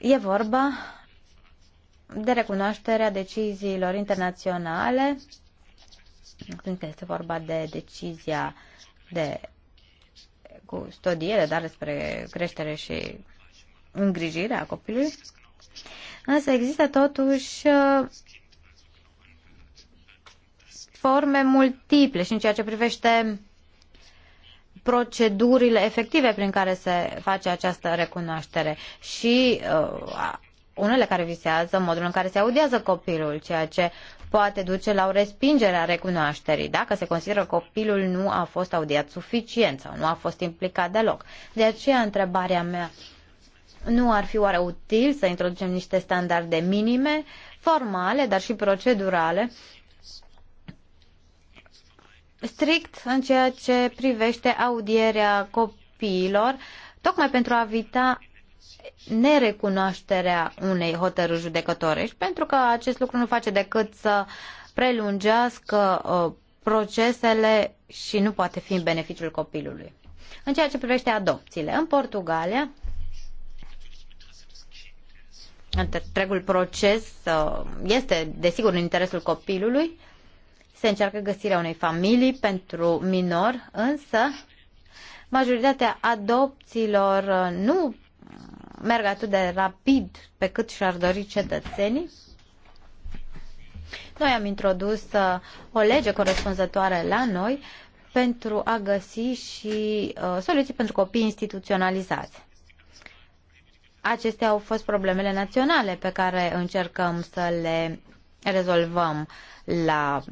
E vorba de recunoașterea deciziilor internaționale, când este vorba de decizia de studiere, dar despre creștere și îngrijire a copilului, Însă există totuși uh, forme multiple și în ceea ce privește procedurile efective prin care se face această recunoaștere și uh, unele care visează modul în care se audiază copilul, ceea ce poate duce la o respingere a recunoașterii, dacă se consideră că copilul nu a fost audiat suficient sau nu a fost implicat deloc. De aceea întrebarea mea nu ar fi oare util să introducem niște standarde minime, formale, dar și procedurale, strict în ceea ce privește audierea copiilor, tocmai pentru a evita nerecunoașterea unei hotărâri judecătorești, pentru că acest lucru nu face decât să prelungească uh, procesele și nu poate fi în beneficiul copilului. În ceea ce privește adopțiile, în Portugalia, întregul proces uh, este, desigur, în interesul copilului. Se încearcă găsirea unei familii pentru minor, însă majoritatea adopțiilor uh, nu merg atât de rapid pe cât și-ar dori cetățenii. Noi am introdus uh, o lege corespunzătoare la noi pentru a găsi și soluții pentru copii instituționalizați acestea au fost problemele naționale pe care încercăm să le rezolvăm la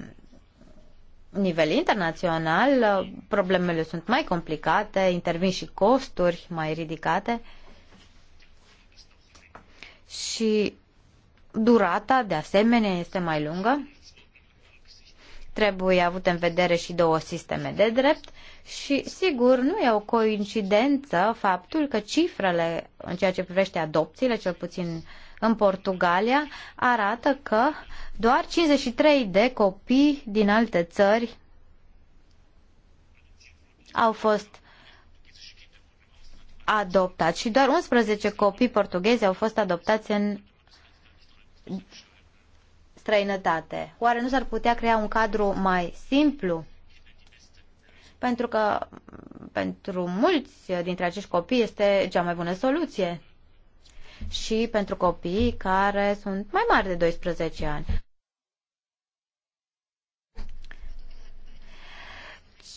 nivel internațional. Problemele sunt mai complicate, intervin și costuri mai ridicate și durata, de asemenea, este mai lungă. Trebuie avut în vedere și două sisteme de drept și, sigur, nu e o coincidență faptul că cifrele în ceea ce privește adopțiile, cel puțin în Portugalia, arată că doar 53 de copii din alte țări au fost adoptați și doar 11 copii portughezi au fost adoptați în străinătate. Oare nu s-ar putea crea un cadru mai simplu? Pentru că pentru mulți dintre acești copii este cea mai bună soluție. Și pentru copii care sunt mai mari de 12 ani.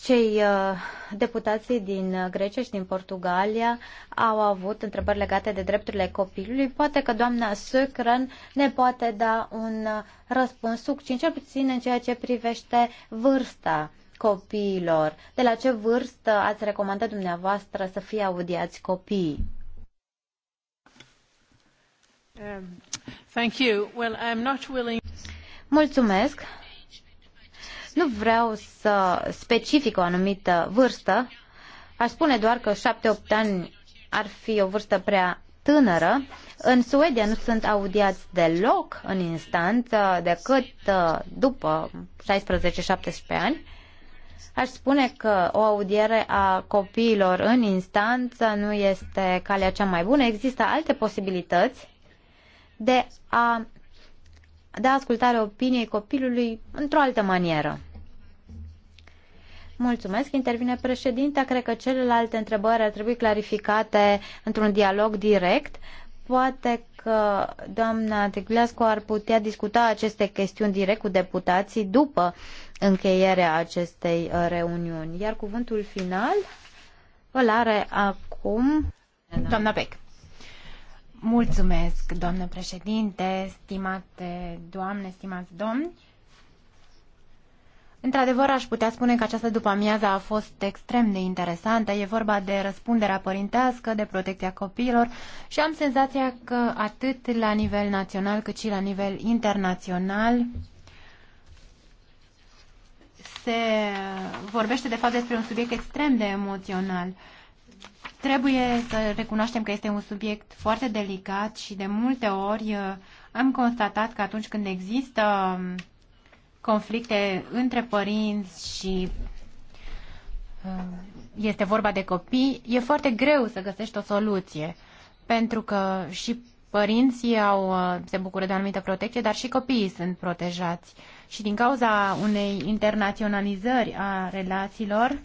cei uh, deputații din uh, Grecia și din Portugalia au avut întrebări legate de drepturile copilului. Poate că doamna Sucran ne poate da un uh, răspuns succint, cel puțin în ceea ce privește vârsta copiilor. De la ce vârstă ați recomandat dumneavoastră să fie audiați copiii? Um, thank you. Well, I'm not willing... Mulțumesc. Nu vreau să specific o anumită vârstă, aș spune doar că 7-8 ani ar fi o vârstă prea tânără. În Suedia nu sunt audiați deloc în instanță uh, decât uh, după 16-17 ani. Aș spune că o audiere a copiilor în instanță nu este calea cea mai bună. Există alte posibilități de a da ascultare opiniei copilului într-o altă manieră. Mulțumesc, intervine președinte. Cred că celelalte întrebări ar trebui clarificate într-un dialog direct. Poate că doamna Tegleascu ar putea discuta aceste chestiuni direct cu deputații după încheierea acestei uh, reuniuni. Iar cuvântul final îl are acum doamna Peck. Mulțumesc, doamnă președinte, stimate doamne, stimați domni. Într-adevăr, aș putea spune că această după-amiază a fost extrem de interesantă. E vorba de răspunderea părintească, de protecția copiilor și am senzația că atât la nivel național cât și la nivel internațional se vorbește de fapt despre un subiect extrem de emoțional. Trebuie să recunoaștem că este un subiect foarte delicat și de multe ori uh, am constatat că atunci când există um, conflicte între părinți și uh, este vorba de copii, e foarte greu să găsești o soluție, pentru că și părinții au, uh, se bucură de o anumită protecție, dar și copiii sunt protejați. Și din cauza unei internaționalizări a relațiilor,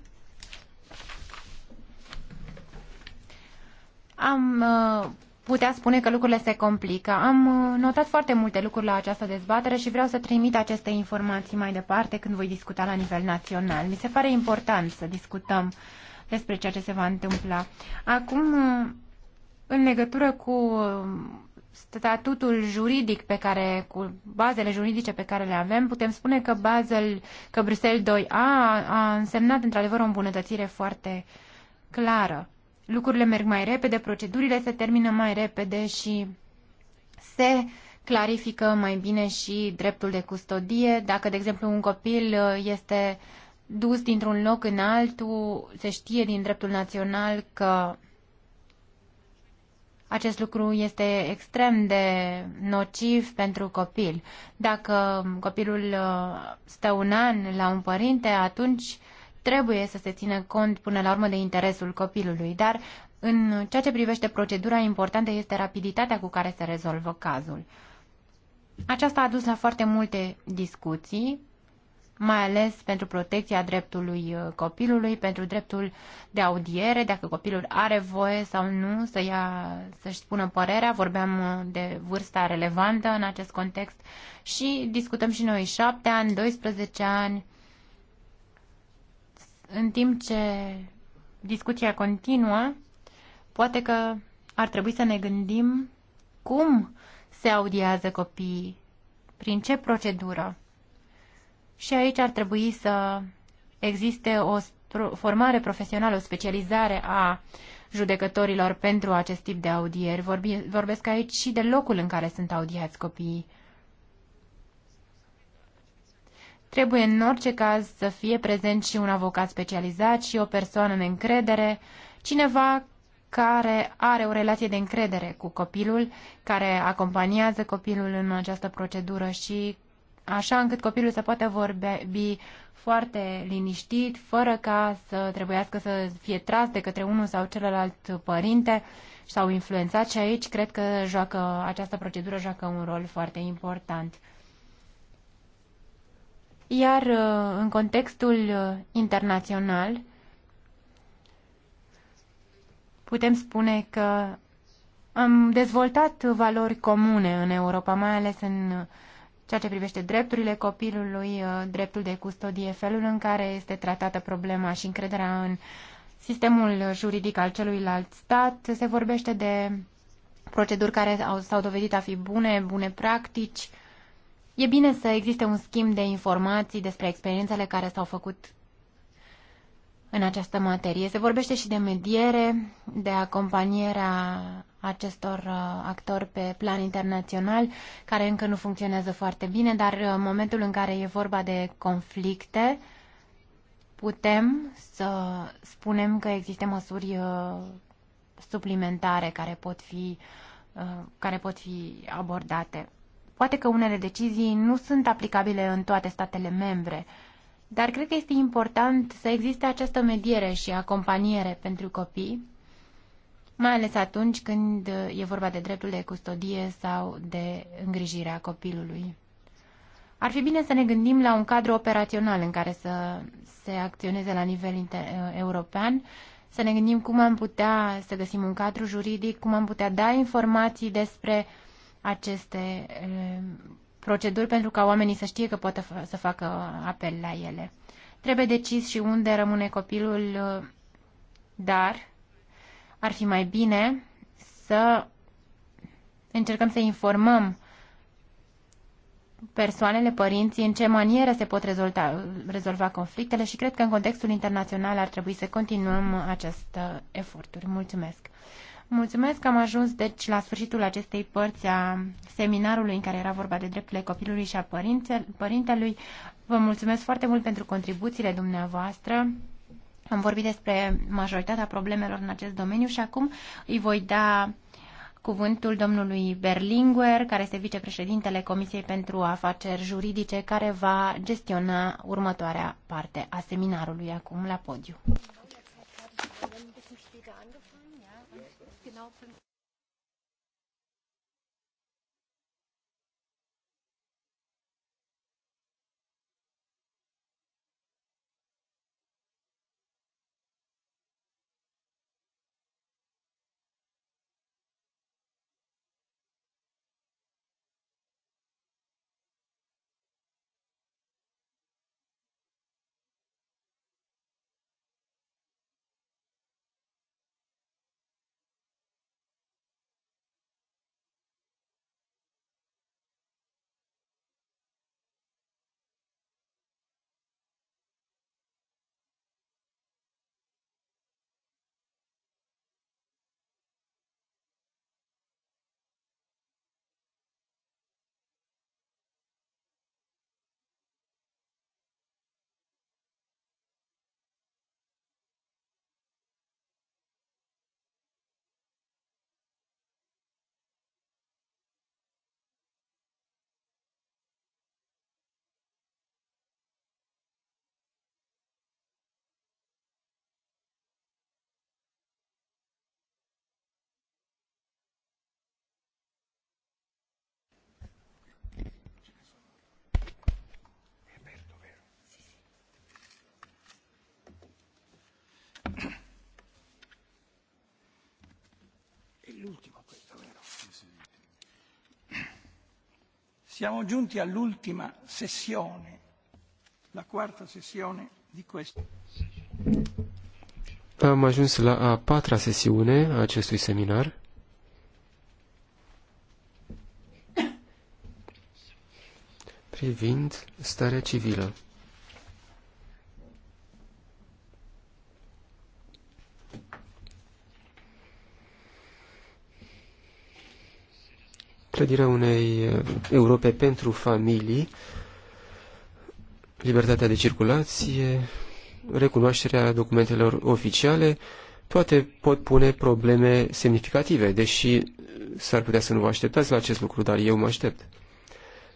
am uh, putea spune că lucrurile se complică. Am uh, notat foarte multe lucruri la această dezbatere și vreau să trimit aceste informații mai departe când voi discuta la nivel național. Mi se pare important să discutăm despre ceea ce se va întâmpla. Acum, uh, în legătură cu statutul juridic pe care, cu bazele juridice pe care le avem, putem spune că Basel, că Bruxelles 2A a, a însemnat într-adevăr o îmbunătățire foarte clară lucrurile merg mai repede, procedurile se termină mai repede și se clarifică mai bine și dreptul de custodie. Dacă, de exemplu, un copil uh, este dus dintr-un loc în altul, se știe din dreptul național că acest lucru este extrem de nociv pentru copil. Dacă copilul uh, stă un an la un părinte, atunci trebuie să se țină cont până la urmă de interesul copilului, dar în ceea ce privește procedura importantă este rapiditatea cu care se rezolvă cazul. Aceasta a dus la foarte multe discuții, mai ales pentru protecția dreptului uh, copilului, pentru dreptul de audiere, dacă copilul are voie sau nu să ia, să-și spună părerea. Vorbeam uh, de vârsta relevantă în acest context și discutăm și noi 7 ani, 12 ani, în timp ce discuția continuă, poate că ar trebui să ne gândim cum se audiază copiii, prin ce procedură. Și aici ar trebui să existe o formare profesională, o specializare a judecătorilor pentru acest tip de audieri. vorbesc aici și de locul în care sunt audiați copiii. Trebuie în orice caz să fie prezent și un avocat specializat și o persoană în încredere, cineva care are o relație de încredere cu copilul, care acompaniază copilul în această procedură și așa încât copilul să poată vorbi foarte liniștit, fără ca să trebuiască să fie tras de către unul sau celălalt părinte sau influențat și aici cred că joacă, această procedură joacă un rol foarte important. Iar uh, în contextul uh, internațional putem spune că am dezvoltat valori comune în Europa, mai ales în uh, ceea ce privește drepturile copilului, dreptul de custodie, felul în care este tratată problema și încrederea în sistemul juridic al celuilalt stat. Se vorbește de proceduri care s-au dovedit a fi bune, bune practici, E bine să existe un schimb de informații despre experiențele care s-au făcut în această materie. Se vorbește și de mediere, de acompanierea acestor uh, actori pe plan internațional, care încă nu funcționează foarte bine, dar uh, în momentul în care e vorba de conflicte, putem să spunem că există măsuri uh, suplimentare care pot fi, care pot fi abordate. Poate că unele decizii nu sunt aplicabile în toate statele membre, dar cred că este important să existe această mediere și acompaniere pentru copii, mai ales atunci când e vorba de dreptul de custodie sau de îngrijirea copilului. Ar fi bine să ne gândim la un cadru operațional în care să se acționeze la nivel uh, european, să ne gândim cum am putea să găsim un cadru juridic, cum am putea da informații despre uh, aceste eh, proceduri pentru ca oamenii să știe că pot să facă apel la ele. Trebuie decis și unde rămâne copilul, eh, dar ar fi mai bine să încercăm să informăm persoanele, părinții, în ce manieră se pot rezolta, rezolva conflictele și cred că în contextul internațional ar trebui să continuăm aceste eforturi. Mulțumesc! Mulțumesc că am ajuns deci la sfârșitul acestei părți a seminarului în care era vorba de drepturile copilului și a părintelui. Vă mulțumesc foarte mult pentru contribuțiile dumneavoastră. Am vorbit despre majoritatea problemelor în acest domeniu și acum îi voi da cuvântul domnului Berlinguer, care este vicepreședintele Comisiei pentru Afaceri Juridice, care va gestiona următoarea parte a seminarului acum la podiu. l'ultimo questo, vero? Siamo giunti all'ultima sessione, la quarta sessione di questo. Am ajuns la a patra sesiune a acestui seminar. privind starea civilă. clădirea unei uh, Europe pentru familii, libertatea de circulație, recunoașterea documentelor oficiale, toate pot pune probleme semnificative, deși s-ar putea să nu vă așteptați la acest lucru, dar eu mă aștept.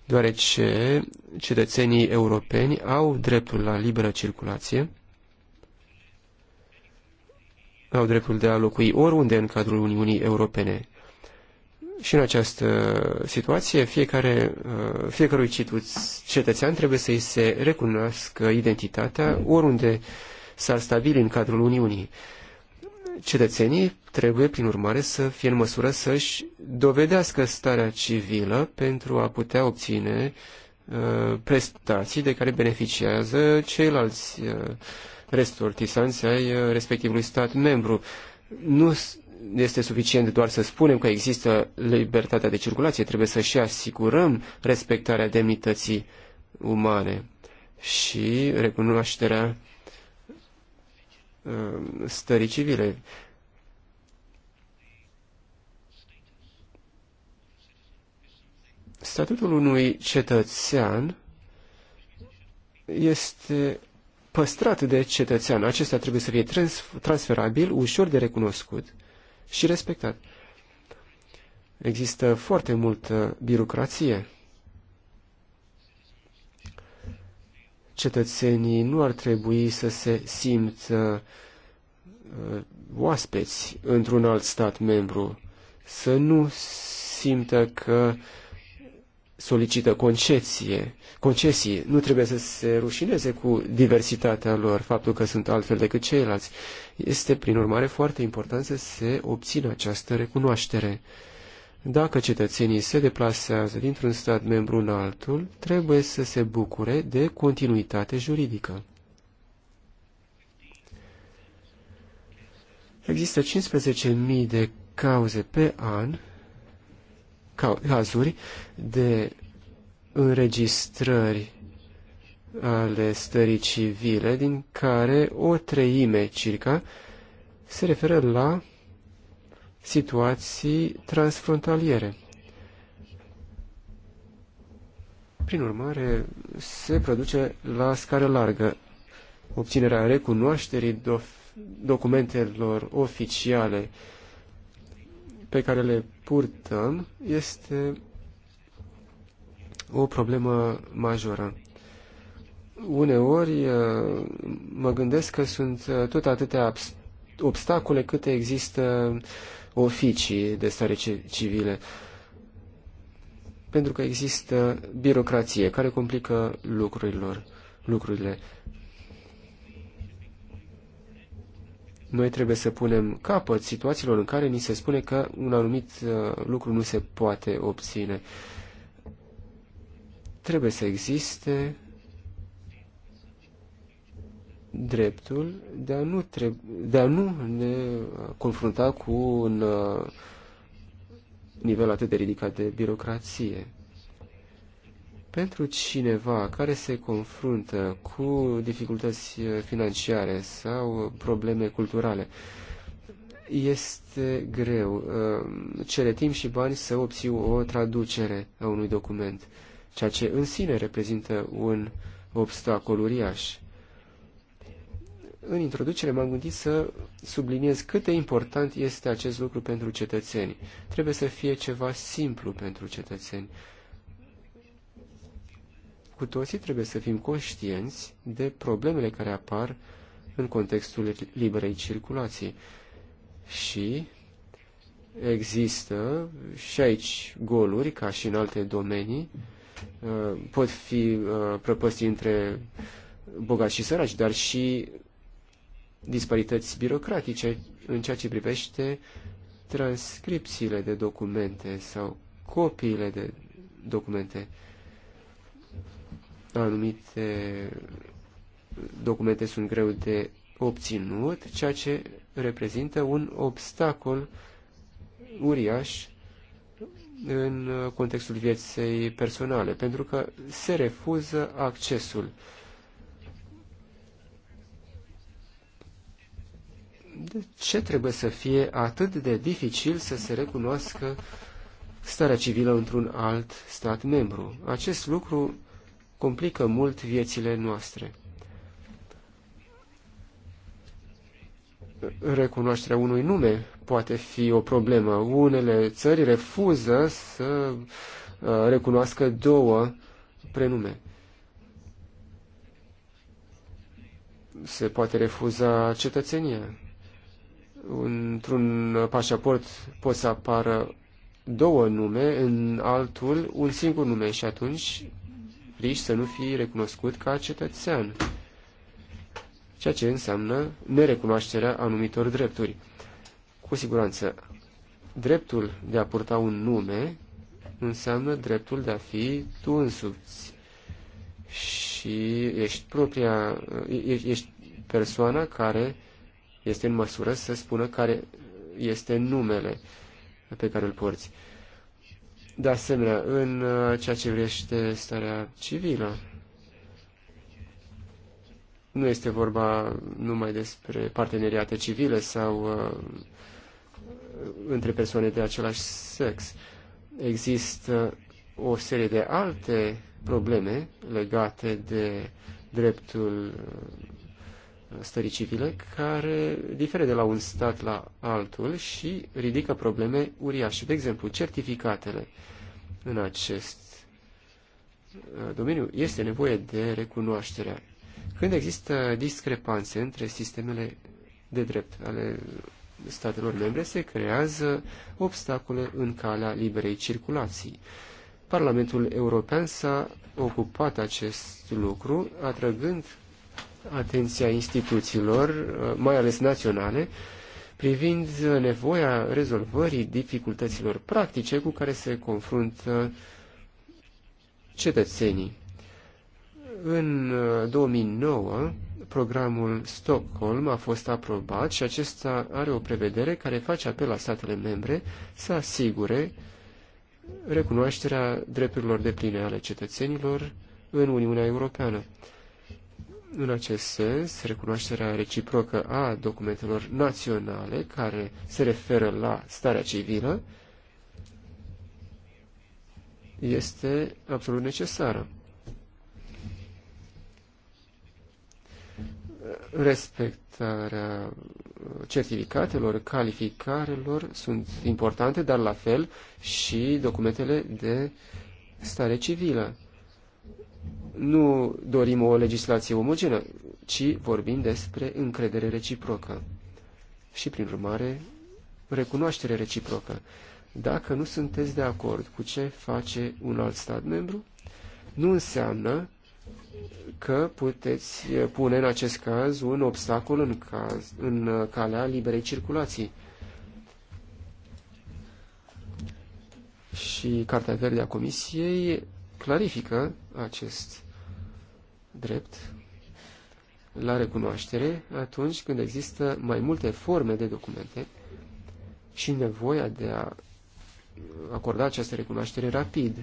Deoarece cetățenii europeni au dreptul la liberă circulație, au dreptul de a locui oriunde în cadrul Uniunii Europene și în această situație, fiecare, uh, fiecărui cetățean trebuie să-i se recunoască identitatea oriunde s-ar stabili în cadrul Uniunii. Cetățenii trebuie, prin urmare, să fie în măsură să-și dovedească starea civilă pentru a putea obține uh, prestații de care beneficiază ceilalți uh, restortisanți ai respectivului stat membru. Nu este suficient doar să spunem că există libertatea de circulație, trebuie să și asigurăm respectarea demnității umane și recunoașterea uh, stării civile. Statutul unui cetățean este păstrat de cetățean. Acesta trebuie să fie transferabil, ușor de recunoscut și respectat. Există foarte multă birocrație. Cetățenii nu ar trebui să se uh, oaspeți într-un alt stat membru, să nu simtă că uh, solicită concesie, concesii, nu trebuie să se rușineze cu diversitatea lor, faptul că sunt altfel decât ceilalți. Este, prin urmare, foarte important să se obțină această recunoaștere. Dacă cetățenii se deplasează dintr-un stat membru în altul, trebuie să se bucure de continuitate juridică. Există 15.000 de cauze pe an cazuri de înregistrări ale stării civile, din care o treime circa se referă la situații transfrontaliere. Prin urmare, se produce la scară largă obținerea recunoașterii documentelor oficiale pe care le purtăm este o problemă majoră. Uneori uh, mă gândesc că sunt uh, tot atâtea obstacole câte există oficii de stare civile. Pentru că există birocrație care complică lucrurilor, lucrurile. Noi trebuie să punem capăt situațiilor în care ni se spune că un anumit uh, lucru nu se poate obține. Trebuie să existe dreptul de a nu, de a nu ne confrunta cu un uh, nivel atât de ridicat de birocrație. Pentru cineva care se confruntă cu dificultăți eh, financiare sau probleme culturale, este greu. Eh, cere timp și bani să obții o traducere a unui document, ceea ce în sine reprezintă un obstacol uriaș. În introducere m-am gândit să subliniez cât de important este acest lucru pentru cetățeni. Trebuie să fie ceva simplu pentru cetățeni. Cu toții trebuie să fim conștienți de problemele care apar în contextul liberei circulații. Și există și aici goluri, ca și în alte domenii, uh, pot fi uh, prăpăstii între bogați și săraci, dar și disparități birocratice în ceea ce privește transcripțiile de documente sau copiile de documente anumite documente sunt greu de obținut, ceea ce reprezintă un obstacol uriaș în contextul vieții personale, pentru că se refuză accesul. De ce trebuie să fie atât de dificil să se recunoască starea civilă într-un alt stat membru? Acest lucru complică mult viețile noastre. Recunoașterea unui nume poate fi o problemă. Unele țări refuză să uh, recunoască două prenume. Se poate refuza cetățenia. Într-un pașaport pot să apară două nume, în altul un singur nume și atunci implici să nu fii recunoscut ca cetățean, ceea ce înseamnă nerecunoașterea anumitor drepturi. Cu siguranță, dreptul de a purta un nume înseamnă dreptul de a fi tu însuți și ești propria, ești persoana care este în măsură să spună care este numele pe care îl porți. De asemenea, în uh, ceea ce vrește starea civilă, nu este vorba numai despre parteneriate civile sau uh, între persoane de același sex. Există o serie de alte probleme legate de dreptul uh, stării civile, care diferă de la un stat la altul și ridică probleme uriașe. De exemplu, certificatele în acest uh, domeniu este nevoie de recunoașterea. Când există discrepanțe între sistemele de drept ale statelor membre, se creează obstacole în calea liberei circulații. Parlamentul European s-a ocupat acest lucru, atrăgând atenția instituțiilor, mai ales naționale, privind nevoia rezolvării dificultăților practice cu care se confruntă cetățenii. În 2009, uh, programul Stockholm a fost aprobat și acesta are o prevedere care face apel la statele membre să asigure recunoașterea drepturilor de pline ale cetățenilor în Uniunea Europeană. În acest sens, recunoașterea reciprocă a documentelor naționale care se referă la starea civilă este absolut necesară. Respectarea certificatelor, calificarelor sunt importante, dar la fel și documentele de stare civilă nu dorim o legislație omogenă, ci vorbim despre încredere reciprocă și, prin urmare, recunoaștere reciprocă. Dacă nu sunteți de acord cu ce face un alt stat membru, nu înseamnă că puteți pune în acest caz un obstacol în, caz, în calea liberei circulații. Și Cartea Verde a Comisiei clarifică acest drept la recunoaștere atunci când există mai multe forme de documente și nevoia de a acorda această recunoaștere rapid.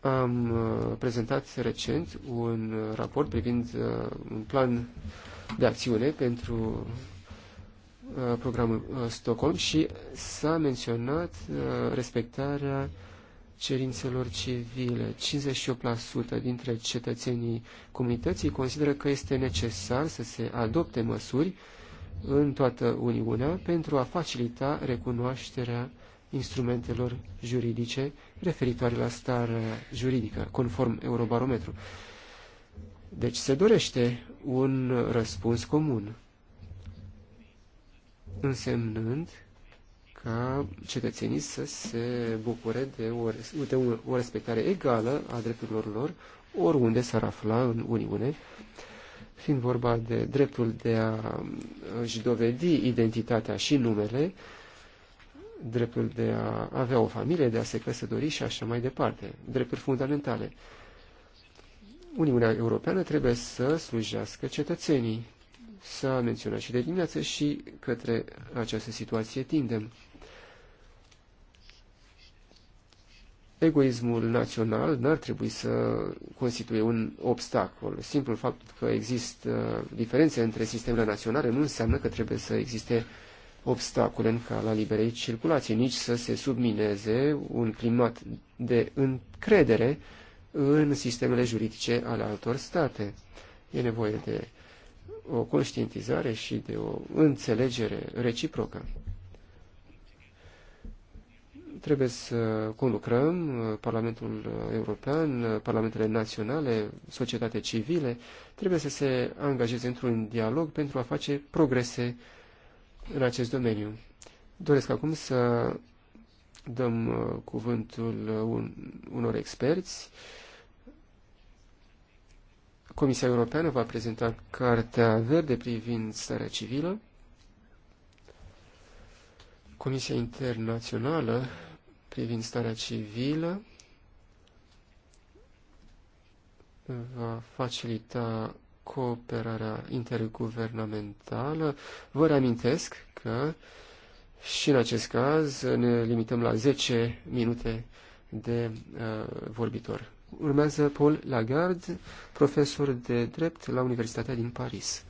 Am uh, prezentat recent un raport privind uh, un plan de acțiune pentru uh, programul Stockholm și s-a menționat respectarea cerințelor civile. 58% dintre cetățenii comunității consideră că este necesar să se adopte măsuri în toată Uniunea pentru a facilita recunoașterea instrumentelor juridice referitoare la starea juridică, conform Eurobarometru. Deci se dorește un răspuns comun, însemnând ca cetățenii să se bucure de o, de o respectare egală a drepturilor lor, oriunde s-ar afla în Uniune, fiind vorba de dreptul de a își dovedi identitatea și numele, dreptul de a avea o familie, de a se căsători și așa mai departe, drepturi fundamentale. Uniunea Europeană trebuie să slujească cetățenii. S-a menționat și de dimineață și către această situație tindem. egoismul național n-ar trebui să constituie un obstacol. Simplul fapt că există diferențe între sistemele naționale nu înseamnă că trebuie să existe obstacole în calea liberei circulații, nici să se submineze un climat de încredere în sistemele juridice ale altor state. E nevoie de o conștientizare și de o înțelegere reciprocă. Trebuie să conlucrăm uh, Parlamentul uh, European, uh, Parlamentele Naționale, societate civile, trebuie să se angajeze într-un dialog pentru a face progrese în acest domeniu. Doresc acum să dăm cuvântul un, unor experți. Comisia Europeană va prezenta Cartea Verde privind starea civilă. Comisia Internațională privind starea civilă va facilita cooperarea interguvernamentală. Vă reamintesc că și în acest caz ne limităm la 10 minute de uh, vorbitor. Urmează Paul Lagarde, profesor de drept la Universitatea din Paris.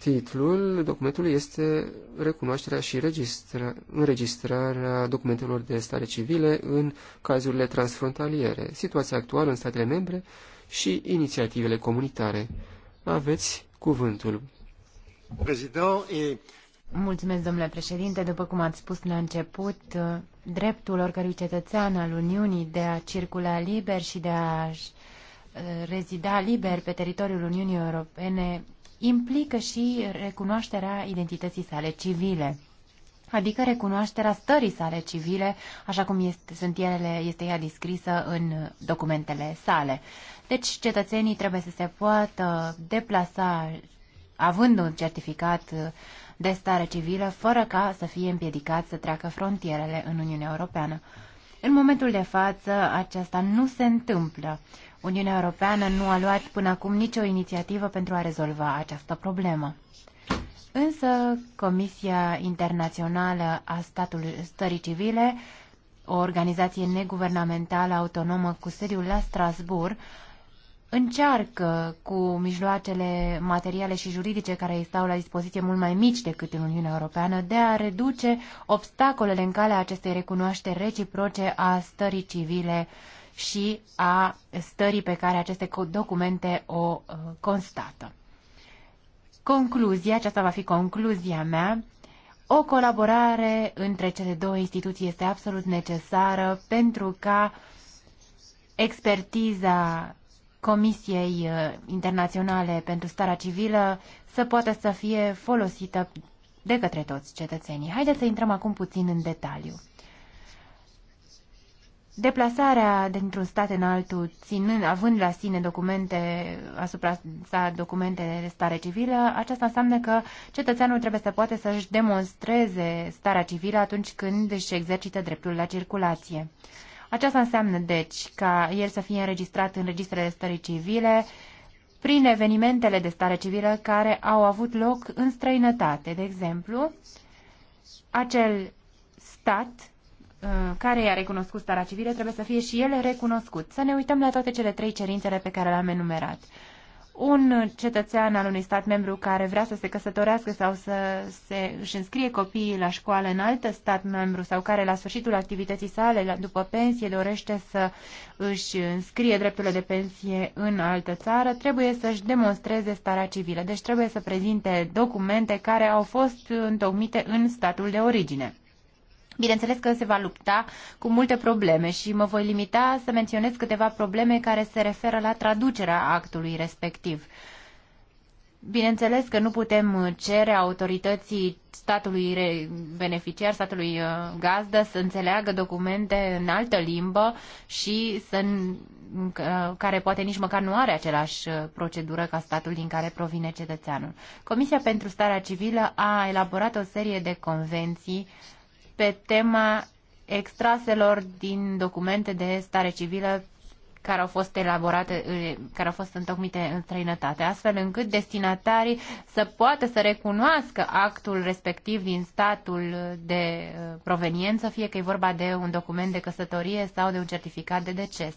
Titlul documentului este Recunoașterea și registra, înregistrarea documentelor de stare civile în cazurile transfrontaliere, situația actuală în statele membre și inițiativele comunitare. Aveți cuvântul. Mulțumesc, domnule președinte. După cum ați spus la început, dreptul oricărui cetățean al Uniunii de a circula liber și de a uh, rezida liber pe teritoriul Uniunii Europene implică și recunoașterea identității sale civile adică recunoașterea stării sale civile, așa cum este, sunt ele, este ea descrisă în documentele sale. Deci cetățenii trebuie să se poată deplasa având un certificat de stare civilă, fără ca să fie împiedicat să treacă frontierele în Uniunea Europeană. În momentul de față, aceasta nu se întâmplă. Uniunea Europeană nu a luat până acum nicio inițiativă pentru a rezolva această problemă. Însă Comisia Internațională a Statului Stării Civile, o organizație neguvernamentală autonomă cu sediul la Strasbourg, încearcă cu mijloacele materiale și juridice care îi stau la dispoziție mult mai mici decât în Uniunea Europeană de a reduce obstacolele în calea acestei recunoașteri reciproce a stării civile uh, și a stării pe care aceste documente o uh, constată. Concluzia, aceasta va fi concluzia mea, o colaborare între cele două instituții este absolut necesară pentru ca expertiza Comisiei uh, Internaționale pentru Starea Civilă să poată să fie folosită de către toți cetățenii. Haideți să intrăm acum puțin în detaliu. Deplasarea dintr-un stat în altul, ținând, având la sine documente asupra sa documente de stare civilă, aceasta înseamnă că cetățeanul trebuie să poate să-și demonstreze starea civilă atunci când își exercită dreptul la circulație. Aceasta înseamnă, deci, ca el să fie înregistrat în registrele stării civile prin evenimentele de stare civilă care au avut loc în străinătate. De exemplu, acel stat Uh, care i-a recunoscut starea civilă trebuie să fie și ele recunoscut. Să ne uităm la toate cele trei cerințele pe care le-am enumerat. Un cetățean al unui stat membru care vrea să se căsătorească sau să se, își înscrie copiii la școală în alt stat membru sau care la sfârșitul activității sale, după pensie, dorește să își înscrie drepturile de pensie în altă țară, trebuie să-și demonstreze starea civilă. Deci trebuie să prezinte documente care au fost întocmite în statul de origine. Bineînțeles că se va lupta cu multe probleme și mă voi limita să menționez câteva probleme care se referă la traducerea actului respectiv. Bineînțeles că nu putem cere autorității statului beneficiar, statului uh, gazdă, să înțeleagă documente în altă limbă și să, care poate nici măcar nu are același uh, procedură ca statul din care provine cetățeanul. Comisia pentru Starea Civilă a elaborat o serie de convenții uh, pe tema extraselor din documente de stare civilă care au fost elaborate, eh, care au fost întocmite în străinătate, astfel încât destinatarii să poată să recunoască actul respectiv din statul de eh, proveniență, fie că e vorba de un document de căsătorie sau de un certificat de deces.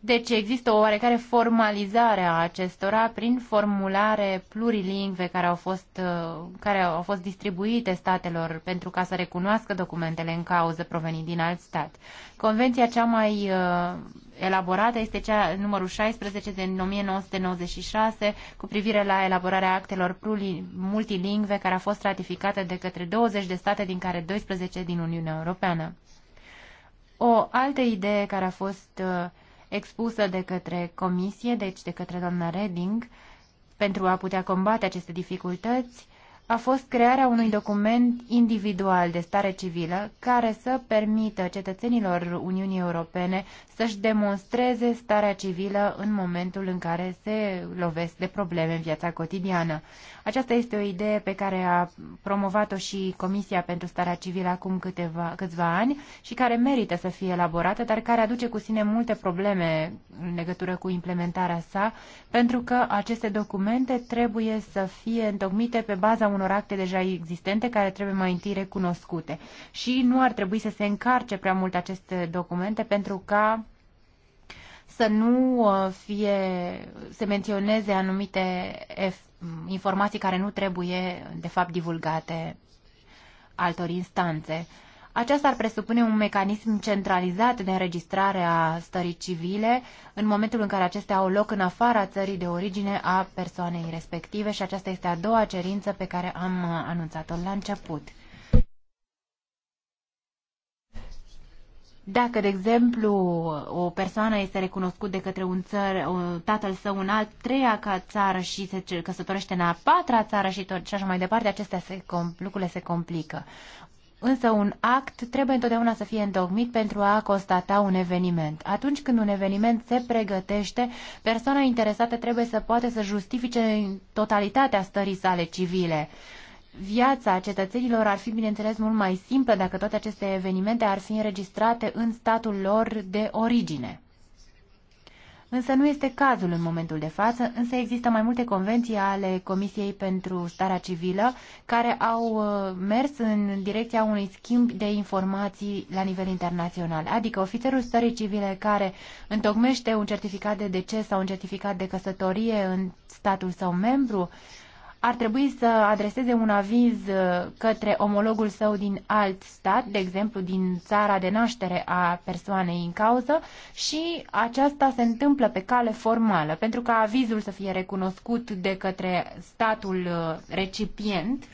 Deci există o oarecare formalizare a acestora prin formulare plurilingve care au fost, uh, care au fost distribuite statelor pentru ca să recunoască documentele în cauză provenind din alt stat. Convenția cea mai uh, elaborată este cea numărul 16 din 1996 cu privire la elaborarea actelor multilingve care a fost ratificată de către 20 de state din care 12 din Uniunea Europeană. O altă idee care a fost uh, expusă de către comisie, deci de către doamna Reding, pentru a putea combate aceste dificultăți a fost crearea unui document individual de stare civilă care să permită cetățenilor Uniunii Europene să-și demonstreze starea civilă în momentul în care se lovesc de probleme în viața cotidiană. Aceasta este o idee pe care a promovat-o și Comisia pentru Starea Civilă acum câteva, câțiva ani și care merită să fie elaborată, dar care aduce cu sine multe probleme în legătură cu implementarea sa, pentru că aceste documente trebuie să fie întocmite pe baza unor acte deja existente care trebuie mai întâi recunoscute. Și nu ar trebui să se încarce prea mult aceste documente pentru ca să nu uh, fie, se menționeze anumite informații care nu trebuie, de fapt, divulgate altor instanțe. Aceasta ar presupune un mecanism centralizat de înregistrare a stării civile în momentul în care acestea au loc în afara țării de origine a persoanei respective și aceasta este a doua cerință pe care am uh, anunțat-o la început. Dacă, de exemplu, o persoană este recunoscută de către un țăr, tatăl său în alt treia ca țară și se căsătorește în a patra țară și tot și așa mai departe, acestea se, lucrurile se complică. Însă un act trebuie întotdeauna să fie întocmit pentru a constata un eveniment. Atunci când un eveniment se pregătește, persoana interesată trebuie să poată să justifice totalitatea stării sale civile. Viața cetățenilor ar fi, bineînțeles, mult mai simplă dacă toate aceste evenimente ar fi înregistrate în statul lor de origine. Însă nu este cazul în momentul de față, însă există mai multe convenții ale Comisiei pentru Starea Civilă care au uh, mers în direcția unui schimb de informații la nivel internațional. Adică ofițerul stării civile care întocmește un certificat de deces sau un certificat de căsătorie în statul sau membru ar trebui să adreseze un aviz uh, către omologul său din alt stat, de exemplu din țara de naștere a persoanei în cauză și aceasta se întâmplă pe cale formală, pentru ca avizul să fie recunoscut de către statul uh, recipient,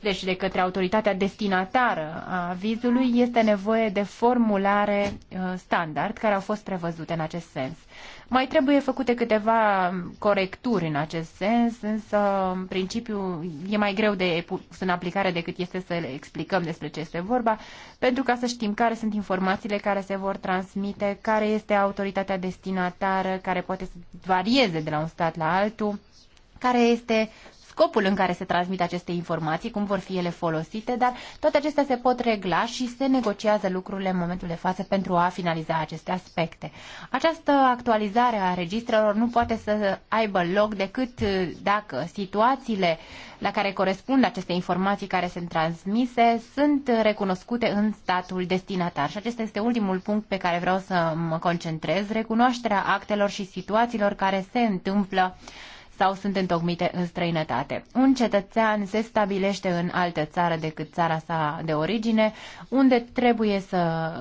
deci de către autoritatea destinatară a avizului, este nevoie de formulare uh, standard care au fost prevăzute în acest sens. Mai trebuie făcute câteva corecturi în acest sens, însă în principiu e mai greu de pus în aplicare decât este să le explicăm despre ce este vorba, pentru ca să știm care sunt informațiile care se vor transmite, care este autoritatea destinatară, care poate să varieze de la un stat la altul, care este scopul în care se transmit aceste informații, cum vor fi ele folosite, dar toate acestea se pot regla și se negociază lucrurile în momentul de față pentru a finaliza aceste aspecte. Această actualizare a registrelor nu poate să aibă loc decât uh, dacă situațiile la care corespund aceste informații care sunt transmise sunt recunoscute în statul destinatar. Și acesta este ultimul punct pe care vreau să mă concentrez, recunoașterea actelor și situațiilor care se întâmplă sau sunt întocmite în străinătate. Un cetățean se stabilește în altă țară decât țara sa de origine, unde trebuie să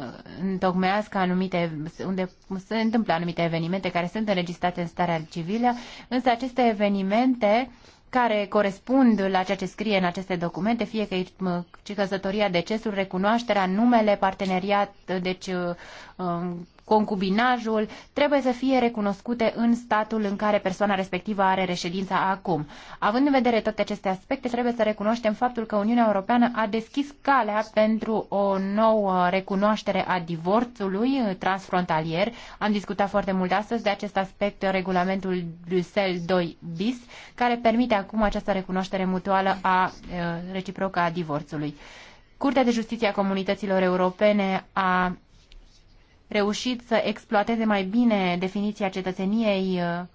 întocmească anumite, unde se întâmplă anumite evenimente care sunt înregistrate în starea civilă, însă aceste evenimente care corespund la ceea ce scrie în aceste documente, fie că e căsătoria, decesul, recunoașterea, numele, parteneriat, deci uh, um, concubinajul, trebuie să fie recunoscute în statul în care persoana respectivă are reședința acum. Având în vedere toate aceste aspecte, trebuie să recunoaștem faptul că Uniunea Europeană a deschis calea pentru o nouă recunoaștere a divorțului transfrontalier. Am discutat foarte mult astăzi de acest aspect regulamentul Bruxelles 2 bis, care permite acum această recunoaștere mutuală a reciprocă a divorțului. Curtea de Justiție a Comunităților Europene a reușit să exploateze mai bine definiția cetățeniei uh,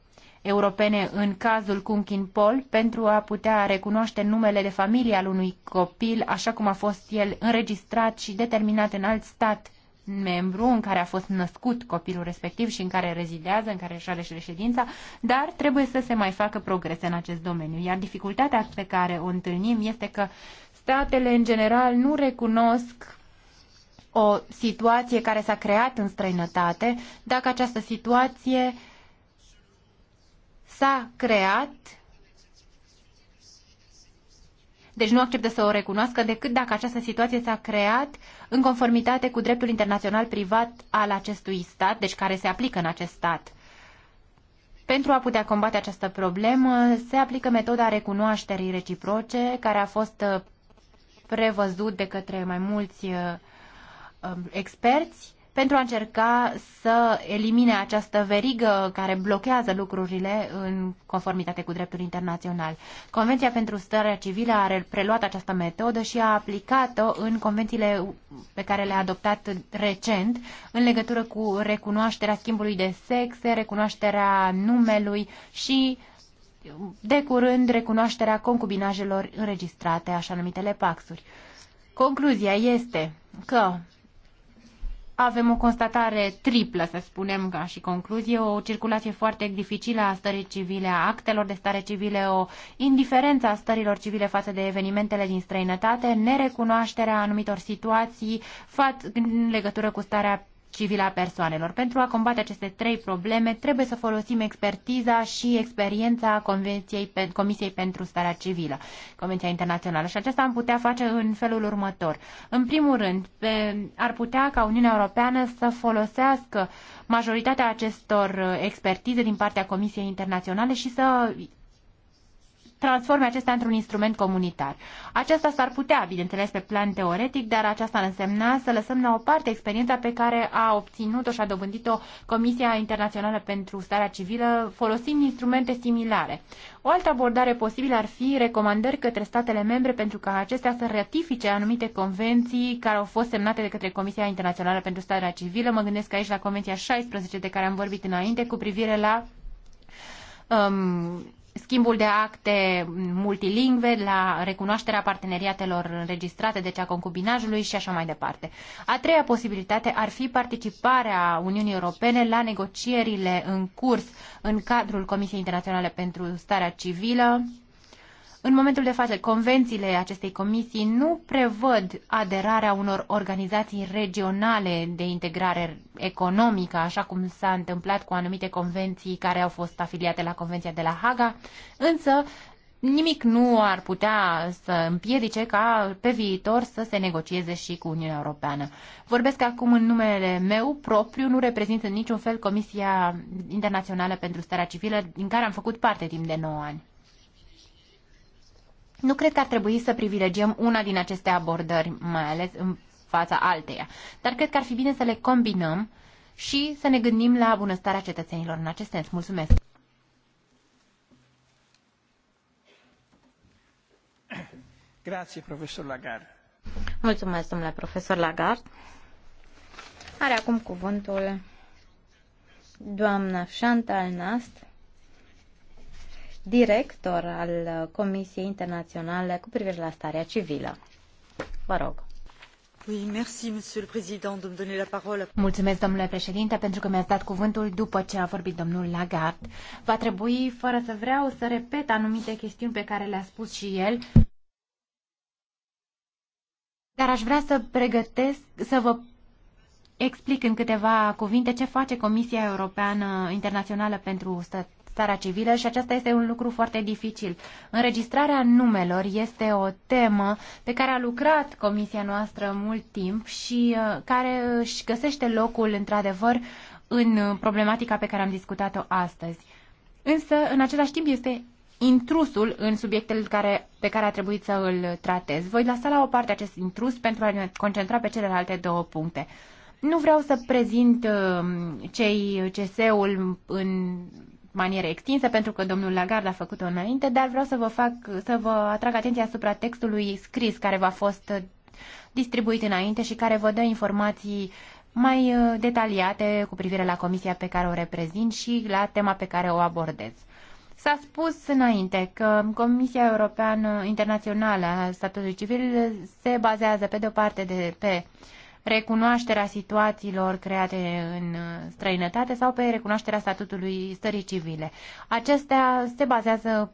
europene în cazul Kunkin Pol pentru a putea recunoaște numele de familie al unui copil așa cum a fost el înregistrat și determinat în alt stat membru în care a fost născut copilul respectiv și în care rezidează, în care își are reședința, dar trebuie să se mai facă progrese în acest domeniu. Iar dificultatea pe care o întâlnim este că statele în general nu recunosc o situație care s-a creat în străinătate, dacă această situație s-a creat, deci nu acceptă să o recunoască decât dacă această situație s-a creat în conformitate cu dreptul internațional privat al acestui stat, deci care se aplică în acest stat. Pentru a putea combate această problemă, se aplică metoda recunoașterii reciproce, care a fost prevăzut de către mai mulți uh, Um, experți pentru a încerca să elimine această verigă care blochează lucrurile în conformitate cu dreptul internațional. Convenția pentru Stărea civilă a preluat această metodă și a aplicat-o în convențiile pe care le-a adoptat recent în legătură cu recunoașterea schimbului de sexe, recunoașterea numelui și de curând recunoașterea concubinajelor înregistrate, așa numitele paxuri. Concluzia este că avem o constatare triplă, să spunem, ca și concluzie, o circulație foarte dificilă a stării civile, a actelor de stare civile, o indiferență a stărilor civile față de evenimentele din străinătate, nerecunoașterea anumitor situații fat, în legătură cu starea civilă a persoanelor. Pentru a combate aceste trei probleme, trebuie să folosim expertiza și experiența Convenției, Comisiei pentru Starea Civilă, Convenția Internațională. Și aceasta am putea face în felul următor. În primul rând, pe, ar putea ca Uniunea Europeană să folosească majoritatea acestor uh, expertize din partea Comisiei Internaționale și să transforme acesta într-un instrument comunitar. Aceasta s-ar putea, bineînțeles, pe plan teoretic, dar aceasta ar însemna să lăsăm la o parte experiența pe care a obținut-o și a dobândit-o Comisia Internațională pentru Starea Civilă, folosind instrumente similare. O altă abordare posibilă ar fi recomandări către statele membre pentru ca acestea să ratifice anumite convenții care au fost semnate de către Comisia Internațională pentru Starea Civilă. Mă gândesc aici la Convenția 16 de care am vorbit înainte cu privire la um, schimbul de acte multilingve, la recunoașterea parteneriatelor înregistrate, deci a concubinajului și așa mai departe. A treia posibilitate ar fi participarea Uniunii Europene la negocierile în curs în cadrul Comisiei Internaționale pentru Starea Civilă, în momentul de față, convențiile acestei comisii nu prevăd aderarea unor organizații regionale de integrare economică, așa cum s-a întâmplat cu anumite convenții care au fost afiliate la Convenția de la Haga, însă nimic nu ar putea să împiedice ca pe viitor să se negocieze și cu Uniunea Europeană. Vorbesc acum în numele meu propriu, nu reprezint în niciun fel Comisia Internațională pentru Starea Civilă, din care am făcut parte timp de 9 ani. Nu cred că ar trebui să privilegiem una din aceste abordări, mai ales în fața alteia, dar cred că ar fi bine să le combinăm și să ne gândim la bunăstarea cetățenilor în acest sens. Mulțumesc! Grazie, profesor Lagarde. Mulțumesc, domnule profesor Lagarde. Are acum cuvântul doamna Chantal Nast director al Comisiei Internaționale cu privire la starea civilă. Vă rog. Mulțumesc, domnule președinte, pentru că mi-ați dat cuvântul după ce a vorbit domnul Lagarde. Va trebui, fără să vreau, să repet anumite chestiuni pe care le-a spus și el, dar aș vrea să pregătesc, să vă explic în câteva cuvinte ce face Comisia Europeană Internațională pentru Stat starea civilă și aceasta este un lucru foarte dificil. Înregistrarea numelor este o temă pe care a lucrat comisia noastră mult timp și uh, care își găsește locul, într-adevăr, în problematica pe care am discutat-o astăzi. Însă, în același timp, este intrusul în subiectele care, pe care a trebuit să îl tratez. Voi lăsa la o parte acest intrus pentru a ne concentra pe celelalte două puncte. Nu vreau să prezint uh, cei cs ul în maniere extinse, pentru că domnul Lagarde a făcut-o înainte, dar vreau să vă, fac, să vă atrag atenția asupra textului scris care v-a fost uh, distribuit înainte și care vă dă informații mai uh, detaliate cu privire la comisia pe care o reprezint și la tema pe care o abordez. S-a spus înainte că Comisia Europeană Internațională a Statului Civil se bazează pe de o parte de, pe uh, recunoașterea situațiilor create în străinătate sau pe recunoașterea statutului stării civile. Acestea se bazează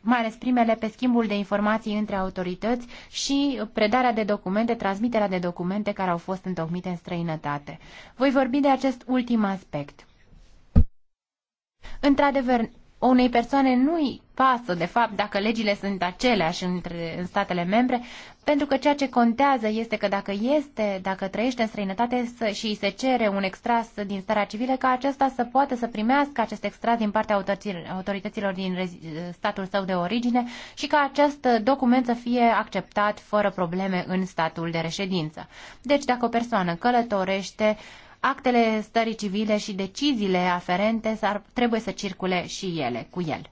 mai ales primele pe schimbul de informații între autorități și predarea de documente, transmiterea de documente care au fost întocmite în străinătate. Voi vorbi de acest ultim aspect. Într-adevăr, unei persoane nu-i pasă, de fapt, dacă legile sunt aceleași între, în statele membre, pentru că ceea ce contează este că dacă este, dacă trăiește în străinătate să, și îi se cere un extras din starea civilă, ca acesta să poată să primească acest extras din partea autorităților din statul său de origine și ca acest document să fie acceptat fără probleme în statul de reședință. Deci, dacă o persoană călătorește, uh, actele stării civile și deciziile aferente ar trebuie să circule și ele cu el.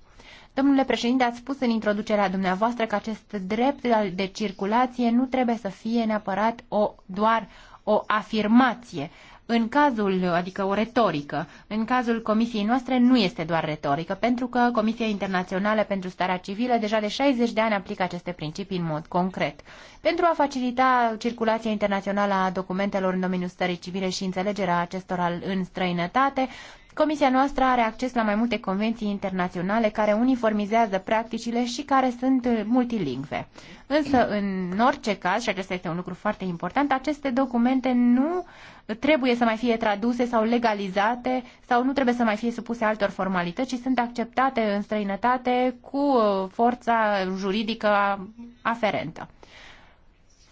Domnule președinte, ați spus în introducerea dumneavoastră că acest drept de circulație nu trebuie să fie neapărat o, doar o afirmație, în cazul, adică o retorică, în cazul comisiei noastre nu este doar retorică, pentru că Comisia Internațională pentru Starea Civilă deja de 60 de ani aplică aceste principii în mod concret. Pentru a facilita circulația internațională a documentelor în domeniul stării civile și înțelegerea acestora în străinătate, Comisia noastră are acces la mai multe convenții internaționale care uniformizează practicile și care sunt uh, multilingve. Însă, în orice caz, și acesta este un lucru foarte important, aceste documente nu trebuie să mai fie traduse sau legalizate sau nu trebuie să mai fie supuse altor formalități, ci sunt acceptate în străinătate cu uh, forța juridică aferentă.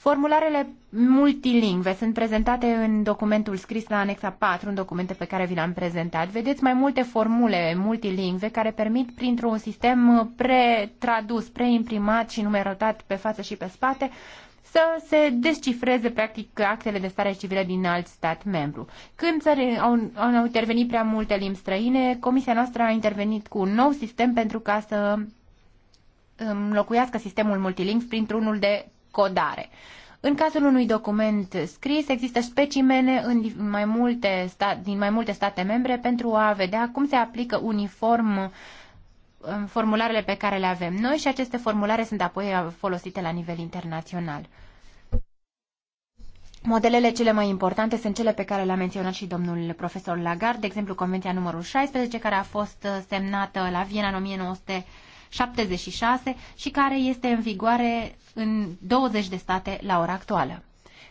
Formularele multilingve sunt prezentate în documentul scris la anexa 4, în documente pe care vi le-am prezentat. Vedeți mai multe formule multilingve care permit printr-un sistem pretradus, preimprimat și numerotat pe față și pe spate să se descifreze practic actele de stare civilă din alt stat membru. Când țări au, au intervenit prea multe limbi străine, comisia noastră a intervenit cu un nou sistem pentru ca să înlocuiască sistemul multilingv printr-unul de codare. În cazul unui document scris, există specimene în mai multe sta- din mai multe state membre pentru a vedea cum se aplică uniform um, formularele pe care le avem noi și aceste formulare sunt apoi uh, folosite la nivel internațional. Modelele cele mai importante sunt cele pe care le-a menționat și domnul profesor Lagarde, de exemplu Convenția numărul 16, care a fost uh, semnată la Viena în 1900 76 și care este în vigoare în 20 de state la ora actuală.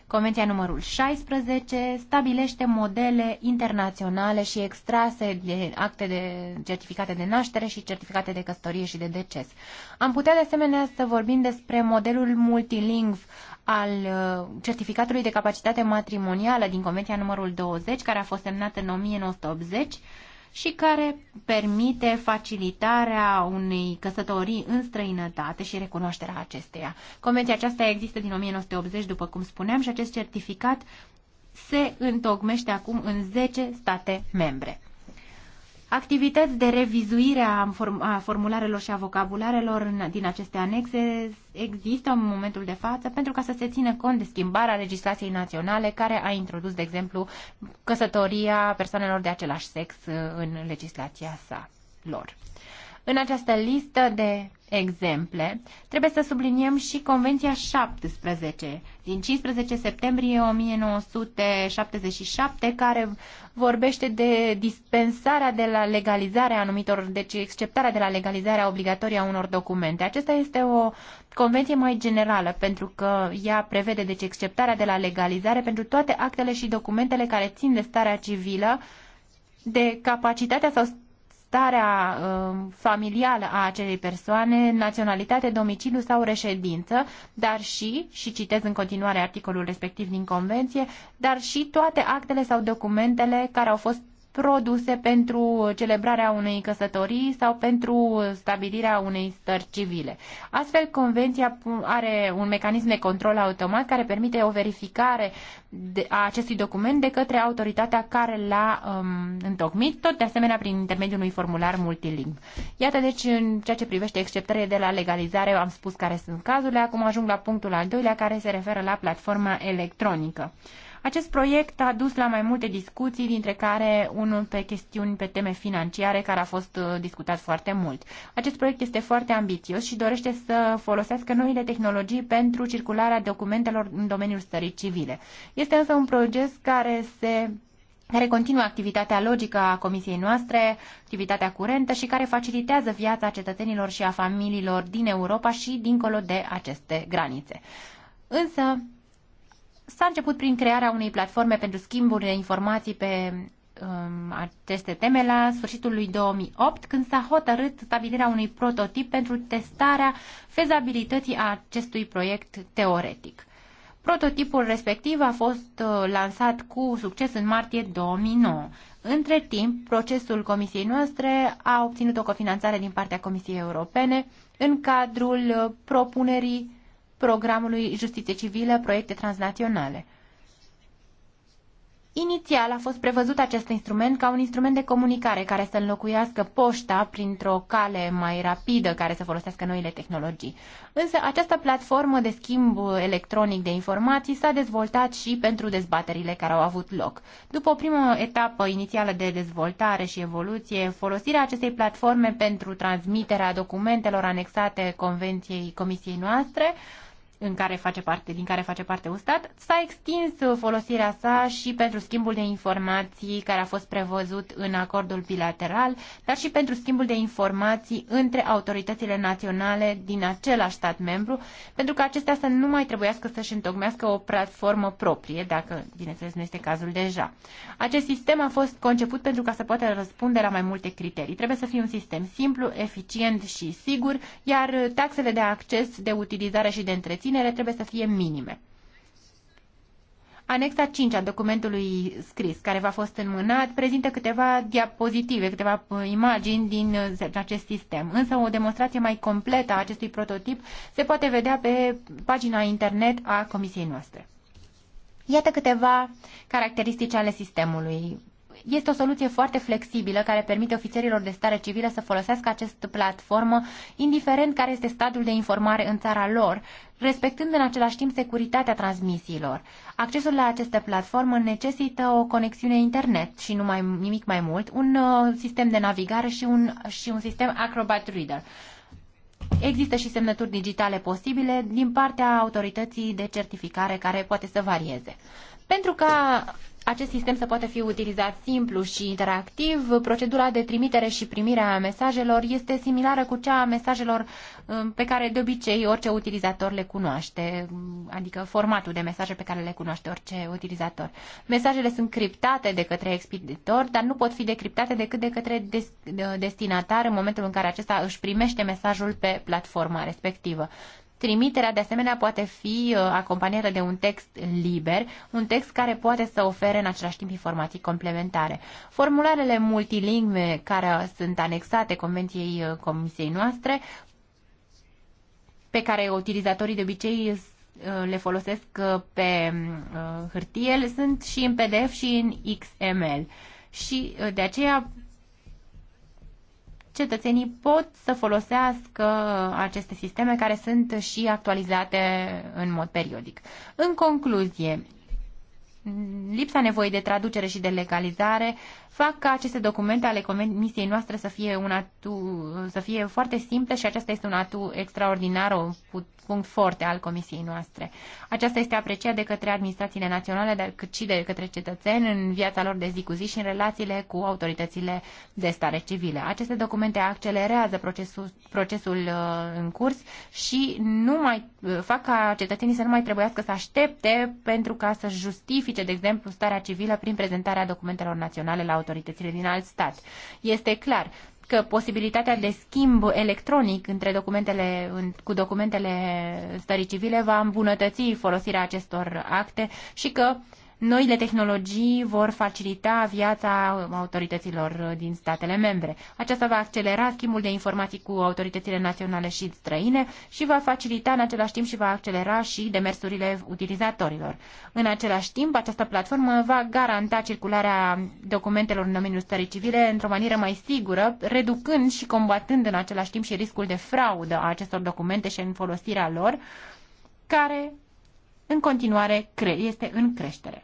Convenția numărul 16 stabilește modele internaționale și extrase de acte de certificate de naștere și certificate de căsătorie și de deces. Am putea de asemenea să vorbim despre modelul multilingv al uh, certificatului de capacitate matrimonială din Convenția numărul 20, care a fost semnat în 1980 și care permite facilitarea unei căsătorii în străinătate și recunoașterea acesteia. Convenția aceasta există din 1980, după cum spuneam, și acest certificat se întocmește acum în 10 state membre. Activități de revizuire a, formularelor și a vocabularelor din aceste anexe există în momentul de față pentru ca să se țină cont de schimbarea legislației naționale care a introdus, de exemplu, căsătoria persoanelor de același sex uh, în legislația sa lor. În această listă de exemple, trebuie să subliniem și Convenția 17 din 15 septembrie 1977, care vorbește de dispensarea de la legalizarea anumitor, deci exceptarea de la legalizarea obligatorie a unor documente. Acesta este o convenție mai generală, pentru că ea prevede deci exceptarea de la legalizare pentru toate actele și documentele care țin de starea civilă, de capacitatea sau starea uh, familială a acelei persoane, naționalitate, domiciliu sau reședință, dar și, și citez în continuare articolul respectiv din convenție, dar și toate actele sau documentele care au fost produse pentru celebrarea unei căsătorii sau pentru stabilirea unei stări civile. Astfel, Convenția are un mecanism de control automat care permite o verificare a acestui document de către autoritatea care l-a um, întocmit, tot de asemenea prin intermediul unui formular multilingv. Iată deci, în ceea ce privește exceptările de la legalizare, am spus care sunt cazurile, acum ajung la punctul al doilea care se referă la platforma electronică. Acest proiect a dus la mai multe discuții, dintre care unul pe chestiuni pe teme financiare, care a fost uh, discutat foarte mult. Acest proiect este foarte ambițios și dorește să folosească noile tehnologii pentru circularea documentelor în domeniul stării civile. Este însă un proces care se care continuă activitatea logică a comisiei noastre, activitatea curentă și care facilitează viața cetățenilor și a familiilor din Europa și dincolo de aceste granițe. Însă, S-a început prin crearea unei platforme pentru schimburi de informații pe um, aceste teme la sfârșitul lui 2008, când s-a hotărât stabilirea unui prototip pentru testarea fezabilității a acestui proiect teoretic. Prototipul respectiv a fost uh, lansat cu succes în martie 2009. Între timp, procesul comisiei noastre a obținut o cofinanțare din partea Comisiei Europene în cadrul uh, propunerii programului Justiție Civilă, proiecte transnaționale. Inițial a fost prevăzut acest instrument ca un instrument de comunicare care să înlocuiască poșta printr-o cale mai rapidă care să folosească noile tehnologii. Însă această platformă de schimb electronic de informații s-a dezvoltat și pentru dezbaterile care au avut loc. După o primă etapă inițială de dezvoltare și evoluție, folosirea acestei platforme pentru transmiterea documentelor anexate Convenției Comisiei noastre, în care face parte, din care face parte Ustat, s-a extins folosirea sa și pentru schimbul de informații care a fost prevăzut în acordul bilateral, dar și pentru schimbul de informații între autoritățile naționale din același stat membru, pentru că acestea să nu mai trebuiască să-și întocmească o platformă proprie, dacă, bineînțeles, nu este cazul deja. Acest sistem a fost conceput pentru ca să poată răspunde la mai multe criterii. Trebuie să fie un sistem simplu, eficient și sigur, iar taxele de acces, de utilizare și de întreținere susținere trebuie să fie minime. Anexa 5 a documentului scris, care v-a fost înmânat, prezintă câteva diapozitive, câteva uh, imagini din uh, acest sistem. Însă o demonstrație mai completă a acestui prototip se poate vedea pe pagina internet a comisiei noastre. Iată câteva caracteristici ale sistemului este o soluție foarte flexibilă care permite ofițerilor de stare civilă să folosească această platformă, indiferent care este stadiul de informare în țara lor, respectând în același timp securitatea transmisiilor. Accesul la această platformă necesită o conexiune internet și nu mai, nimic mai mult, un uh, sistem de navigare și un, și un sistem Acrobat Reader. Există și semnături digitale posibile din partea autorității de certificare care poate să varieze. Pentru ca acest sistem să poată fi utilizat simplu și interactiv. Procedura de trimitere și primire a mesajelor este similară cu cea a mesajelor um, pe care de obicei orice utilizator le cunoaște, um, adică formatul de mesaje pe care le cunoaște orice utilizator. Mesajele sunt criptate de către expeditor, dar nu pot fi decriptate decât de către destinatar în momentul în care acesta își primește mesajul pe platforma respectivă. Trimiterea, de asemenea, poate fi uh, acompaniată de un text liber, un text care poate să ofere în același timp informații complementare. Formularele multilingve care sunt anexate Convenției uh, Comisiei noastre, pe care utilizatorii de obicei uh, le folosesc pe hârtie, sunt și în PDF și în XML. Și de aceea cetățenii pot să folosească aceste sisteme care sunt și actualizate în mod periodic. În concluzie, lipsa nevoii de traducere și de legalizare fac ca aceste documente ale comisiei noastre să fie, un atu, să fie foarte simple și aceasta este un atu extraordinar, o put, punct foarte al comisiei noastre. Aceasta este apreciat de către administrațiile naționale, dar cât și de către cetățeni în viața lor de zi cu zi și în relațiile cu autoritățile de stare civile. Aceste documente accelerează procesul, procesul uh, în curs și nu mai uh, fac ca cetățenii să nu mai trebuiască să aștepte pentru ca să justifice, de exemplu, starea civilă prin prezentarea documentelor naționale la autoritățile din alt stat. Este clar, că posibilitatea de schimb electronic între documentele, cu documentele stării civile va îmbunătăți folosirea acestor acte și că Noile tehnologii vor facilita viața autorităților din statele membre. Aceasta va accelera schimbul de informații cu autoritățile naționale și străine și va facilita în același timp și va accelera și demersurile utilizatorilor. În același timp, această platformă va garanta circularea documentelor în domeniul stării civile într-o manieră mai sigură, reducând și combatând în același timp și riscul de fraudă a acestor documente și în folosirea lor, care în continuare este în creștere.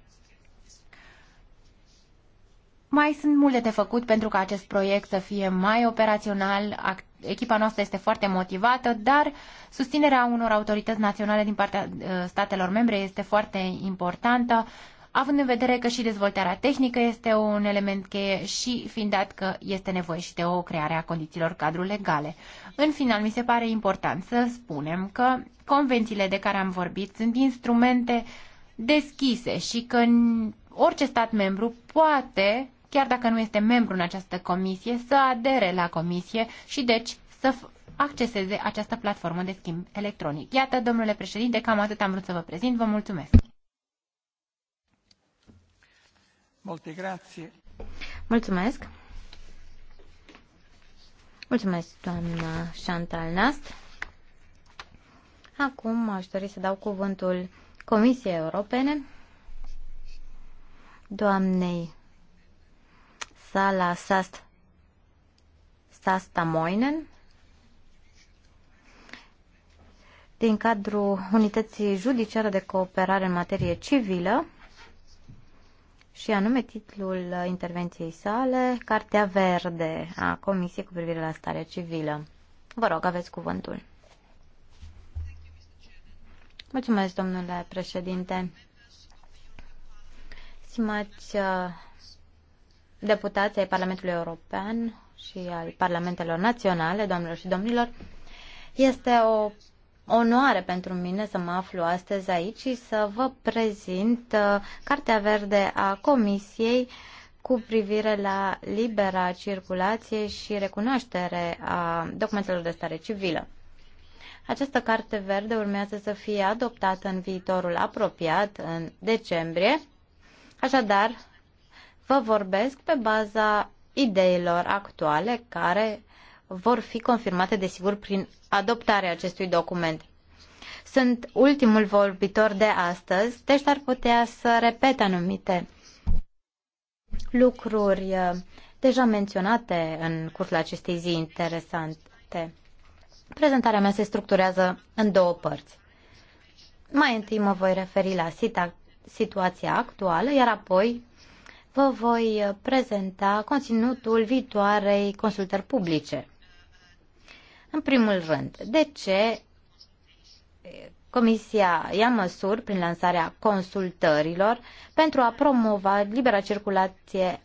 Mai sunt multe de făcut pentru ca acest proiect să fie mai operațional. Echipa noastră este foarte motivată, dar susținerea unor autorități naționale din partea uh, statelor membre este foarte importantă, având în vedere că și dezvoltarea tehnică este un element cheie și fiind dat că este nevoie și de o creare a condițiilor cadru legale. În final, mi se pare important să spunem că convențiile de care am vorbit sunt instrumente deschise și că orice stat membru poate chiar dacă nu este membru în această comisie, să adere la comisie și deci să acceseze această platformă de schimb electronic. Iată, domnule președinte, cam atât am vrut să vă prezint. Vă mulțumesc! Multe grație! Mulțumesc! Mulțumesc, doamna Chantal Nast. Acum aș dori să dau cuvântul Comisiei Europene, doamnei Sala Sast, Sastamoinen din cadrul Unității Judiciară de Cooperare în materie civilă și anume titlul intervenției sale, Cartea Verde a Comisiei cu privire la starea civilă. Vă rog, aveți cuvântul. Mulțumesc, domnule președinte. Stimați uh, deputații ai Parlamentului European și al Parlamentelor Naționale, doamnelor și domnilor, este o onoare pentru mine să mă aflu astăzi aici și să vă prezint uh, Cartea Verde a Comisiei cu privire la libera circulație și recunoaștere a documentelor de stare civilă. Această carte verde urmează să fie adoptată în viitorul apropiat, în decembrie. Așadar, Vă vorbesc pe baza ideilor actuale care vor fi confirmate, desigur, prin adoptarea acestui document. Sunt ultimul vorbitor de astăzi, deci ar putea să repet anumite lucruri uh, deja menționate în cursul acestei zi interesante. Prezentarea mea se structurează în două părți. Mai întâi mă voi referi la situația actuală, iar apoi vă voi prezenta conținutul viitoarei consultări publice. În primul rând, de ce Comisia ia măsuri prin lansarea consultărilor pentru a promova libera circulație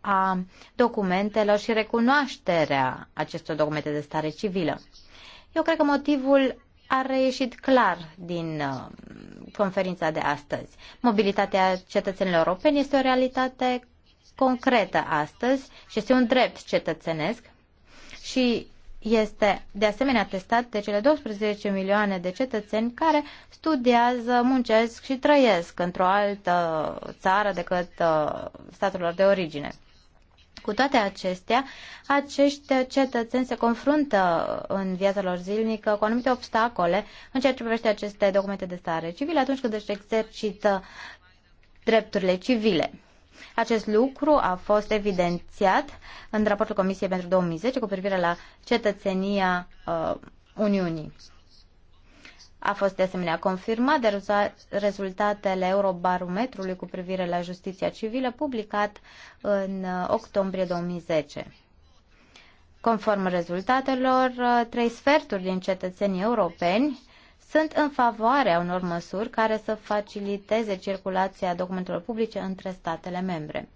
a documentelor și recunoașterea acestor documente de stare civilă. Eu cred că motivul a reieșit clar din uh, conferința de astăzi. Mobilitatea cetățenilor europeni este o realitate concretă astăzi și este un drept cetățenesc și este de asemenea testat de cele 12 milioane de cetățeni care studiază, muncesc și trăiesc într-o altă țară decât uh, statul lor de origine. Cu toate acestea, acești cetățeni se confruntă în viața lor zilnică cu anumite obstacole în ceea ce privește aceste documente de stare civile. atunci când își exercită drepturile civile. Acest lucru a fost evidențiat în raportul Comisiei pentru 2010 cu privire la cetățenia uh, Uniunii. A fost de asemenea confirmat de rezultatele Eurobarometrului cu privire la justiția civilă publicat în uh, octombrie 2010. Conform rezultatelor, uh, trei sferturi din cetățenii europeni sunt în favoarea unor măsuri care să faciliteze circulația documentelor publice între statele membre.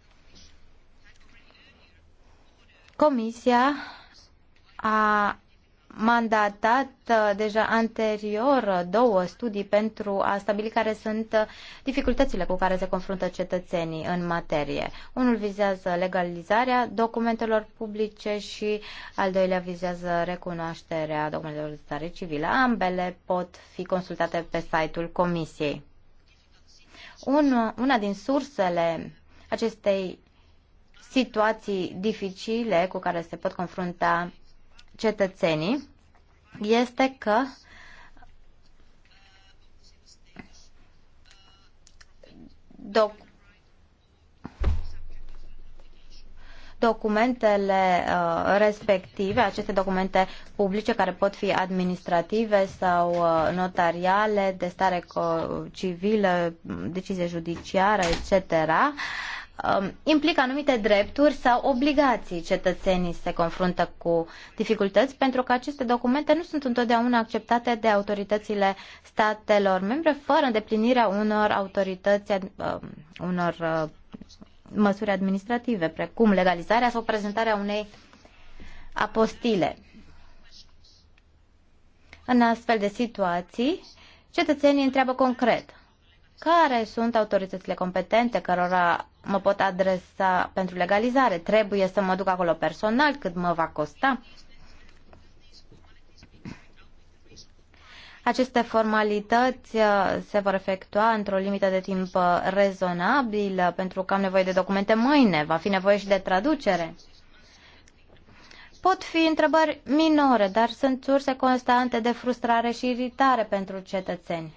Comisia a mandatat uh, deja anterior uh, două studii pentru a stabili care sunt uh, dificultățile cu care se confruntă cetățenii în materie. Unul vizează legalizarea documentelor publice și al doilea vizează recunoașterea documentelor de stare civilă. Ambele pot fi consultate pe site-ul Comisiei. una din sursele acestei situații dificile cu care se pot confrunta cetățenii este că doc documentele uh, respective, aceste documente publice care pot fi administrative sau uh, notariale, de stare civilă, decizie judiciară, etc., Um, implică anumite drepturi sau obligații. Cetățenii se confruntă cu dificultăți pentru că aceste documente nu sunt întotdeauna acceptate de autoritățile statelor membre fără îndeplinirea unor autorități, um, unor uh, măsuri administrative, precum legalizarea sau prezentarea unei apostile. În astfel de situații, cetățenii întreabă concret care sunt autoritățile competente cărora mă pot adresa pentru legalizare? Trebuie să mă duc acolo personal? Cât mă va costa? Aceste formalități uh, se vor efectua într-o limită de timp uh, rezonabilă, uh, pentru că am nevoie de documente mâine, va fi nevoie și de traducere. Pot fi întrebări minore, dar sunt surse constante de frustrare și iritare pentru cetățeni.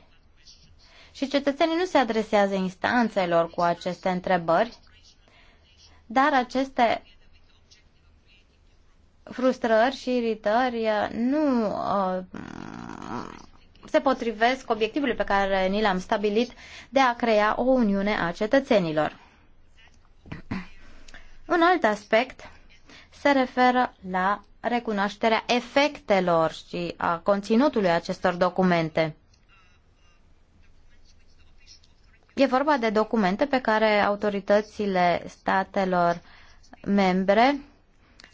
Și cetățenii nu se adresează instanțelor cu aceste întrebări, dar aceste frustrări și iritări uh, nu uh, se potrivesc obiectivului pe care ni l-am stabilit de a crea o uniune a cetățenilor. Un alt aspect se referă la recunoașterea efectelor și a conținutului acestor documente. E vorba de documente pe care autoritățile statelor membre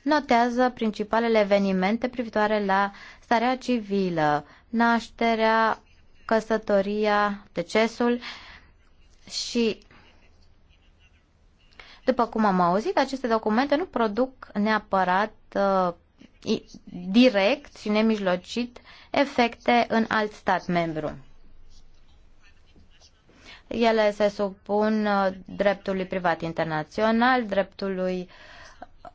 notează principalele evenimente privitoare la starea civilă, nașterea, căsătoria, decesul și după cum am auzit, aceste documente nu produc neapărat uh, direct și nemijlocit efecte în alt stat membru. Ele se supun uh, dreptului privat internațional, dreptului uh,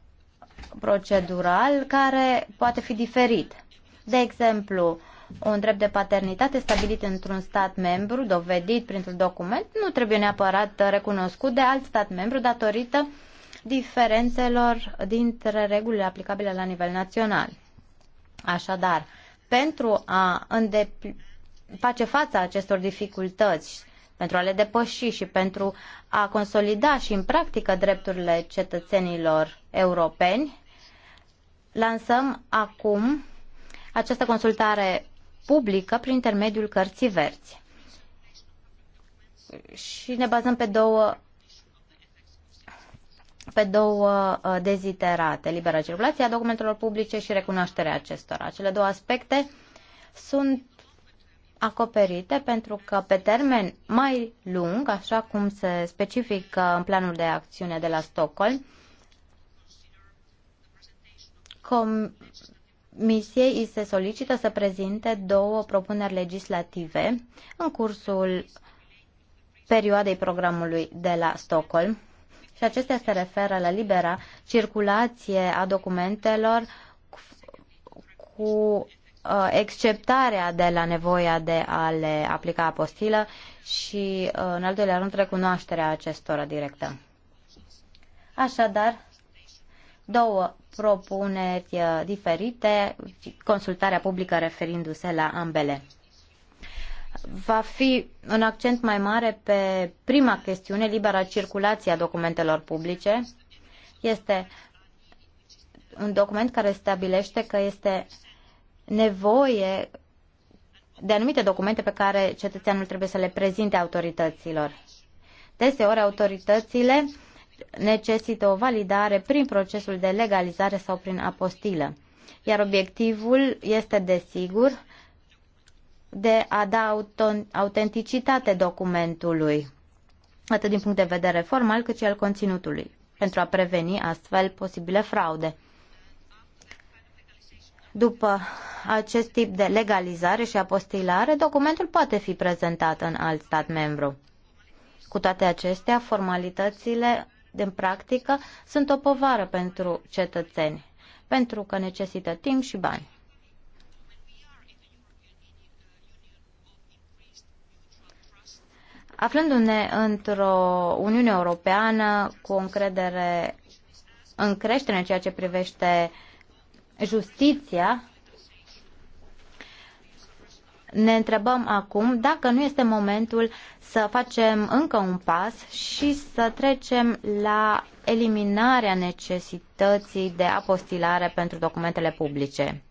procedural, care poate fi diferit. De exemplu, un drept de paternitate stabilit într-un stat membru, dovedit printr-un document, nu trebuie neapărat recunoscut de alt stat membru datorită diferențelor dintre regulile aplicabile la nivel național. Așadar, pentru a face față acestor dificultăți pentru a le depăși și pentru a consolida și în practică drepturile cetățenilor europeni, lansăm acum această consultare publică prin intermediul cărții verzi. Și ne bazăm pe două pe două uh, deziterate, libera circulație a documentelor publice și recunoașterea acestora. Cele două aspecte sunt acoperite pentru că pe termen mai lung, așa cum se specifică în planul de acțiune de la Stockholm, Comisiei îi se solicită să prezinte două propuneri legislative în cursul perioadei programului de la Stockholm și acestea se referă la libera circulație a documentelor cu Uh, exceptarea de la nevoia de a le aplica apostilă și, uh, în al doilea rând, recunoașterea acestora directă. Așadar, două propuneri uh, diferite, consultarea publică referindu-se la ambele. Va fi un accent mai mare pe prima chestiune, libera circulație a documentelor publice. Este un document care stabilește că este nevoie de anumite documente pe care cetățeanul trebuie să le prezinte autorităților. Deseori autoritățile necesită o validare prin procesul de legalizare sau prin apostilă. Iar obiectivul este, desigur, de a da autenticitate documentului, atât din punct de vedere formal cât și al conținutului, pentru a preveni astfel posibile fraude. După acest tip de legalizare și apostilare, documentul poate fi prezentat în alt stat membru. Cu toate acestea, formalitățile din practică sunt o povară pentru cetățeni, pentru că necesită timp și bani. Aflându-ne într-o Uniune Europeană cu o încredere în creștere în ceea ce privește uh, justiția, ne întrebăm acum dacă nu este momentul să facem încă un pas și să trecem la eliminarea necesității de apostilare pentru documentele publice.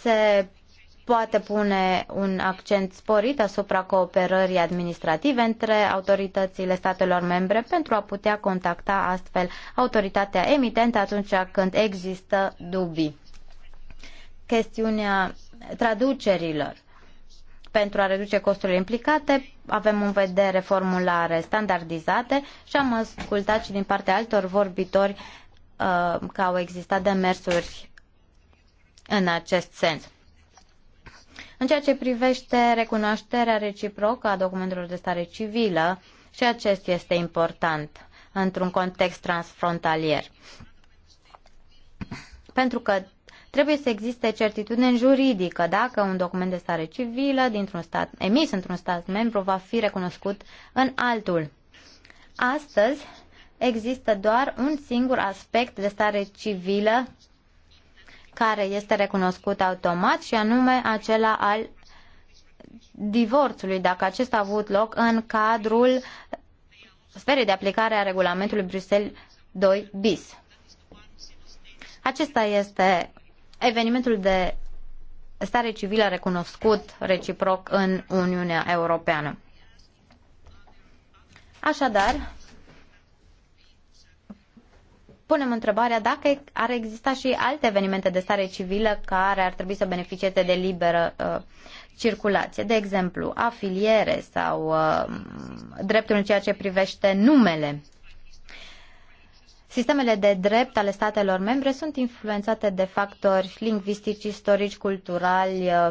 Se poate pune un accent sporit asupra cooperării administrative între autoritățile statelor membre pentru a putea contacta astfel autoritatea emitentă atunci când există dubii. Chestiunea traducerilor. Pentru a reduce costurile implicate, avem în vedere formulare standardizate și am ascultat și din partea altor vorbitori uh, că au existat demersuri în acest sens. În ceea ce privește recunoașterea reciprocă a documentelor de stare civilă, și acest este important într-un context transfrontalier. Pentru că trebuie să existe certitudine juridică dacă un document de stare civilă dintr-un stat emis într-un stat membru va fi recunoscut în altul. Astăzi există doar un singur aspect de stare civilă care este recunoscut automat și anume acela al divorțului, dacă acesta a avut loc în cadrul sferei de aplicare a regulamentului Bruxelles 2 bis. Acesta este evenimentul de stare civilă recunoscut reciproc în Uniunea Europeană. Așadar, punem întrebarea dacă ar exista și alte evenimente de stare civilă care ar trebui să beneficieze de liberă uh, circulație. De exemplu, afiliere sau uh, dreptul în ceea ce privește numele. Sistemele de drept ale statelor membre sunt influențate de factori lingvistici, istorici, culturali, uh,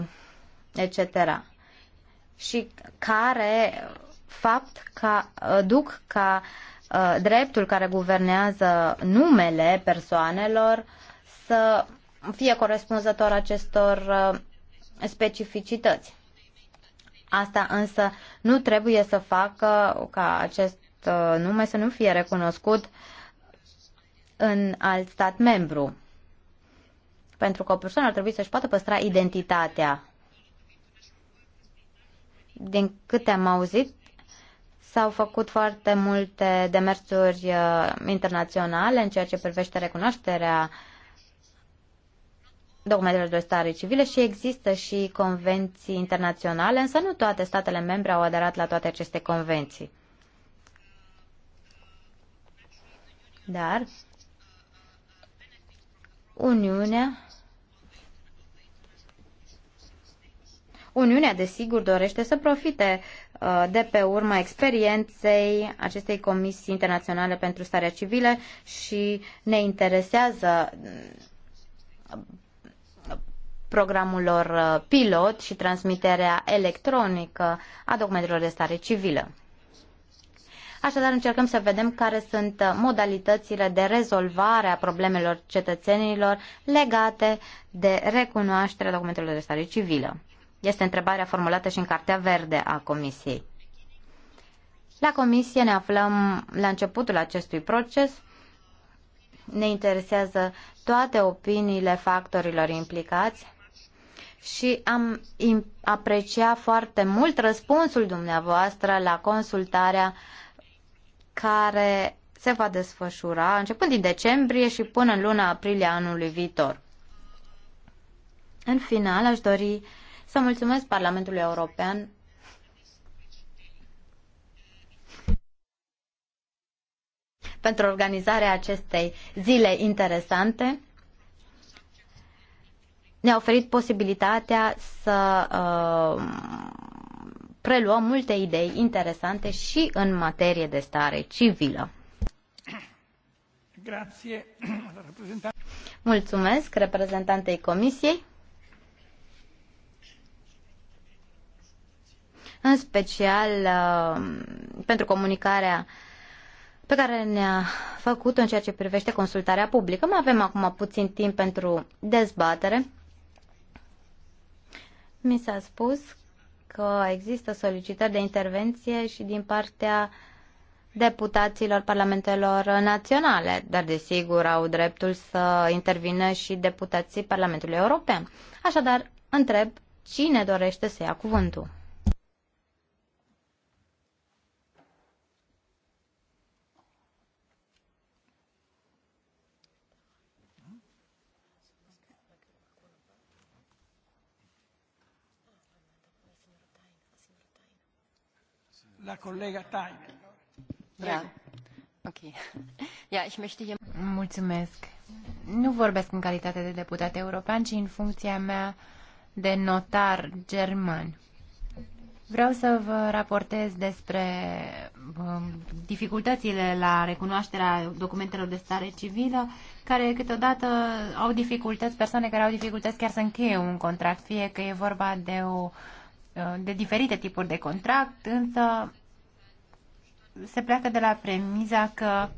etc. Și care fapt ca, uh, duc ca Uh, dreptul care guvernează numele persoanelor să fie corespunzător acestor uh, specificități. Asta însă nu trebuie să facă ca acest uh, nume să nu fie recunoscut în alt stat membru. Pentru că o persoană ar trebui să-și poată păstra identitatea. Din câte am auzit, S-au făcut foarte multe demersuri uh, internaționale în ceea ce privește recunoașterea documentelor de stare civile și există și convenții internaționale, însă nu toate statele membre au aderat la toate aceste convenții. Dar Uniunea Uniunea, desigur, dorește să profite Uh, de pe urma experienței acestei comisii internaționale pentru starea civilă și ne interesează uh, programul lor uh, pilot și transmiterea electronică a documentelor de stare civilă. Așadar, încercăm să vedem care sunt modalitățile de rezolvare a problemelor cetățenilor legate de recunoașterea documentelor de stare civilă. Este întrebarea formulată și în Cartea Verde a Comisiei. La Comisie ne aflăm la începutul acestui proces. Ne interesează toate opiniile factorilor implicați și am apreciat foarte mult răspunsul dumneavoastră la consultarea care se va desfășura începând din decembrie și până în luna aprilie anului viitor. În final, aș dori să mulțumesc Parlamentului European pentru organizarea acestei zile interesante. Ne-a oferit posibilitatea să uh, preluăm multe idei interesante și în materie de stare civilă. Grazie. Mulțumesc reprezentantei Comisiei. în special uh, pentru comunicarea pe care ne-a făcut în ceea ce privește consultarea publică. Mai avem acum puțin timp pentru dezbatere. Mi s-a spus că există solicitări de intervenție și din partea deputaților parlamentelor naționale, dar desigur au dreptul să intervină și deputații Parlamentului European. Așadar, întreb cine dorește să ia cuvântul. Da. Nu vorbesc în calitate de deputat european, ci în funcția mea de notar german. Vreau să vă raportez despre um, dificultățile la recunoașterea documentelor de stare civilă, care câteodată au dificultăți, persoane care au dificultăți chiar să încheie un contract, fie că e vorba de o uh, Uh, de diferite tipuri de contract, însă se pleacă de la premiza că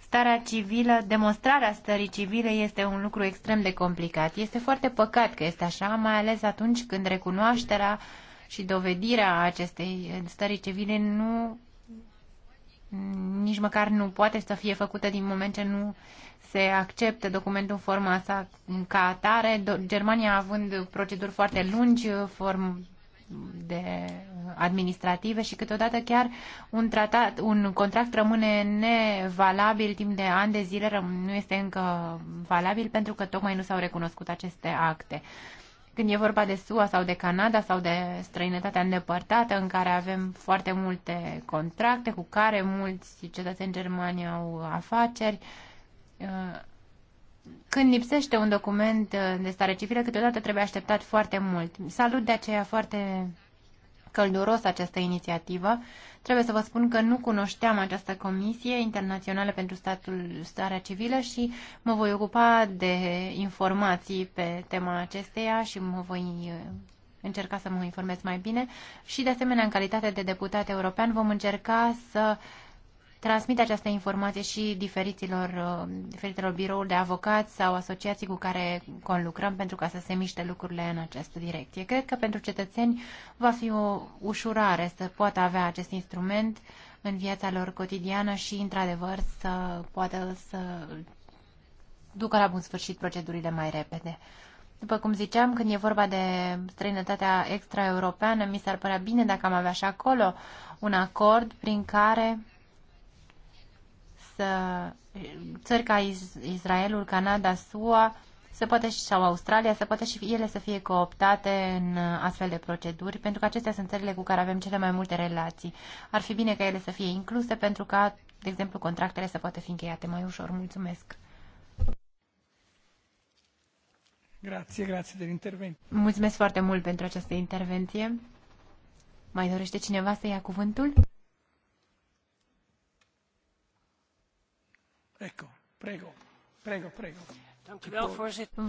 starea civilă, demonstrarea stării civile este un lucru extrem de complicat. Este foarte păcat că este așa, mai ales atunci când recunoașterea și dovedirea acestei stări civile nu nici măcar nu poate să fie făcută din moment ce nu se acceptă documentul în forma sa ca atare, Germania având proceduri foarte lungi, form, de uh, administrative și câteodată chiar un, tratat, un contract rămâne nevalabil timp de ani de zile, nu este încă valabil pentru că tocmai nu s-au recunoscut aceste acte. Când e vorba de SUA sau de Canada sau de străinătatea îndepărtată, în care avem foarte multe contracte cu care mulți cetățeni germani au afaceri, uh, când lipsește un document uh, de stare civilă, câteodată trebuie așteptat foarte mult. Salut de aceea foarte călduros această inițiativă. Trebuie să vă spun că nu cunoșteam această comisie internațională pentru statul starea civilă și mă voi ocupa de informații pe tema acesteia și mă voi uh, încerca să mă informez mai bine și de asemenea în calitate de deputat european vom încerca să uh, transmite această informație și diferiților, uh, diferitelor birouri de avocați sau asociații cu care conlucrăm pentru ca să se miște lucrurile în această direcție. Cred că pentru cetățeni va fi o ușurare să poată avea acest instrument în viața lor cotidiană și, într-adevăr, să poată să ducă la bun sfârșit procedurile mai repede. După cum ziceam, când e vorba de străinătatea extraeuropeană, mi s-ar părea bine dacă am avea și acolo un acord prin care țări ca Israelul, Canada, SUA, se poate și, sau Australia, se poate și ele să fie cooptate în astfel de proceduri, pentru că acestea sunt țările cu care avem cele mai multe relații. Ar fi bine ca ele să fie incluse pentru ca, de exemplu, contractele să poată fi încheiate mai ușor. Mulțumesc! Grazie, grazie de intervenție. Mulțumesc foarte mult pentru această intervenție. Mai dorește cineva să ia cuvântul?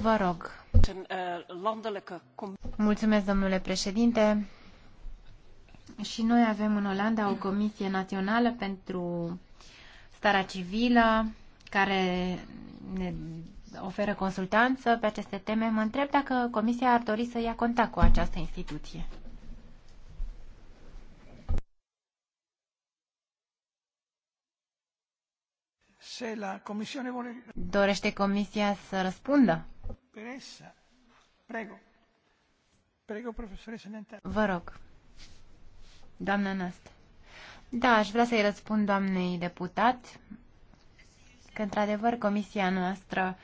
Vă rog. Eh, Mulțumesc, domnule președinte. Și noi avem în Olanda o comisie națională pentru starea civilă care ne oferă consultanță pe aceste teme. Mă întreb dacă comisia ar dori să ia contact cu această instituție. Dorește Comisia să răspundă? Prego. Prego, Vă rog. Doamna Nast. Da, aș vrea să-i răspund doamnei deputat că, într-adevăr, comisia noastră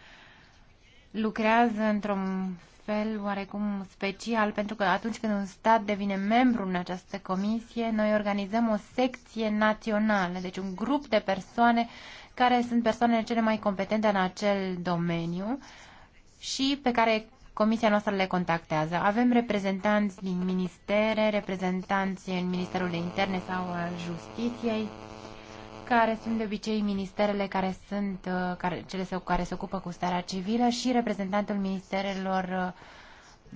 lucrează într-un fel oarecum special, pentru că atunci când un stat devine membru în această comisie, noi organizăm o secție națională, deci un grup de persoane care sunt persoanele cele mai competente în acel domeniu și pe care comisia noastră le contactează. Avem reprezentanți din ministere, reprezentanți în Ministerul de Interne sau al Justiției, care sunt de obicei ministerele care sunt uh, care, cele care se ocupă cu starea civilă și reprezentantul ministerelor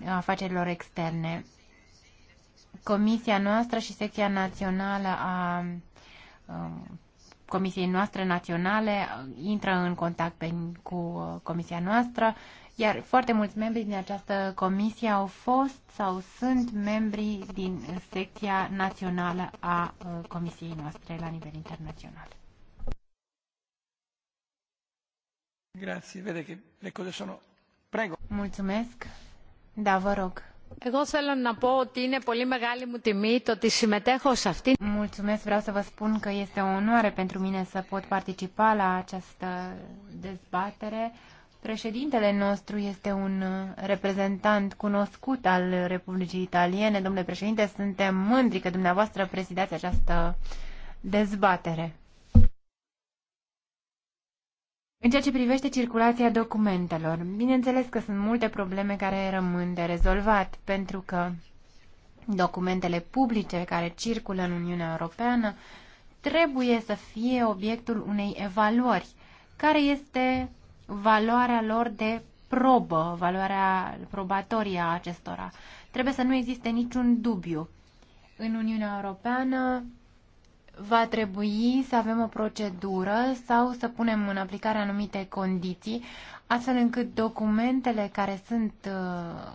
uh, afacerilor externe. Comisia noastră și secția națională a um, comisiei noastre naționale intră în contact pe, cu uh, comisia noastră, iar foarte mulți membri din această comisie au fost sau sunt membri din secția națională a uh, comisiei noastre la nivel internațional. Grazie, vede che le cose sono... Prego. Mulțumesc. Da, vă rog vreau să vă spun că este o onoare pentru mine să pot participa la această dezbatere. Președintele nostru este un reprezentant cunoscut al Republicii Italiene. Domnule președinte, suntem mândri că dumneavoastră prezidați această dezbatere. În ceea ce privește circulația documentelor, bineînțeles că sunt multe probleme care rămân de rezolvat, pentru că documentele publice care circulă în Uniunea Europeană trebuie să fie obiectul unei evaluări. Care este valoarea lor de probă, valoarea probatorie a acestora? Trebuie să nu existe niciun dubiu. În Uniunea Europeană va trebui să avem o procedură sau să punem în aplicare anumite condiții, astfel încât documentele care sunt uh,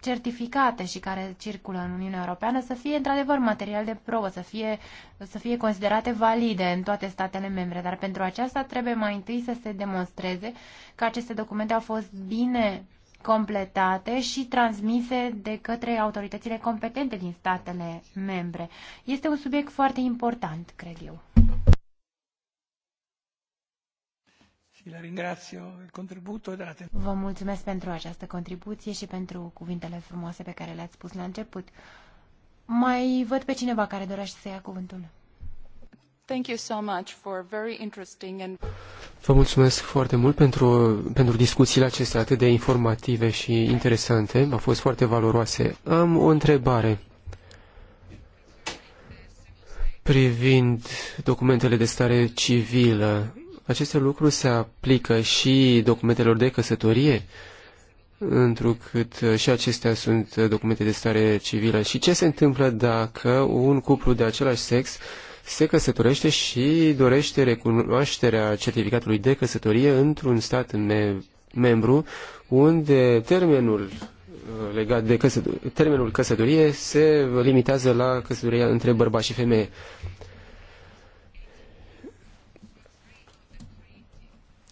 certificate și care circulă în Uniunea Europeană să fie într-adevăr material de probă, să fie, să fie considerate valide în toate statele membre, dar pentru aceasta trebuie mai întâi să se demonstreze că aceste documente au fost bine completate și transmise de către autoritățile competente din statele membre. Este un subiect foarte important, cred eu. Vă mulțumesc pentru această contribuție și pentru cuvintele frumoase pe care le-ați spus la început. Mai văd pe cineva care dorește să ia cuvântul. Thank you so much for very interesting and... Vă mulțumesc foarte mult pentru, pentru discuțiile acestea atât de informative și interesante. Au fost foarte valoroase. Am o întrebare privind documentele de stare civilă. Aceste lucruri se aplică și documentelor de căsătorie, întrucât și acestea sunt documente de stare civilă. Și ce se întâmplă dacă un cuplu de același sex se căsătorește și dorește recunoașterea certificatului de căsătorie într-un stat me- membru unde termenul uh, legat de căsătorie, termenul căsătorie se limitează la căsătoria între bărbați și femeie.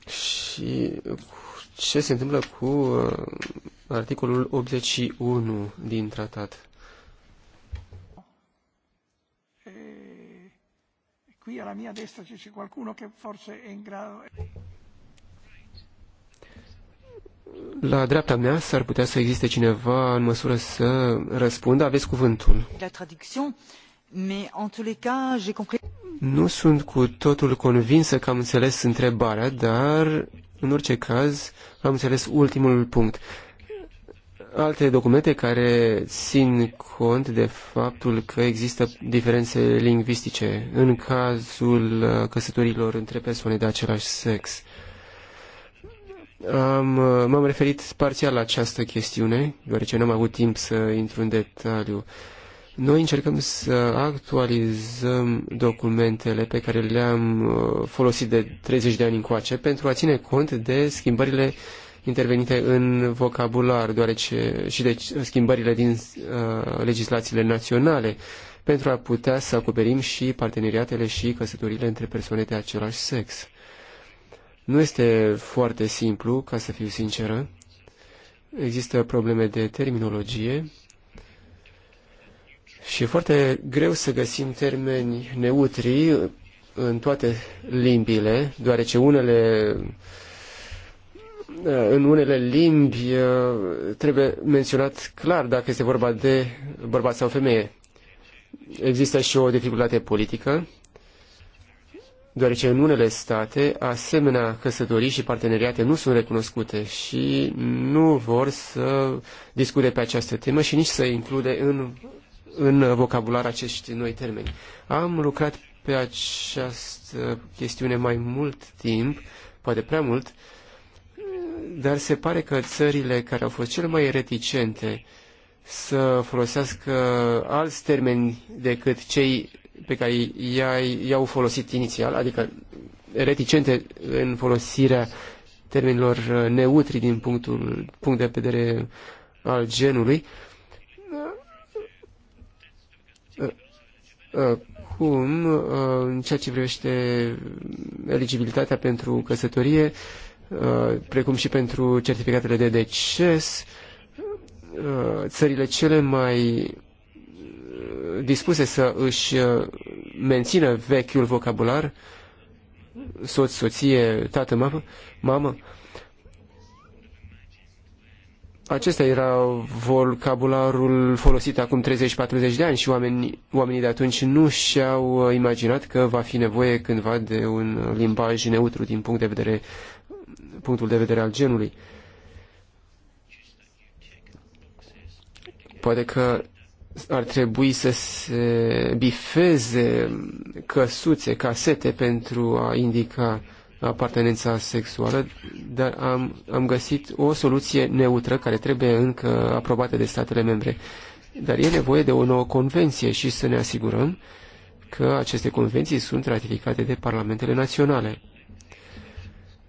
Și ce se întâmplă cu uh, articolul 81 din tratat? qui alla mia destra c'è qualcuno che forse è in grado... La dreapta mea s-ar putea să existe cineva în măsură să răspundă. Aveți cuvântul. La mais en tous les cas, j'ai compris... Nu sunt cu totul convinsă că am înțeles întrebarea, dar, în orice caz, am înțeles ultimul punct alte documente care țin cont de faptul că există diferențe lingvistice în cazul uh, căsătorilor între persoane de același sex. Am, uh, m-am referit parțial la această chestiune, deoarece n-am avut timp să intru în detaliu. Noi încercăm să actualizăm documentele pe care le-am uh, folosit de 30 de ani încoace pentru a ține cont de schimbările uh, intervenite în vocabular, deoarece și de schimbările din uh, legislațiile naționale, pentru a putea să acoperim și parteneriatele și căsătorile între persoane de același sex. Nu este foarte simplu, ca să fiu sinceră. Există probleme de terminologie și e foarte greu să găsim termeni neutri în toate limbile, deoarece unele Eh, în unele limbi eh, trebuie menționat clar dacă este vorba de bărbat sau femeie. Există și o dificultate politică, deoarece în unele state asemenea căsătorii și parteneriate nu sunt recunoscute și nu vor să discute pe această temă și nici să include în, în vocabular acești noi termeni. Am lucrat pe această chestiune mai mult timp, poate prea mult, dar se pare că țările care au fost cele mai reticente să folosească alți termeni decât cei pe care i-au folosit inițial, adică reticente în folosirea termenilor uh, neutri din punctul, punct de vedere al genului. Uh, uh, Cum, în ceea ce privește eligibilitatea pentru căsătorie, Uh, precum și pentru certificatele de deces, uh, țările cele mai uh, dispuse să își mențină vechiul vocabular, soț, soție, tată, mamă, mamă. Acesta era vocabularul folosit acum 30-40 de ani și oamenii, oamenii de atunci nu și-au imaginat că va fi nevoie cândva de un limbaj neutru din punct de vedere punctul de vedere al genului. Poate că ar trebui să se bifeze căsuțe, casete pentru a indica apartenența sexuală, dar am, am găsit o soluție neutră care trebuie încă aprobată de statele membre. Dar e nevoie de o nouă convenție și să ne asigurăm că aceste convenții sunt ratificate de parlamentele naționale.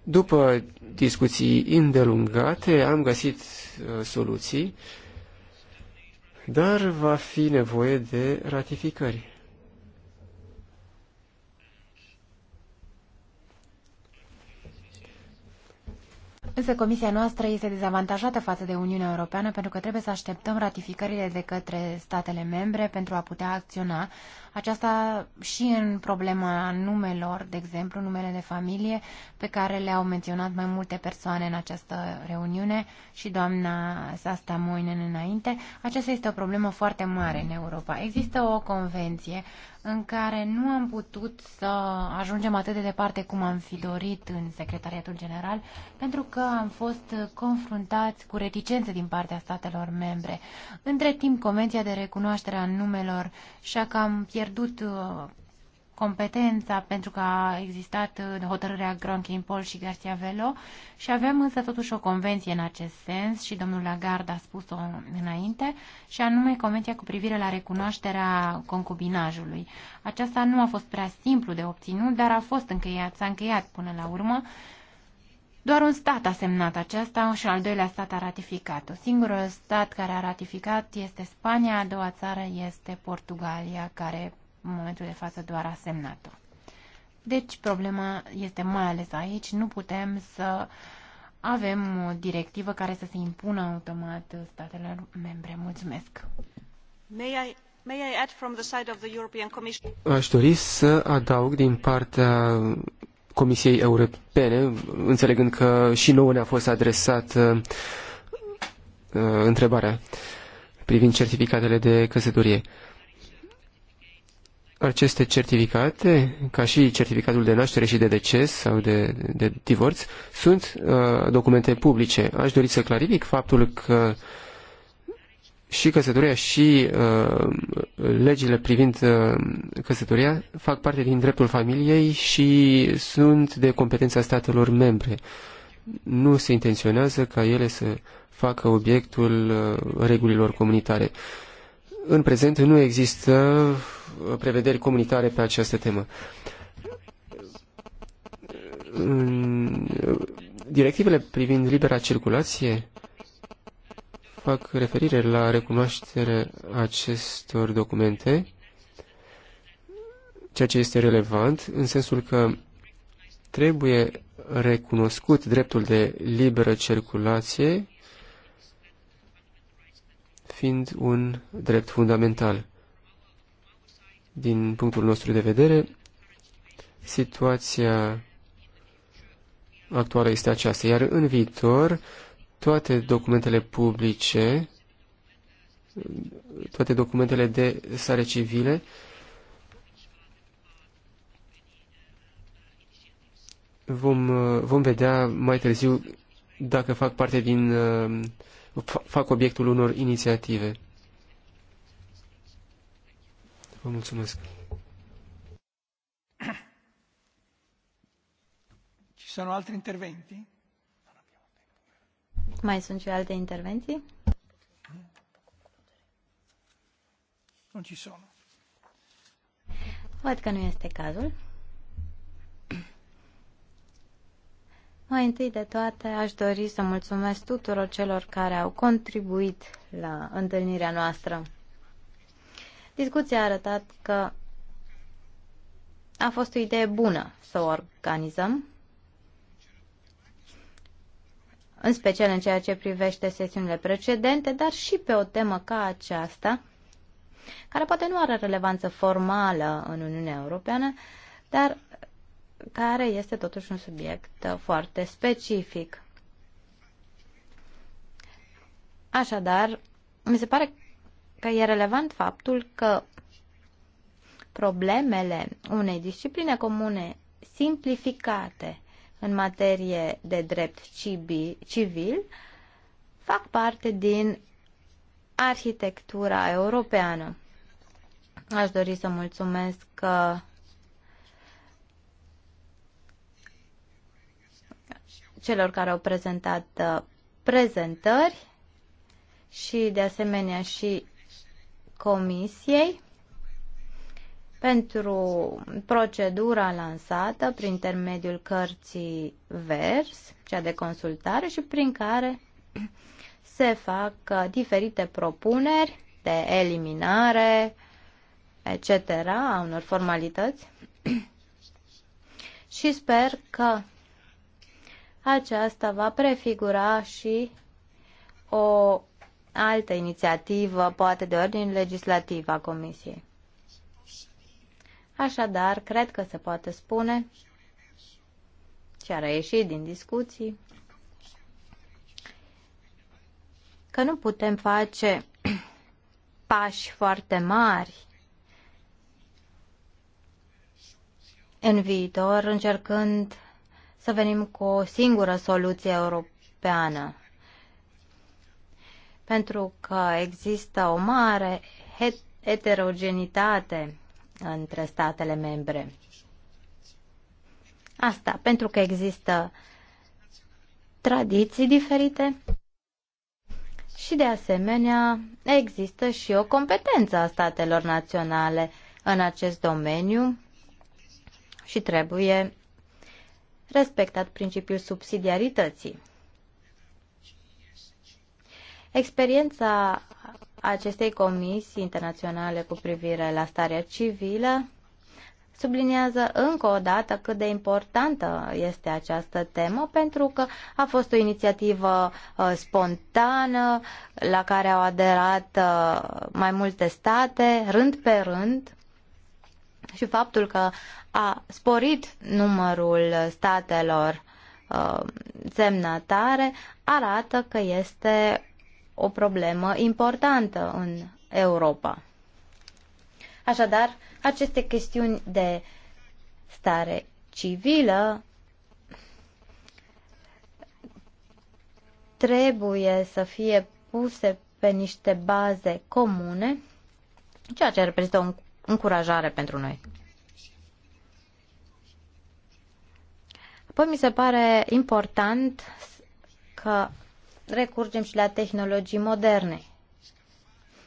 După discuții îndelungate, am găsit uh, soluții, dar va fi nevoie de ratificări. Însă Comisia noastră este dezavantajată față de Uniunea Europeană pentru că trebuie să așteptăm ratificările de către statele membre pentru a putea acționa, aceasta și în problema numelor, de exemplu, numele de familie, pe care le-au menționat mai multe persoane în această reuniune și doamna Sasta Moinen înainte. Aceasta este o problemă foarte mare în Europa. Există o convenție în care nu am putut să ajungem atât de departe cum am fi dorit în Secretariatul General, pentru că am fost confruntați cu reticențe din partea statelor membre. Între timp, Convenția de recunoaștere a numelor și-a cam pierdut pierdut uh, competența pentru că a existat uh, hotărârea Gronkin Pol și Garcia Velo și avem însă totuși o convenție în acest sens și domnul Lagarde a spus-o înainte și anume convenția cu privire la recunoașterea concubinajului. Aceasta nu a fost prea simplu de obținut, dar a fost încheiat, s-a încheiat până la urmă doar un stat a semnat aceasta și al doilea stat a ratificat-o. Singurul stat care a ratificat este Spania, a doua țară este Portugalia, care în momentul de față doar a semnat-o. Deci problema este mai ales aici, nu putem să avem o directivă care să se impună automat statelor membre. Mulțumesc! May I Aș dori să adaug din partea Comisiei Europene, înțelegând că și nouă ne-a fost adresat uh, uh, întrebarea privind certificatele de căsătorie. Aceste certificate, ca și certificatul de naștere și de deces sau de, de divorț, sunt uh, documente publice. Aș dori să clarific faptul că uh, și căsătoria și uh, legile privind uh, căsătoria fac parte din dreptul familiei și sunt de competența statelor membre. Nu se intenționează ca ele să facă obiectul uh, regulilor comunitare. În prezent nu există uh, prevederi comunitare pe această temă. Uh, directivele privind libera circulație fac referire la recunoașterea acestor documente, ceea ce este relevant în sensul că trebuie recunoscut dreptul de liberă circulație fiind un drept fundamental. Din punctul nostru de vedere, situația actuală este aceasta, iar în viitor toate documentele publice, toate documentele de stare civile, vom, vom vedea mai târziu dacă fac parte din, fac obiectul unor inițiative. Vă mulțumesc. Ci sono altri interventi? Mai sunt și alte intervenții? Nu ci sono. Văd că nu este cazul. Mai întâi de toate, aș dori să mulțumesc tuturor celor care au contribuit la întâlnirea noastră. Discuția a arătat că a fost o idee bună să o organizăm în special în ceea ce privește sesiunile precedente, dar și pe o temă ca aceasta, care poate nu are relevanță formală în Uniunea Europeană, dar care este totuși un subiect foarte specific. Așadar, mi se pare că e relevant faptul că problemele unei discipline comune simplificate în materie de drept civil fac parte din arhitectura europeană. Aș dori să mulțumesc uh, celor care au prezentat uh, prezentări și de asemenea și comisiei pentru procedura lansată prin intermediul cărții vers, cea de consultare, și prin care se fac uh, diferite propuneri de eliminare, etc., a unor formalități. și sper că aceasta va prefigura și o altă inițiativă, poate de ordin legislativ a Comisiei. Așadar, cred că se poate spune chiar a ieșit din discuții că nu putem face pași foarte mari în viitor, încercând să venim cu o singură soluție europeană. Pentru că există o mare heterogenitate între statele membre. Asta pentru că există tradiții diferite și de asemenea există și o competență a statelor naționale în acest domeniu și trebuie respectat principiul subsidiarității. Experiența acestei comisii internaționale cu privire la starea civilă subliniază încă o dată cât de importantă este această temă, pentru că a fost o inițiativă uh, spontană la care au aderat uh, mai multe state, rând pe rând, și faptul că a sporit numărul statelor uh, semnatare arată că este o problemă importantă în Europa. Așadar, aceste chestiuni de stare civilă trebuie să fie puse pe niște baze comune, ceea ce reprezintă o încurajare pentru noi. Apoi mi se pare important că recurgem și la tehnologii moderne.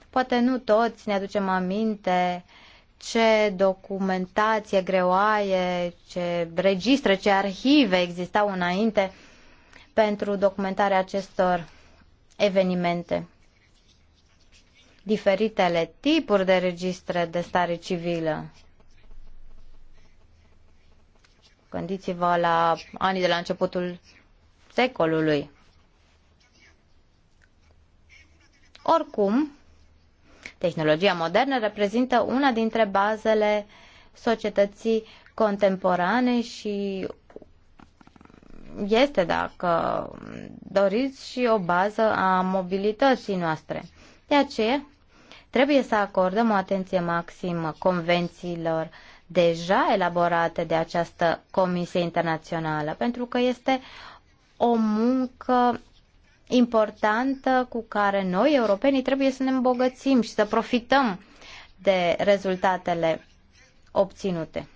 Poate nu toți ne aducem aminte ce documentație greoaie, ce registre, ce arhive existau înainte pentru documentarea acestor evenimente. Diferitele tipuri de registre de stare civilă. Gândiți-vă la anii de la începutul secolului. Oricum, tehnologia modernă reprezintă una dintre bazele societății contemporane și este, dacă doriți, și o bază a mobilității noastre. De aceea, trebuie să acordăm o atenție maximă convențiilor deja elaborate de această Comisie Internațională, pentru că este o muncă importantă cu care noi, europenii, trebuie să ne îmbogățim și să profităm de rezultatele obținute.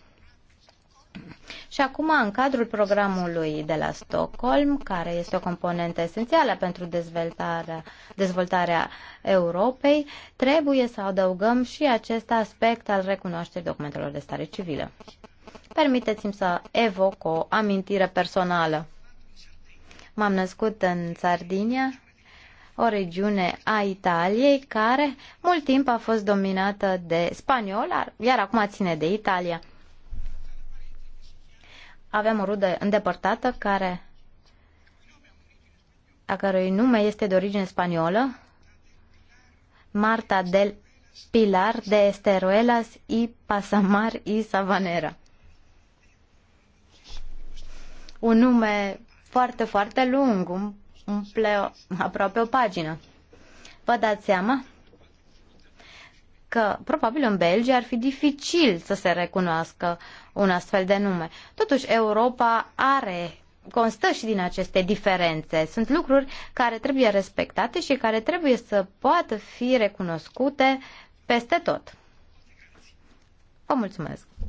Și acum, în cadrul programului de la Stockholm, care este o componentă esențială pentru dezvoltarea, dezvoltarea Europei, trebuie să adăugăm și acest aspect al recunoașterii documentelor de stare civilă. Permiteți-mi să evoc o amintire personală. M-am născut în Sardinia, o regiune a Italiei care mult timp a fost dominată de spaniol, iar acum ține de Italia. Aveam o rudă îndepărtată care a cărui nume este de origine spaniolă, Marta del Pilar de Esteruelas y Pasamar y Sabanera. Un nume foarte, foarte lung, umple aproape o pagină. Vă dați seama că probabil în Belgia ar fi dificil să se recunoască un astfel de nume. Totuși, Europa are constă și din aceste diferențe. Sunt lucruri care trebuie respectate și care trebuie să poată fi recunoscute peste tot. Vă mulțumesc!